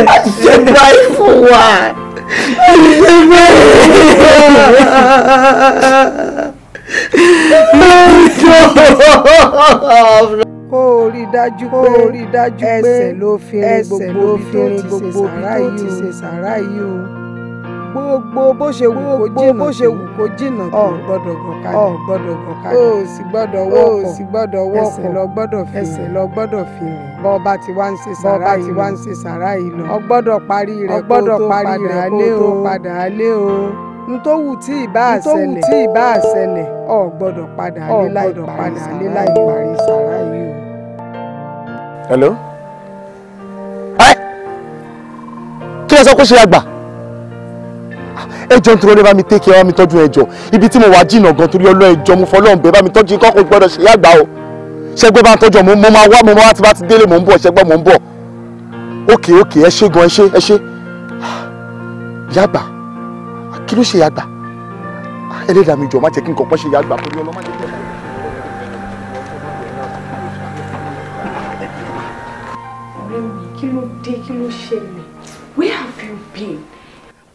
他现在疯了！kó o rí dájú pé o rí dájú pé ẹsẹ̀ ló fi ẹsẹ̀ ló fi gbogbo ibi tó ti ṣe sàrá yìí o gbogbo bó ṣe wù kó jìnnà bó ṣe wù kó jìnnà tó gbọ́dọ̀ gàn kalẹ̀ ọ gbọ́dọ̀ gàn kalẹ̀ o sì gbọ́dọ̀ wọ́pọ̀ o sì gbọ́dọ̀ wọ́pọ̀ ẹsẹ̀ lọ gbọ́dọ̀ fi ẹsẹ̀ lọ gbọ́dọ̀ fi rìn bọ́ ọba ti wá ń ṣe sàrá yìí lọ bọ́ ọba ti wá ń ṣe sàrá yìí lọ ọ gbọ́dọ̀ parí rẹ̀ kó o tó padà alé o padà alé o ntòwù tí ìbá àṣẹlẹ̀ ntòwù tí ìbá àṣẹlẹ̀ o gbọ́dọ̀ padà ní láì padà ní láì parí sàrá yìí o. hello. ẹ kí ló sọ kó ṣe àgbà ẹjọ nítorí ọlọ́ọ̀ bá mi tẹ́kẹ̀ ẹ bá mi tọ́jú ẹjọ ibi tí mo wà jìnnà gan torí ọlọ́ọ̀ ẹjọ mo fọlọ́ọ̀ bẹ́ẹ̀ bá mi tọ́jú ikọ́ kò gbọ́dọ̀ ṣe àgbà o ṣẹgbẹ́ bá ń tọ́jú mo máa wá mo máa ti bá ti délé mo ń bọ̀ ṣẹgbẹ́ mò ń bọ̀ òkè òkè ẹ ṣé gan ẹ ṣé ẹ ṣé yàgbà kí ló ṣe àgbà ẹlẹ́dàá mi jọ má jẹ́ kí nǹkan pọ́n ṣe àgbà torí ọlọ́mọ jẹ́ kí kí ló dé kí ló ṣẹlẹ̀ where have you been.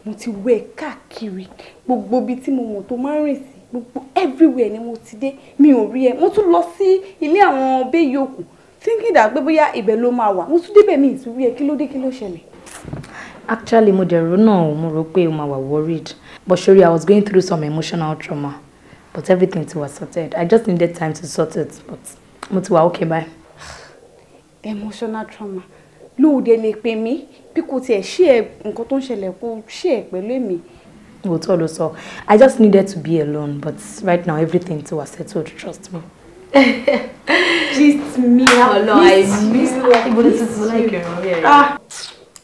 mo ti wẹ̀ káàkiri gbogbo ibi tí mo mọ̀ tó máa ń rìn sí gbogbo everywhere ni mo ti dé mi ò rí ẹ mo tún lọ sí ilé àwọn béèyàn òkú thinking that pé bóyá ibẹ̀ ló máa wà mo tún débẹ̀ mi ìtúrí ẹ kí ló dé kí ló ṣẹlẹ̀. actually mo dẹ̀ ronú náà mo rò pé o máa wà worried But surely I was going through some emotional trauma. But everything to was sorted. I just needed time to sort it. But mo ti okay bye. Emotional trauma. No, they pè pay me. kò tiẹ̀ ṣí ẹ̀ nǹkan tó ń ṣẹlẹ̀ kó ṣí ẹ̀ pẹ̀lú I just needed to be alone but right now everything to was settled trust me. Just me. Oh no, I miss you. I miss you. Ah.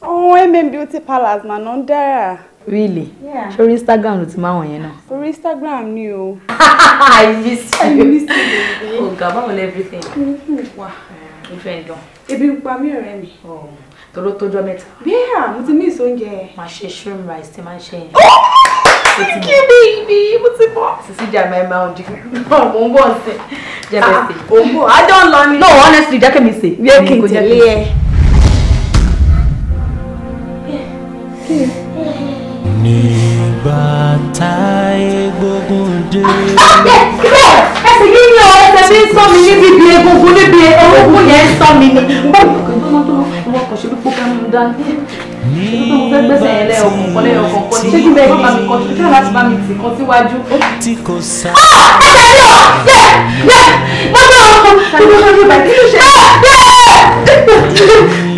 Oh, I'm in Beauty Palace, man, on there. Really? Yeah. Show Instagram ló ti máa wọ̀nyẹn náà. Orí Instagram new. o. I miss you. I miss you. Oh, báwo on everything? You ìfẹ́ ń dán. Ebi ń pa mí Oh, the road to mẹ́ta. Yeah, mo ti miss oúnjẹ. Màá ṣe shrimp rice tí máa ń ṣe oh, Thank you baby, What's it for? Sisi jàmbá ẹ̀ máa ń di. Mo ń bọ̀ sí. Jẹ́bẹ̀ ah, sí. Mo ń No, honestly, that can be sè. We are n tẹ̀lé ẹ. Kí nígbà táyé gbógun dé. ẹsẹ̀ yìí ni ọ̀rẹ́ tẹ̀lé ń sọ mi níbi ibi egungun níbi orúkún yẹn ń sọ mi ni. báyìí kò gbọ́dọ̀ tó ìwọ kò ṣe pípọ́ ká mú dání. ṣé mo fẹ́ gbẹ́sẹ̀ yẹn lẹ́ ọkùn lẹ́yìn ọkàn kan ṣé kí n bẹ́ẹ̀ bá mi kọ́ ṣé láti bá mi tì kan síwájú. tí kò sá. ẹsẹ̀ yìí ọ̀ yẹ yẹ mo gbọ́ ọkọ̀ kí ló ṣe é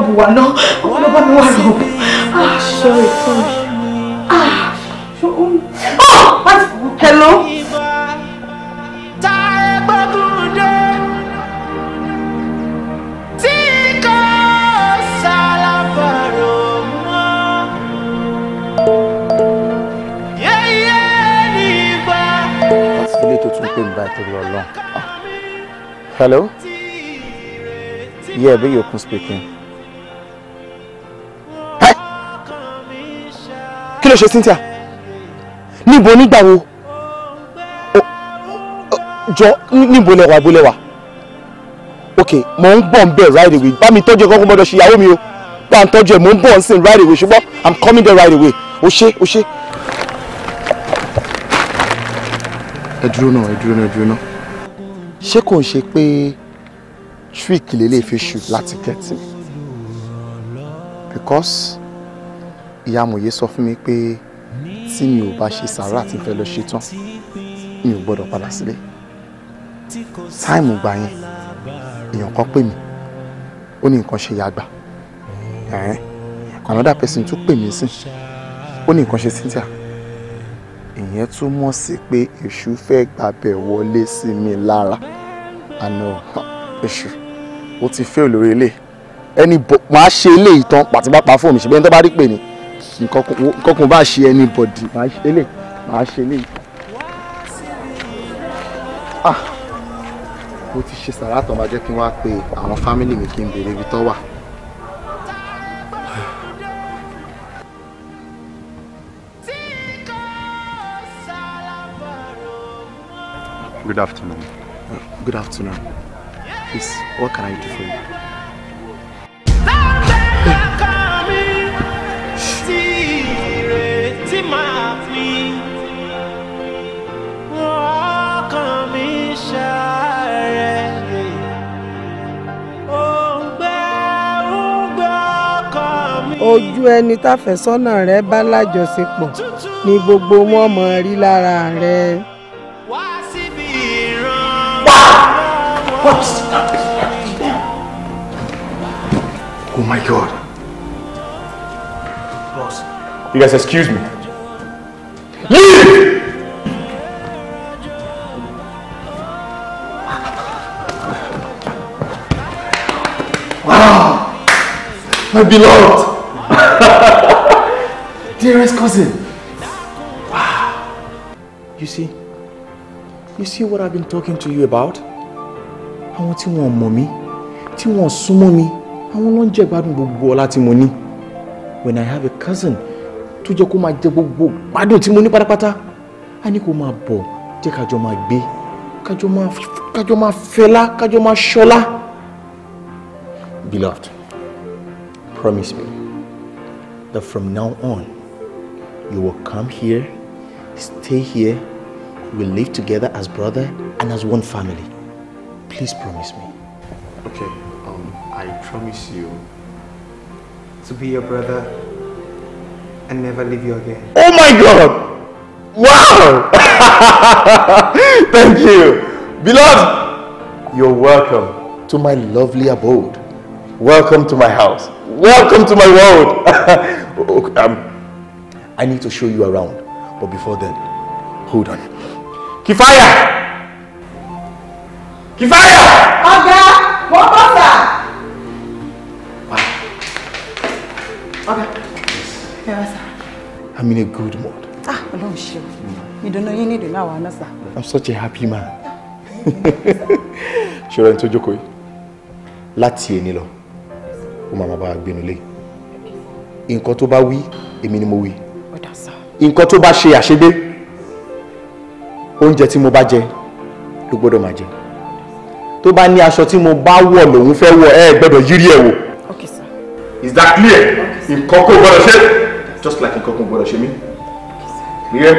bù wá náà ọmọ bá mi wà lọ. ah sorry sorry ah oh what hello. ilé tó tún ah. hello? yeah, Bíyòkun speaking. kí ló ṣe Cynthia níbo nígbà jọ níbo lẹwà bó ok mò ń bọ̀ ń bẹ̀ right away bá mi tọ́jú ẹ̀ kọ́kọ́ gbọ́dọ̀ ṣe ìyàwó mi o bá ń tọ́jú ẹ̀ mò ń bọ̀ ń sìn right away ṣùgbọ́n i'm coming there right away o ṣe o ṣe. ẹ dúró náà ẹ dúró náà ẹ dúró náà ṣé kò ń ṣe pé trick lè lè fi ṣù láti kẹ́tì because ìyá amòye sọ fún mi pé tí mi ò bá ṣe sàárà tí n fẹ́ lọ ṣe tán mi ò gbọ́dọ̀ padà sílé táìmù gbà yẹn èèyàn kan pè mí ó ní nǹkan ṣe yàgbà another person tún pè mí sìn ó ní nǹkan ṣe Cynthia ìyẹn túmọ̀ sí pé èṣù fẹ́ gbàbẹ̀ wọlé sí mi lára àná èṣù ó ti fẹ́ olórí ilé ẹni màá ṣe ilé ìtàn pàtìpàpà fún mi ṣùgbọ́n tó bá rí pè ní nǹkan bá ṣe anybody màá ṣe lè màá ṣe lè. Ah! mo ti ṣe sàrà tó máa jẹ́ kí n wá pe àwọn fámìlì mi kí n béèrè ibi tó wà. Good afternoon. Good afternoon. Please, what can I do for you? ojú ẹni táfẹ́sọ́nà rẹ bá lájọṣepọ̀ ni gbogbo wọn mọ̀ rí lára rẹ. wá síbi ìran Oh my God. Boss. You guys excuse me. Leave! Wow! My beloved! Dearest cousin. Wow. Ah. You see? You see what I've been talking to you about? Àwọn tí wọ́n mọ̀ mí, tí wọ́n súnmọ́ mi, àwọn ló ń jẹ gbádùn gbogbo ọlá tí mo ní. When I have a cousin tó jẹ́ kó máa jẹ gbogbo gbádùn tí mo ní pátápátá, a ní kó máa bọ̀ jẹ́ kájọ máa gbé, kájọ máa fẹ́lá, kájọ máa ṣọlá. Beloved, promise me that from now on, You will come here, stay here, we will live together as brother and as one family. Please promise me. Okay, um, I promise you to be your brother and never leave you again. Oh my God! Wow! Thank you. Beloved, you're welcome to my lovely abode. Welcome to my house. Welcome to my world. Um, I need to show you around. But before then, hold on. Kifaya! Kifaya! Ọ̀gá, wọ́n bọ̀ sà. Okay. ẹ wá sà. I'm in a good mood. Ah, Ọlọ́run ṣe o. Ìdùnnú yín ní ìdùnnú àwọn àná sà. I'm such a happy man. Ṣòro ẹni tó jókòó yìí, láti èní lọ, ó máa máa bá a gbénu lé. Nǹkan tó ni mo wí nǹkan tó bá ṣe àṣedé oúnjẹ tí mo bá jẹ ló gbọ́dọ̀ máa jẹ tó bá ní aṣọ tí mo bá wọ̀ lòun fẹ́ wọ̀ ẹ gbọ́dọ̀ yírí ẹ̀ wò. okay sir. is that clear? nǹkan kò gbọ́dọ̀ ṣe just like nǹkan kò gbọ́dọ̀ ṣe mí. clear?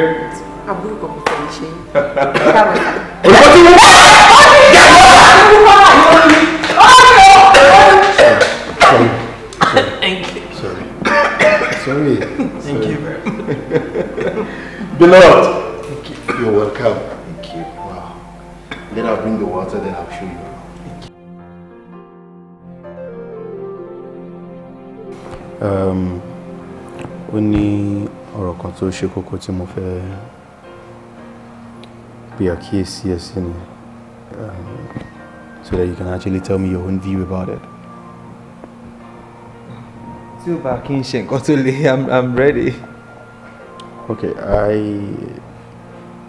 àbúrò kọ̀ọ̀kan kò ní ṣe é. olùkọ́ tí mo bá Sorry. Thank you very much. Beloved. Thank you. You're welcome. Thank you. Wow. Then I'll bring the water, then I'll show you. Um, ó ní ọ̀rọ̀ kan tó ṣe kókó tí mo fẹ́ pè àkíyèsí ẹ̀ sí um, so that you can actually tell me your own view about it. Still ó bá kí i'm i'm ready. Okay, i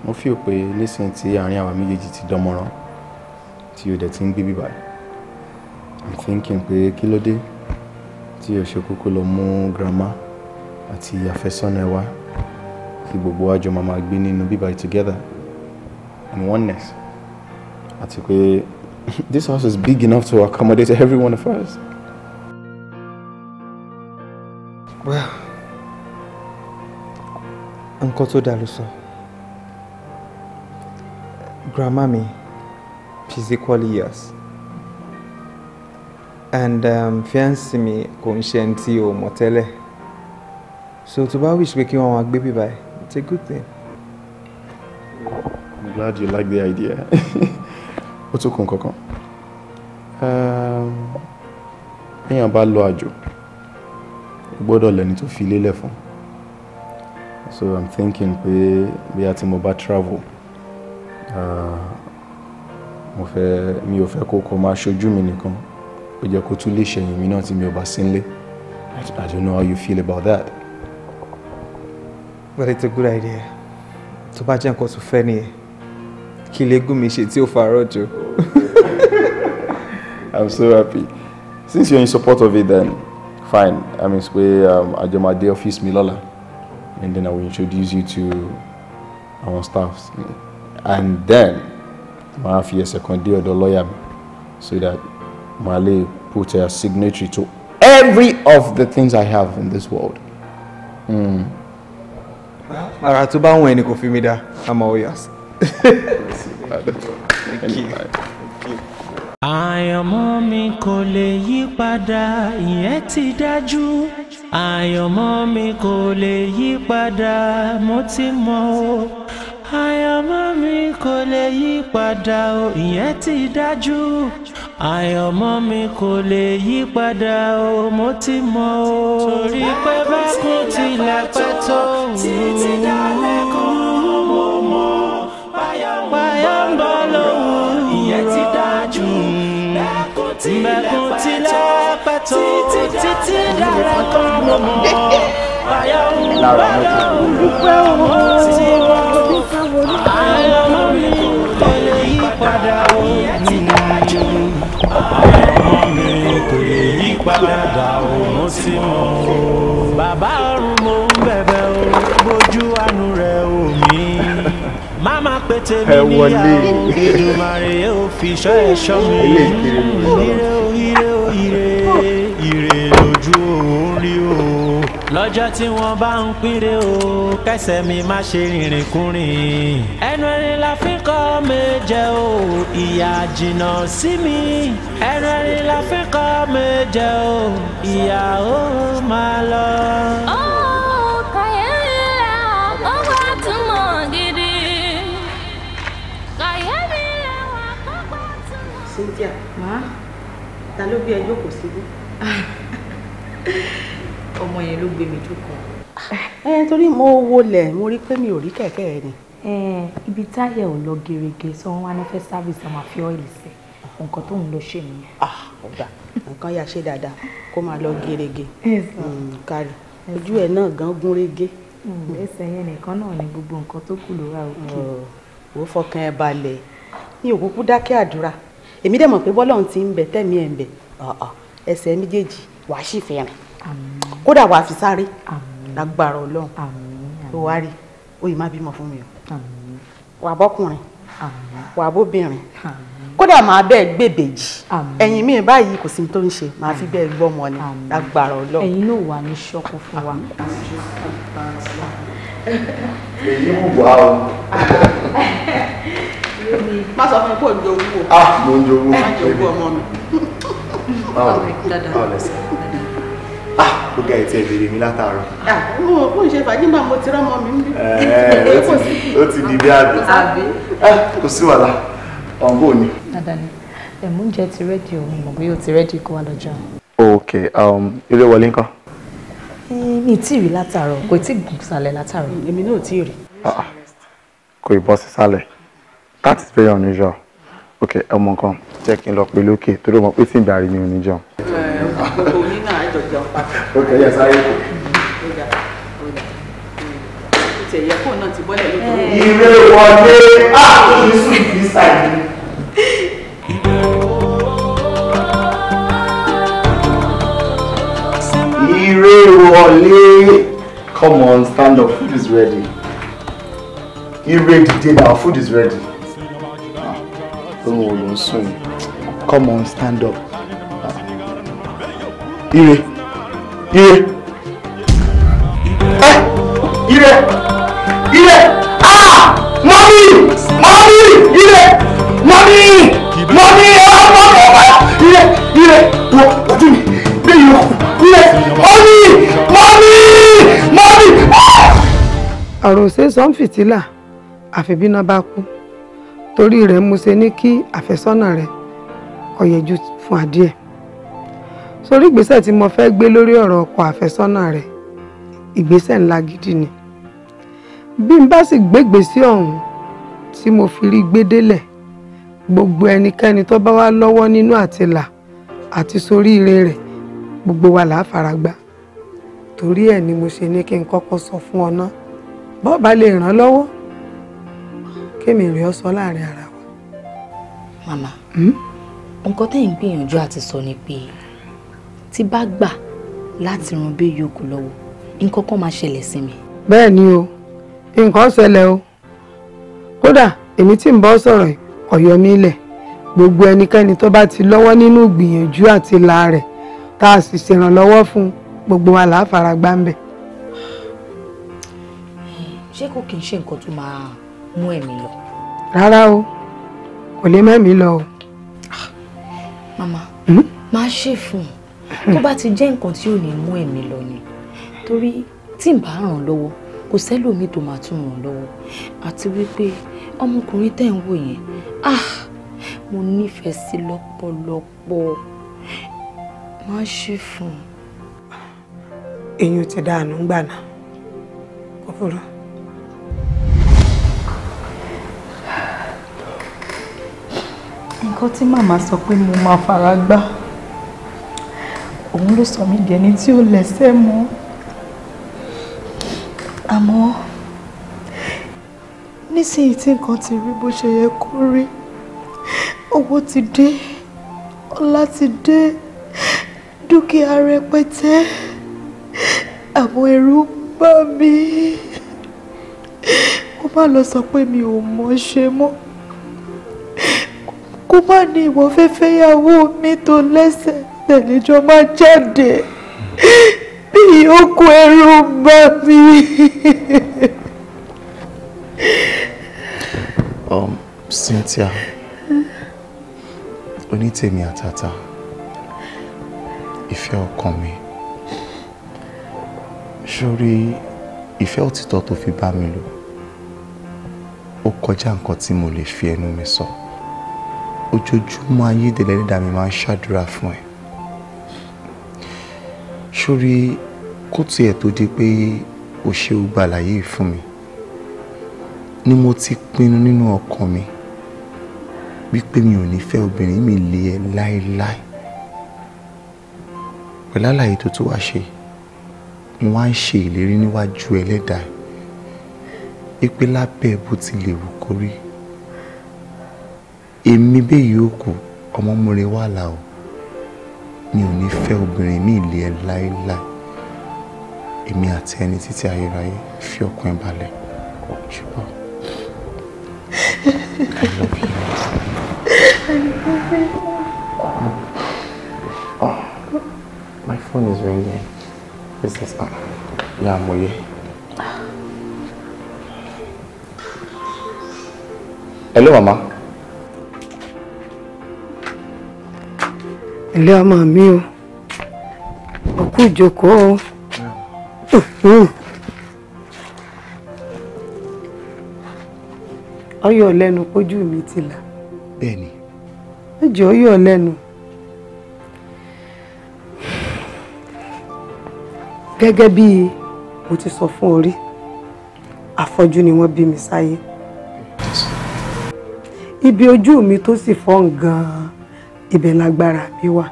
mo fi pé lẹ́sìn tí àárín àwa méjèèjì ti dánmọ́rán tí o dẹ̀ ti ń gbé bíbá i'm thinking pé kí ló dé tí o ṣe kókó lọ mú grandma àti àfẹ́sọ́nà ẹ wá kí gbogbo àjọ máa máa gbé nínú bíbá together in oneness àti pé this house is big enough to accommodate every one of us. well nǹkan tó dà grandma mi she's equally years and um, fiancé mi kò ń ṣe so to bá wish pé kí baby wá it's a good thing. I'm glad you like the idea. What's up, kún kankan. èèyàn bá gbọ́dọ̀ lẹ́ni tó fi lélẹ̀ fún so i'm thinking pé bí a ti mo bá travel uh, mo fẹ́ mi ò fẹ́ kó kọ́ máa ṣojú mi nìkan ó jẹ́ kó tún lè ṣẹ̀yìn mi náà tí mi ò bá sí nílé i don't know how you feel about that. but it's a good idea tó bá jẹ́ nǹkan tó fẹ́ nìyẹn kí ilé gún mi ṣe tí ó farọ́ jù. i'm so happy since you're in support of it then fine i mean pé àjọmọ̀dé um, ọ́fíìsì mi lọ́la and then i will introduce you to our staffs and then màá fi ẹsẹ̀ kan dé ọ̀dọ̀ lọ́ọ̀yà mi so that màá lè put a signatory to every of the things i have in this world. Mm. ara tó bá wọn ẹni kò fi mi dá àmọ́ ó yà sí. Thank you àyànmọ́ mi kò lè yí padà ìyẹn ti dájú àyànmọ́ mi kò lè yí padà mo ti mọ̀ o àyànmọ́ mi kò lè yí padà o ìyẹn ti dájú àyànmọ́ mi kò lè yí padà o mo ti mọ̀ o torí pé bákùn tilẹ̀ pẹ́ tó wù ú. mẹ̀kún tilẹ̀ pẹ̀tò títí dára kan mo mọ̀ báyọ̀wù báyọ̀wù dúpẹ́ òwò tí wọ́n àyọ̀wù mi kò lè yí padà òun ọmọ mi kò lè yí padà òun sí mọ́ o. bàbá ọ̀run mo ń bẹ̀bẹ̀ o bójú àánú rẹ̀ ò mí máma pé tèmi níyàwó Èdùmàrè yóò fi ṣọ́ ẹ̀ṣọ́ mi ire o ire o ire ire lójú òun rí o lọ́jọ́ tí wọ́n bá ń pínre o kẹsẹ̀ mi má ṣe rìnrìn kúrìn ẹnu ẹni la fi kọ́ méje o ìyà jìnnà sí mi ẹnu ẹni la fi kọ́ méje o ìyà ó máa lọ. Cynthia. Má. Ta ló gbé ẹ jókòó síbí? Ọmọ yẹn ló gbé mi jókòó. Ẹ eh, eh, torí mo wọlẹ̀ mo rí pé mi ò rí kẹ̀kẹ́ ẹ ni. Eh, ibi táyà ò lọ gerege sọ wọn wá ní fẹ́ sáfìsì àwọn àfi ọ́ìlì sí nǹkan tóun lọ ṣe nìyẹn. Ah, ọ̀gá nǹkan yà ṣe dáadáa kó máa lọ gerege. Hmm, kárí ojú ẹ̀ náà gan gún régé. Hmm, ẹsẹ̀ yẹn nìkan náà ni gbogbo nǹkan tó kù ló wà òkè. Oh, wò ó fọkàn ẹ balẹ̀ òkúkú dákẹ́ àdúrà èmi dẹ̀ mọ̀ pé bọ́lọ́run ti ń bẹ tẹ̀mí ẹ̀ ń bẹ ẹsẹ̀ méjèèjì wà á sì fẹ́ rìn kódà wà á fi sáré lágbára ọlọ́run ó wá rí oyè má bímọ fún mi o wà bọ́kùnrin wà bóbìnrin kódà máa bẹ́ẹ̀ gbèbèjì ẹ̀yìn mi báyìí kò sí tó ń ṣe máa fi bẹ́ẹ̀ gbọ́ ọmọ ni lágbára ọlọ́run. ẹ̀yin ló wà ní ṣọ́kù fún wa. èyí wù wá o. má sọ fún mi pé òun jowú o. ah mo ń jowú má jowú ọmọ mi. báwo báwo lẹ sẹ ah ó ga ètò ìbéèrè mi látàárọ̀. Ah, mo mo ń ṣe fàájì máa mo ti rọmọ mi níbí. ó ti di bí àbí ah, kò sí wàhálà ọ̀nbó ni. dáadáa ni ẹ̀mú jẹ́ ti rẹ́dì òun mọ̀ bóyá o ti rẹ́dì kó wá lọ́jọ́. ok eré um, wọlé ńkọ́. mi tí ì rí látàárọ̀ kò tí ì gùn sálẹ̀ látàárọ̀. èmi náà ò tí ì rí. Ah, kò ì bọ́ sí sálẹ̀ that is very unusual ok ọmọ kan jẹ́ kí n lọ pé lókè torí ọmọ pé tí ń darí ni ò ní ìwé wọlé àtúnṣe ah, sùn yìí. Ire wọlé. Come on, stand up. Food is ready. Ire dìde now. Food is ready oorun wo come on stand up ire ire Eh? ire ire ah mommy, mommy! ire mommy, mommy! ẹ wá mọ́ mi ọ̀pá ire ire wo ojú mi bí yìí wọ́n ire mommy, mommy! mọ́mí. Ah! àròsé sọ́n fìtílà àfi bí náà Afibina baku torí rẹ̀ mo ṣe ní kí àfẹ́sọ́nà rẹ̀ kó yẹjú fún adíẹ̀ sórí ìgbésẹ̀ tí mo fẹ́ gbé lórí ọ̀rọ̀ ọkọ àfẹ́sọ́nà rẹ̀ ìgbésẹ̀ ńlá gidi ni bí n bá sì gbégbèsí ọ̀hún tí mo fi rí gbé gbogbo ẹnikẹ́ni tó bá wá lọ́wọ́ nínú àtìlà àti soríire rẹ̀ gbogbo wa là á fara gbá torí ẹ̀ ni mo ṣe ní kí n kọ́kọ́ sọ fún ọ ná bọ́ọ̀ bá lè ràn án lọ́wọ́ kémi rèé ọ sọ láàrin ara wa. màmá hmm? nǹkan tẹ́ ń gbìyànjú àti sọ ni pé tí bá gbà láti ran bí yòókù lọ́wọ́ nǹkan kan máa ṣẹlẹ̀ sí mi. bẹ́ẹ̀ ni o nǹkan ṣẹlẹ̀ o kódà èmi tí ń bọ́ sọ̀rọ̀ ọ̀yọ́ mi gbogbo ẹnikẹ́ni tó bá ti lọ́wọ́ nínú ìgbìyànjú àti la rẹ̀ tá a sì ṣèrànlọ́wọ́ fún gbogbo wa làá fara gbá ń bẹ̀. ṣé kò kí n ṣe nǹkan tó máa mú ẹ̀mí lọ. rárá o kò lè mẹ́mí lọ o. Ah, màmá hmm? máa ṣe fún un tó bá ti jẹ́ nǹkan tí ò ní mú ẹ̀mí lọ ni torí tí n bá ràn lọ́wọ́ kò sẹ́lòmíì tó máa tún ràn lọ́wọ́ àti wípé ọmọkùnrin tẹ̀ ń wò yẹn ah mo nífẹ̀ẹ́ sí lọ́pọ̀lọpọ̀ má ṣe fún un. èyí ò ti dáa nù ń gbà náà kò burú. nǹkan tí màmá sọ pé mo máa fara gbá òun ló sọ mí di ẹni tí ó lẹ́sẹ̀ mọ́ àmọ́ nísìnyí tí nǹkan ti rí bó ṣe yẹ kó rí owó ti dé ọlá ti dé dúkìá rẹpẹtẹ àwọn ẹ̀rù ń bà mí má lọ sọ pé mi ò mọ̀ ṣe mọ́ kó má ní ìwọ fẹ́ fẹ́yàwó mi tó lẹ́sẹ̀ tẹ̀lẹ́jọ́ má jáde bí ìyókù ẹrù bá mi. um, Cynthia onítèmi àtàtà ìfẹ́ ọkàn mi sórí ìfẹ́ òtítọ́ tó fi bá mi lò ó kọjá nǹkan tí mo lè fi ẹnu mi sọ. So ojoojúmọ́ ayédèlé ẹ̀dá mi máa ń ṣàdúrà fún ẹ sórí kó tiẹ̀ tó di pé o ṣe o gbà láyé fún mi ni mo ti pinnu nínú ọkàn mi wípé mi ò ní fẹ́ obìnrin mi lé ẹ láéláé pẹ̀lú àlàyé tó tún wá ṣe mo wá ń ṣe ìlérí níwájú ẹlẹ́dàá ẹ pé lábẹ́ bó ti lè wù kórí èmi bẹ́ẹ̀ yóò kù ọmọ múre wà là mi ò ní fẹ́ obìnrin mi ilé láéláé èmi àti ẹni títí ayérayé fi ọkàn ẹ balẹ̀ ṣùgbọ́n my phone is ringing. This is uh, yeah, Moye. Hello, Mama. ilé ọmọ mi o òkú ìjókòó o hmm. ọyọ lẹ́nu pójú mi ti là bẹ́ẹ̀ni ẹjọ ọyọ lẹ́nu gẹ́gẹ́ bí mo ti sọ fún orí afọ́jú ni wọ́n bí mi sáyé ibi ojú mi tó sì fọ́ ganan ibẹ̀ lágbára mi wà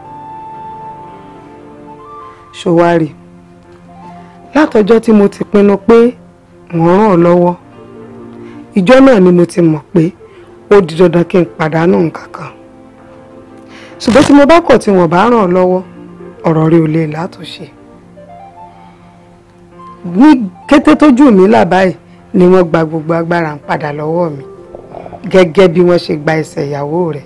ṣòwárì látọjọ́ tí mo ti pinnu pé mo ràn ọ́ lọ́wọ́ ìjọ náà ni mo ti mọ̀ pé ó di dandan kí n pàdánù nǹkan kan ṣùgbọ́n tí mo bá kọ̀ tí wọ́n bá ràn ọ́ lọ́wọ́ ọ̀rọ̀ rí o lè látúnṣe ní kété tójú mi là báyìí ni wọ́n gba gbogbo agbára ń padà lọ́wọ́ mi gẹ́gẹ́ bí wọ́n ṣe gba ẹsẹ̀ ìyàwó rẹ̀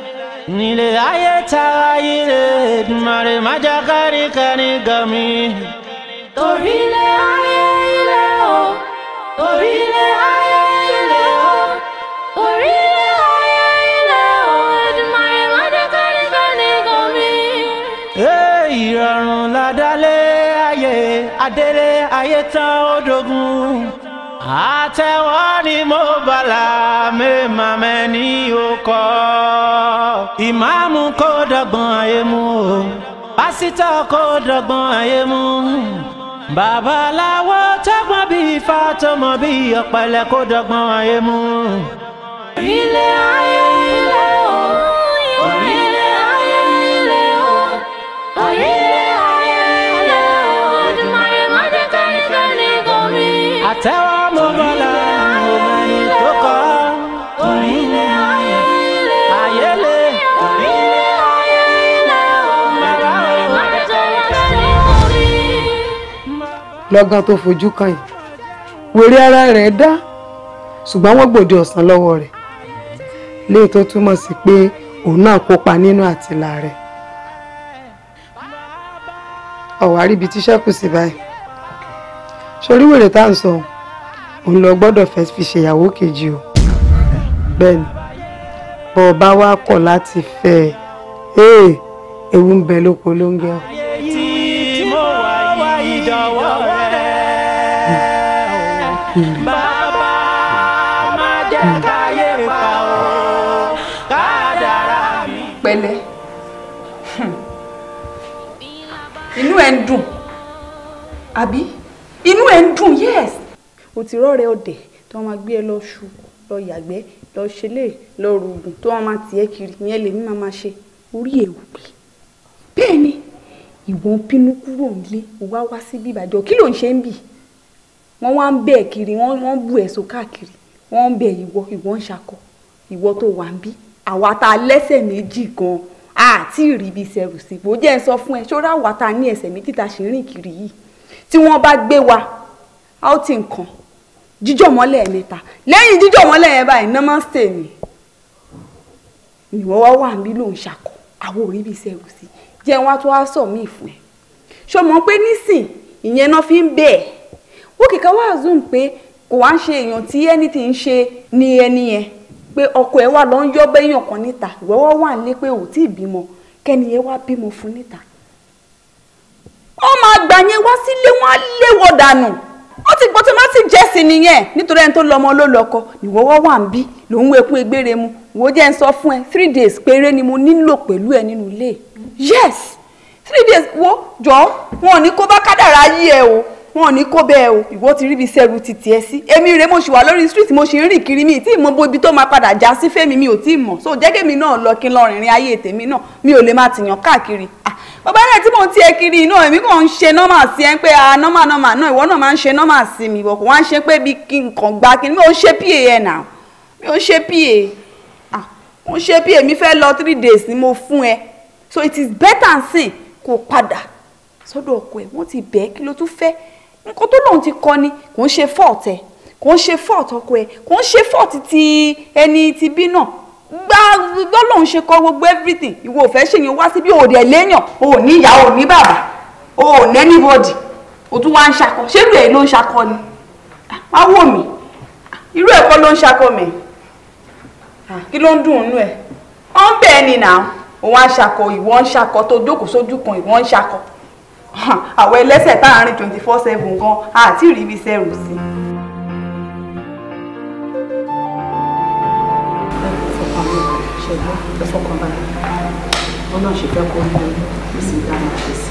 nílé ayé tara yìí dùmarè májà kárí kání gami. torílẹ̀ ayé ilé o torílẹ̀ ayé ilé o torílẹ̀ ayé ilé o dùmarè májà kárí kání gami. ìrọ̀rùn ládàlẹ́ ayé adélé ayé tán ó dogun àtẹ̀wọ́ ni mo bàlá mẹ́màmẹ́ ní okòó ìmáàmù kó dọ́gbọ́n ayé mu o pásítọ̀ kó dọ́gbọ́n ayé mu babaláwo tọ́gbọ́n bíi ifá tọmọ bíi ọ̀pẹ̀lẹ̀ kó dọ́gbọ́n ayé mu. ilé ayé. lọ́gán tó fojú kan yìí wèrè ara rẹ̀ dá ṣùgbọ́n wọ́n gbòde ọ̀sán lọ́wọ́ rẹ̀ léè tó túmọ̀ sí pé òun náà kópa nínú àtìlà rẹ̀ ọ̀wá ríbi tíṣẹ́ kù sí báyìí sórí wèrè tá à ń sọ òun lọ gbọ́dọ̀ fẹ́ fi ṣèyàwó kejì o bẹ́ẹ̀ ni bọ́ ọ bá wá kọ̀ láti fẹ́ ẹ ewu ń bẹ lóko ló ń bàbá má jẹ́ káyé pa ó inú ẹ ń dùn àbí inú ẹ ń dùn yes o ti rọrẹ ọdẹ tí wọn máa gbé ẹ lọ ṣu lọ yàgbẹ́ lọ ṣẹlẹ̀ lọ rògùn tí wọn máa tì ẹ kiri ìyẹn lèmi máa máa ṣe orí ẹ pé bẹ́ẹ̀ ni ìwọ̀n pinnu kúrò nílé wá wá sí bíbàjọ́ kí ló ń ṣe ń bì wọ́n wá ń bẹ̀ kiri wọ́n wọ́n bù ẹ̀sùn káàkiri wọ́n ń bẹ̀ ìwọ ìwọ ń ṣakọ ìwọ tó wà ń bí àwa tá a lẹ́sẹ̀ méjì gan àti ìrìbí sẹ̀rù síbò jẹ́ ń sọ fún ẹ ṣọ́ra àwa tá a ní ẹsẹ̀ méjì tá a ṣe rìn kiri yìí tí wọ́n bá gbé wa a ó ti nǹkan jíjọ mọ́lẹ̀ mẹ́ta lẹ́yìn jíjọ mọ́lẹ̀ yẹn báyìí namaste ni ìwọ wá wà níbí ló ń ṣakọ àwọn òrí bíi sẹrù sí jẹ́ wá tó wá sọ mí fún ẹ ṣó pé nísìn ìyẹn náà fi ń bẹ ó kìkà wá zoom pé kò wá ń ṣe èèyàn tí ẹni tí ń ṣe ni ẹni yẹn pé ọkọ ẹ wà lọ ń yọ bẹ́yàn kan níta ìwọ́wọ́ wà ní pé ò tí ì bímọ kẹ́ni yẹn wá bímọ fún níta wọ́n máa gbà yẹn wá sílé wọn á léwọ̀ dànù ó ti gbọ́ tó má sì jẹ́sìn nìyẹn nítorí ẹni tó lọ́mọ ló lọ́kọ ìwọ́wọ́ wà ń bí lòun wo ekun egbére mu wò ó jẹ́ ń sọ fún ẹ three days péré ni mo nílò pẹ̀lú ẹ nínú ilé yes three days wo jọ wọn ò ní kó bá kádàrá yí ẹ o wọn ò ní kó bẹ́ẹ̀ o ìwọ ti rí ibi sẹ́rù ti tiẹ̀ sí èmi rèé mo ṣì wà lórí street mo ṣì ń rìn kiri mi tí mo bo ibi tó máa padà já sí fẹ́mi mi ò tí ì mọ̀ so jẹ́gẹ̀mí náà lọ kí n lọ rìnrìn ayé tèmi náà mi ò lè máa tìyàn káàkiri ah, bàbá rẹ̀ tí mò ń tiẹ̀ kiri iná èmi kò ń ṣe nọ́mà sí ẹ pé a nọ́mà nọ́mà náà ìwọ náà máa ń ṣe nọ́mà sí mi ìwọ kò wá ń ṣe pé bí kí nǹkan gba kí ni mi ò ń ṣe pa ẹ̀ nà mi ò ń ṣe pa ah mo ṣe pa mi fẹ́ lọ three days ni mo ẹ so it is better sin kó padà sọ́dọ̀ ọkọ ẹ̀ wọ́n ti bẹ́ẹ̀ kí ló tún fẹ́ nǹkan tó lóun ti kọ ni kò ń ṣe fault ẹ kò ń ṣe fault ọkọ ẹ kò ń ṣe fault ti ẹni ti bí náà gbá lọ́lọ́run ṣe kọ gbogbo everything ìwọ ò fẹ́ ṣèyàn wá síbí òde ẹlẹ́yàn o ò ní ìyá o ò ní bàbá o ò ní anybody o tún wá ń ṣakọ ṣé ìlú ẹ̀ ló ń ṣakọ ni má wò mí irú ẹ̀kọ́ ló ń ṣakọ mi kí ló ń dùn ún nú ẹ̀ ọ́n bẹ́ẹ̀ ni nà ó wá ń ṣakọ ìwọ ń ṣakọ tó jókòó sójú kan ìwọ ń ṣakọ àwọn ẹlẹ́sẹ̀ tá à twenty four seven gan àti ìrírí sẹ́rù sí. ẹ fọkàn balẹ̀ wọn náà ṣe fẹ́ kó ní ìsìn ìdáná ṣe sí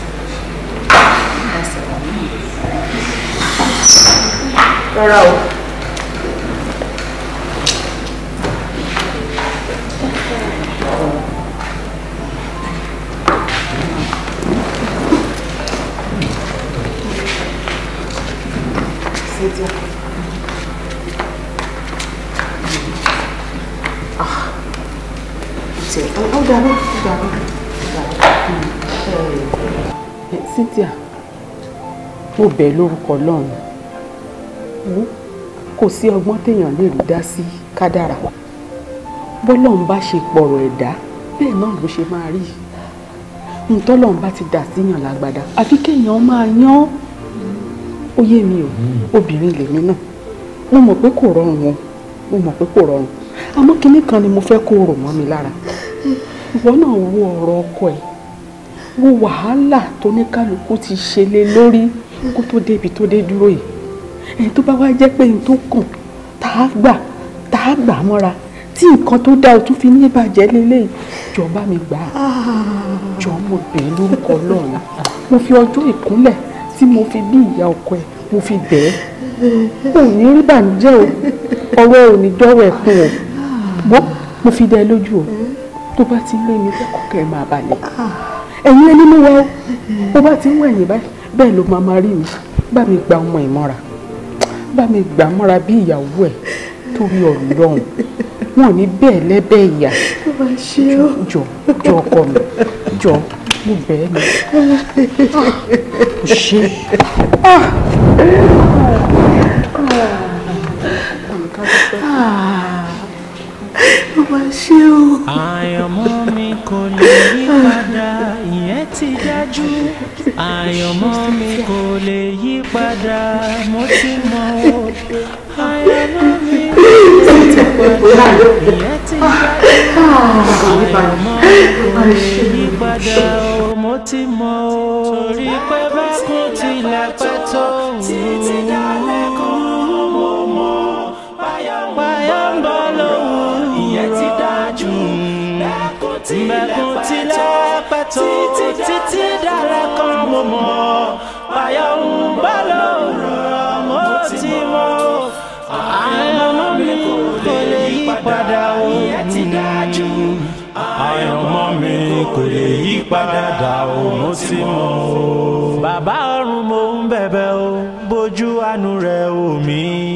i. rárá o. ó dáná ó dáná Cynthia mo bẹ̀ lórúkọ Ọlọ́run wo kò sí ọgbọ́n téèyàn lè rí dá sí kádàrà bọ́lọ́run bá ṣe pọ̀rọ̀ ẹ̀dá bẹ́ẹ̀ náà ló ṣe máa rí ntọ́lọ́run bá ti dà síyàn lágbádá àfi kéèyàn máa yán ó yé mi o mm. obìnrin lèmi náà mo mọ̀ pé kò rọrùn wọn mo mọ̀ pé kò rọrùn àmọ́ kinní kan ni mo fẹ́ kó rò mọ́ mi lára ìwọ náà wo ọ̀rọ̀ ọkọ ẹ̀ wo wàhálà tó ní kálukú ti ṣe lé lórí kó tó débi tó dé dúró yìí ẹni tó bá wá jẹ́ pé ẹni tó kàn tá a gbà tá a gbà mọ́ra tí nǹkan tó dá o tún fi ní ìbàjẹ́ lélẹ́yìí jọ̀ọ́ bá mi gbà á ah. jọ̀ọ́ mo bèè lórúkọ Ọlọ́run mo fi ọjọ́ ìkúnlẹ̀ tí mo fi bí ìyá ọkọ ẹ̀ mo fi bẹ̀ ẹ́ ò ní rí bànújẹ́ o ọwọ́ ò ní dọ́wọ́ ẹ̀kún o bọ́ mo fi dá ẹ lójú o tó bá ti lé mi kọ́kọ́ kẹ́ ẹ máa balẹ̀ ẹ̀yin ẹni mú wa o bó bá ti ń wọ ẹ̀yìn báyìí bẹ́ẹ̀ ló máa máa rí mi bá mi gba ọmọ ìmọ́ra bá mi gbà mọ́ra bí ìyàwó ẹ̀ torí ọlọ́run wọn ní bẹ́ẹ̀ lẹ́bẹ̀ẹ́ ìyá jọ jọ ọkọ mi jọ mo bẹ́ẹ̀ ni. kò ṣe. ọmọ ṣé o. àyànmọ́ mi kò lè yí padà ìyẹn ti dájú àyànmọ́ mi kò lè yí padà mo ti mọ̀ o àyànmọ́ mi kò lè yí padà ìyẹn ti dájú àyànmọ́ mi kò lè yí padà o tí mo rí pé bákùn tilẹ̀ pẹ́ tó títí dalẹ̀ kan mo mọ̀ báyọ̀ ń ìyẹn ti dájú bẹ́kùn tilẹ̀ pẹ́ tó títí dalẹ̀ kan mo mọ̀ báyọ̀ ń bọ̀ lówùú mo ti mọ̀ àyànmọ́ mi kò lè yí padà o ìyẹn ti dájú àyànmọ́ mi ni kò lè yí padà dà ó mo sì o. bàbá ọ̀run mò ń bẹ̀bẹ̀ o bójú àánú rẹ̀ wò mí.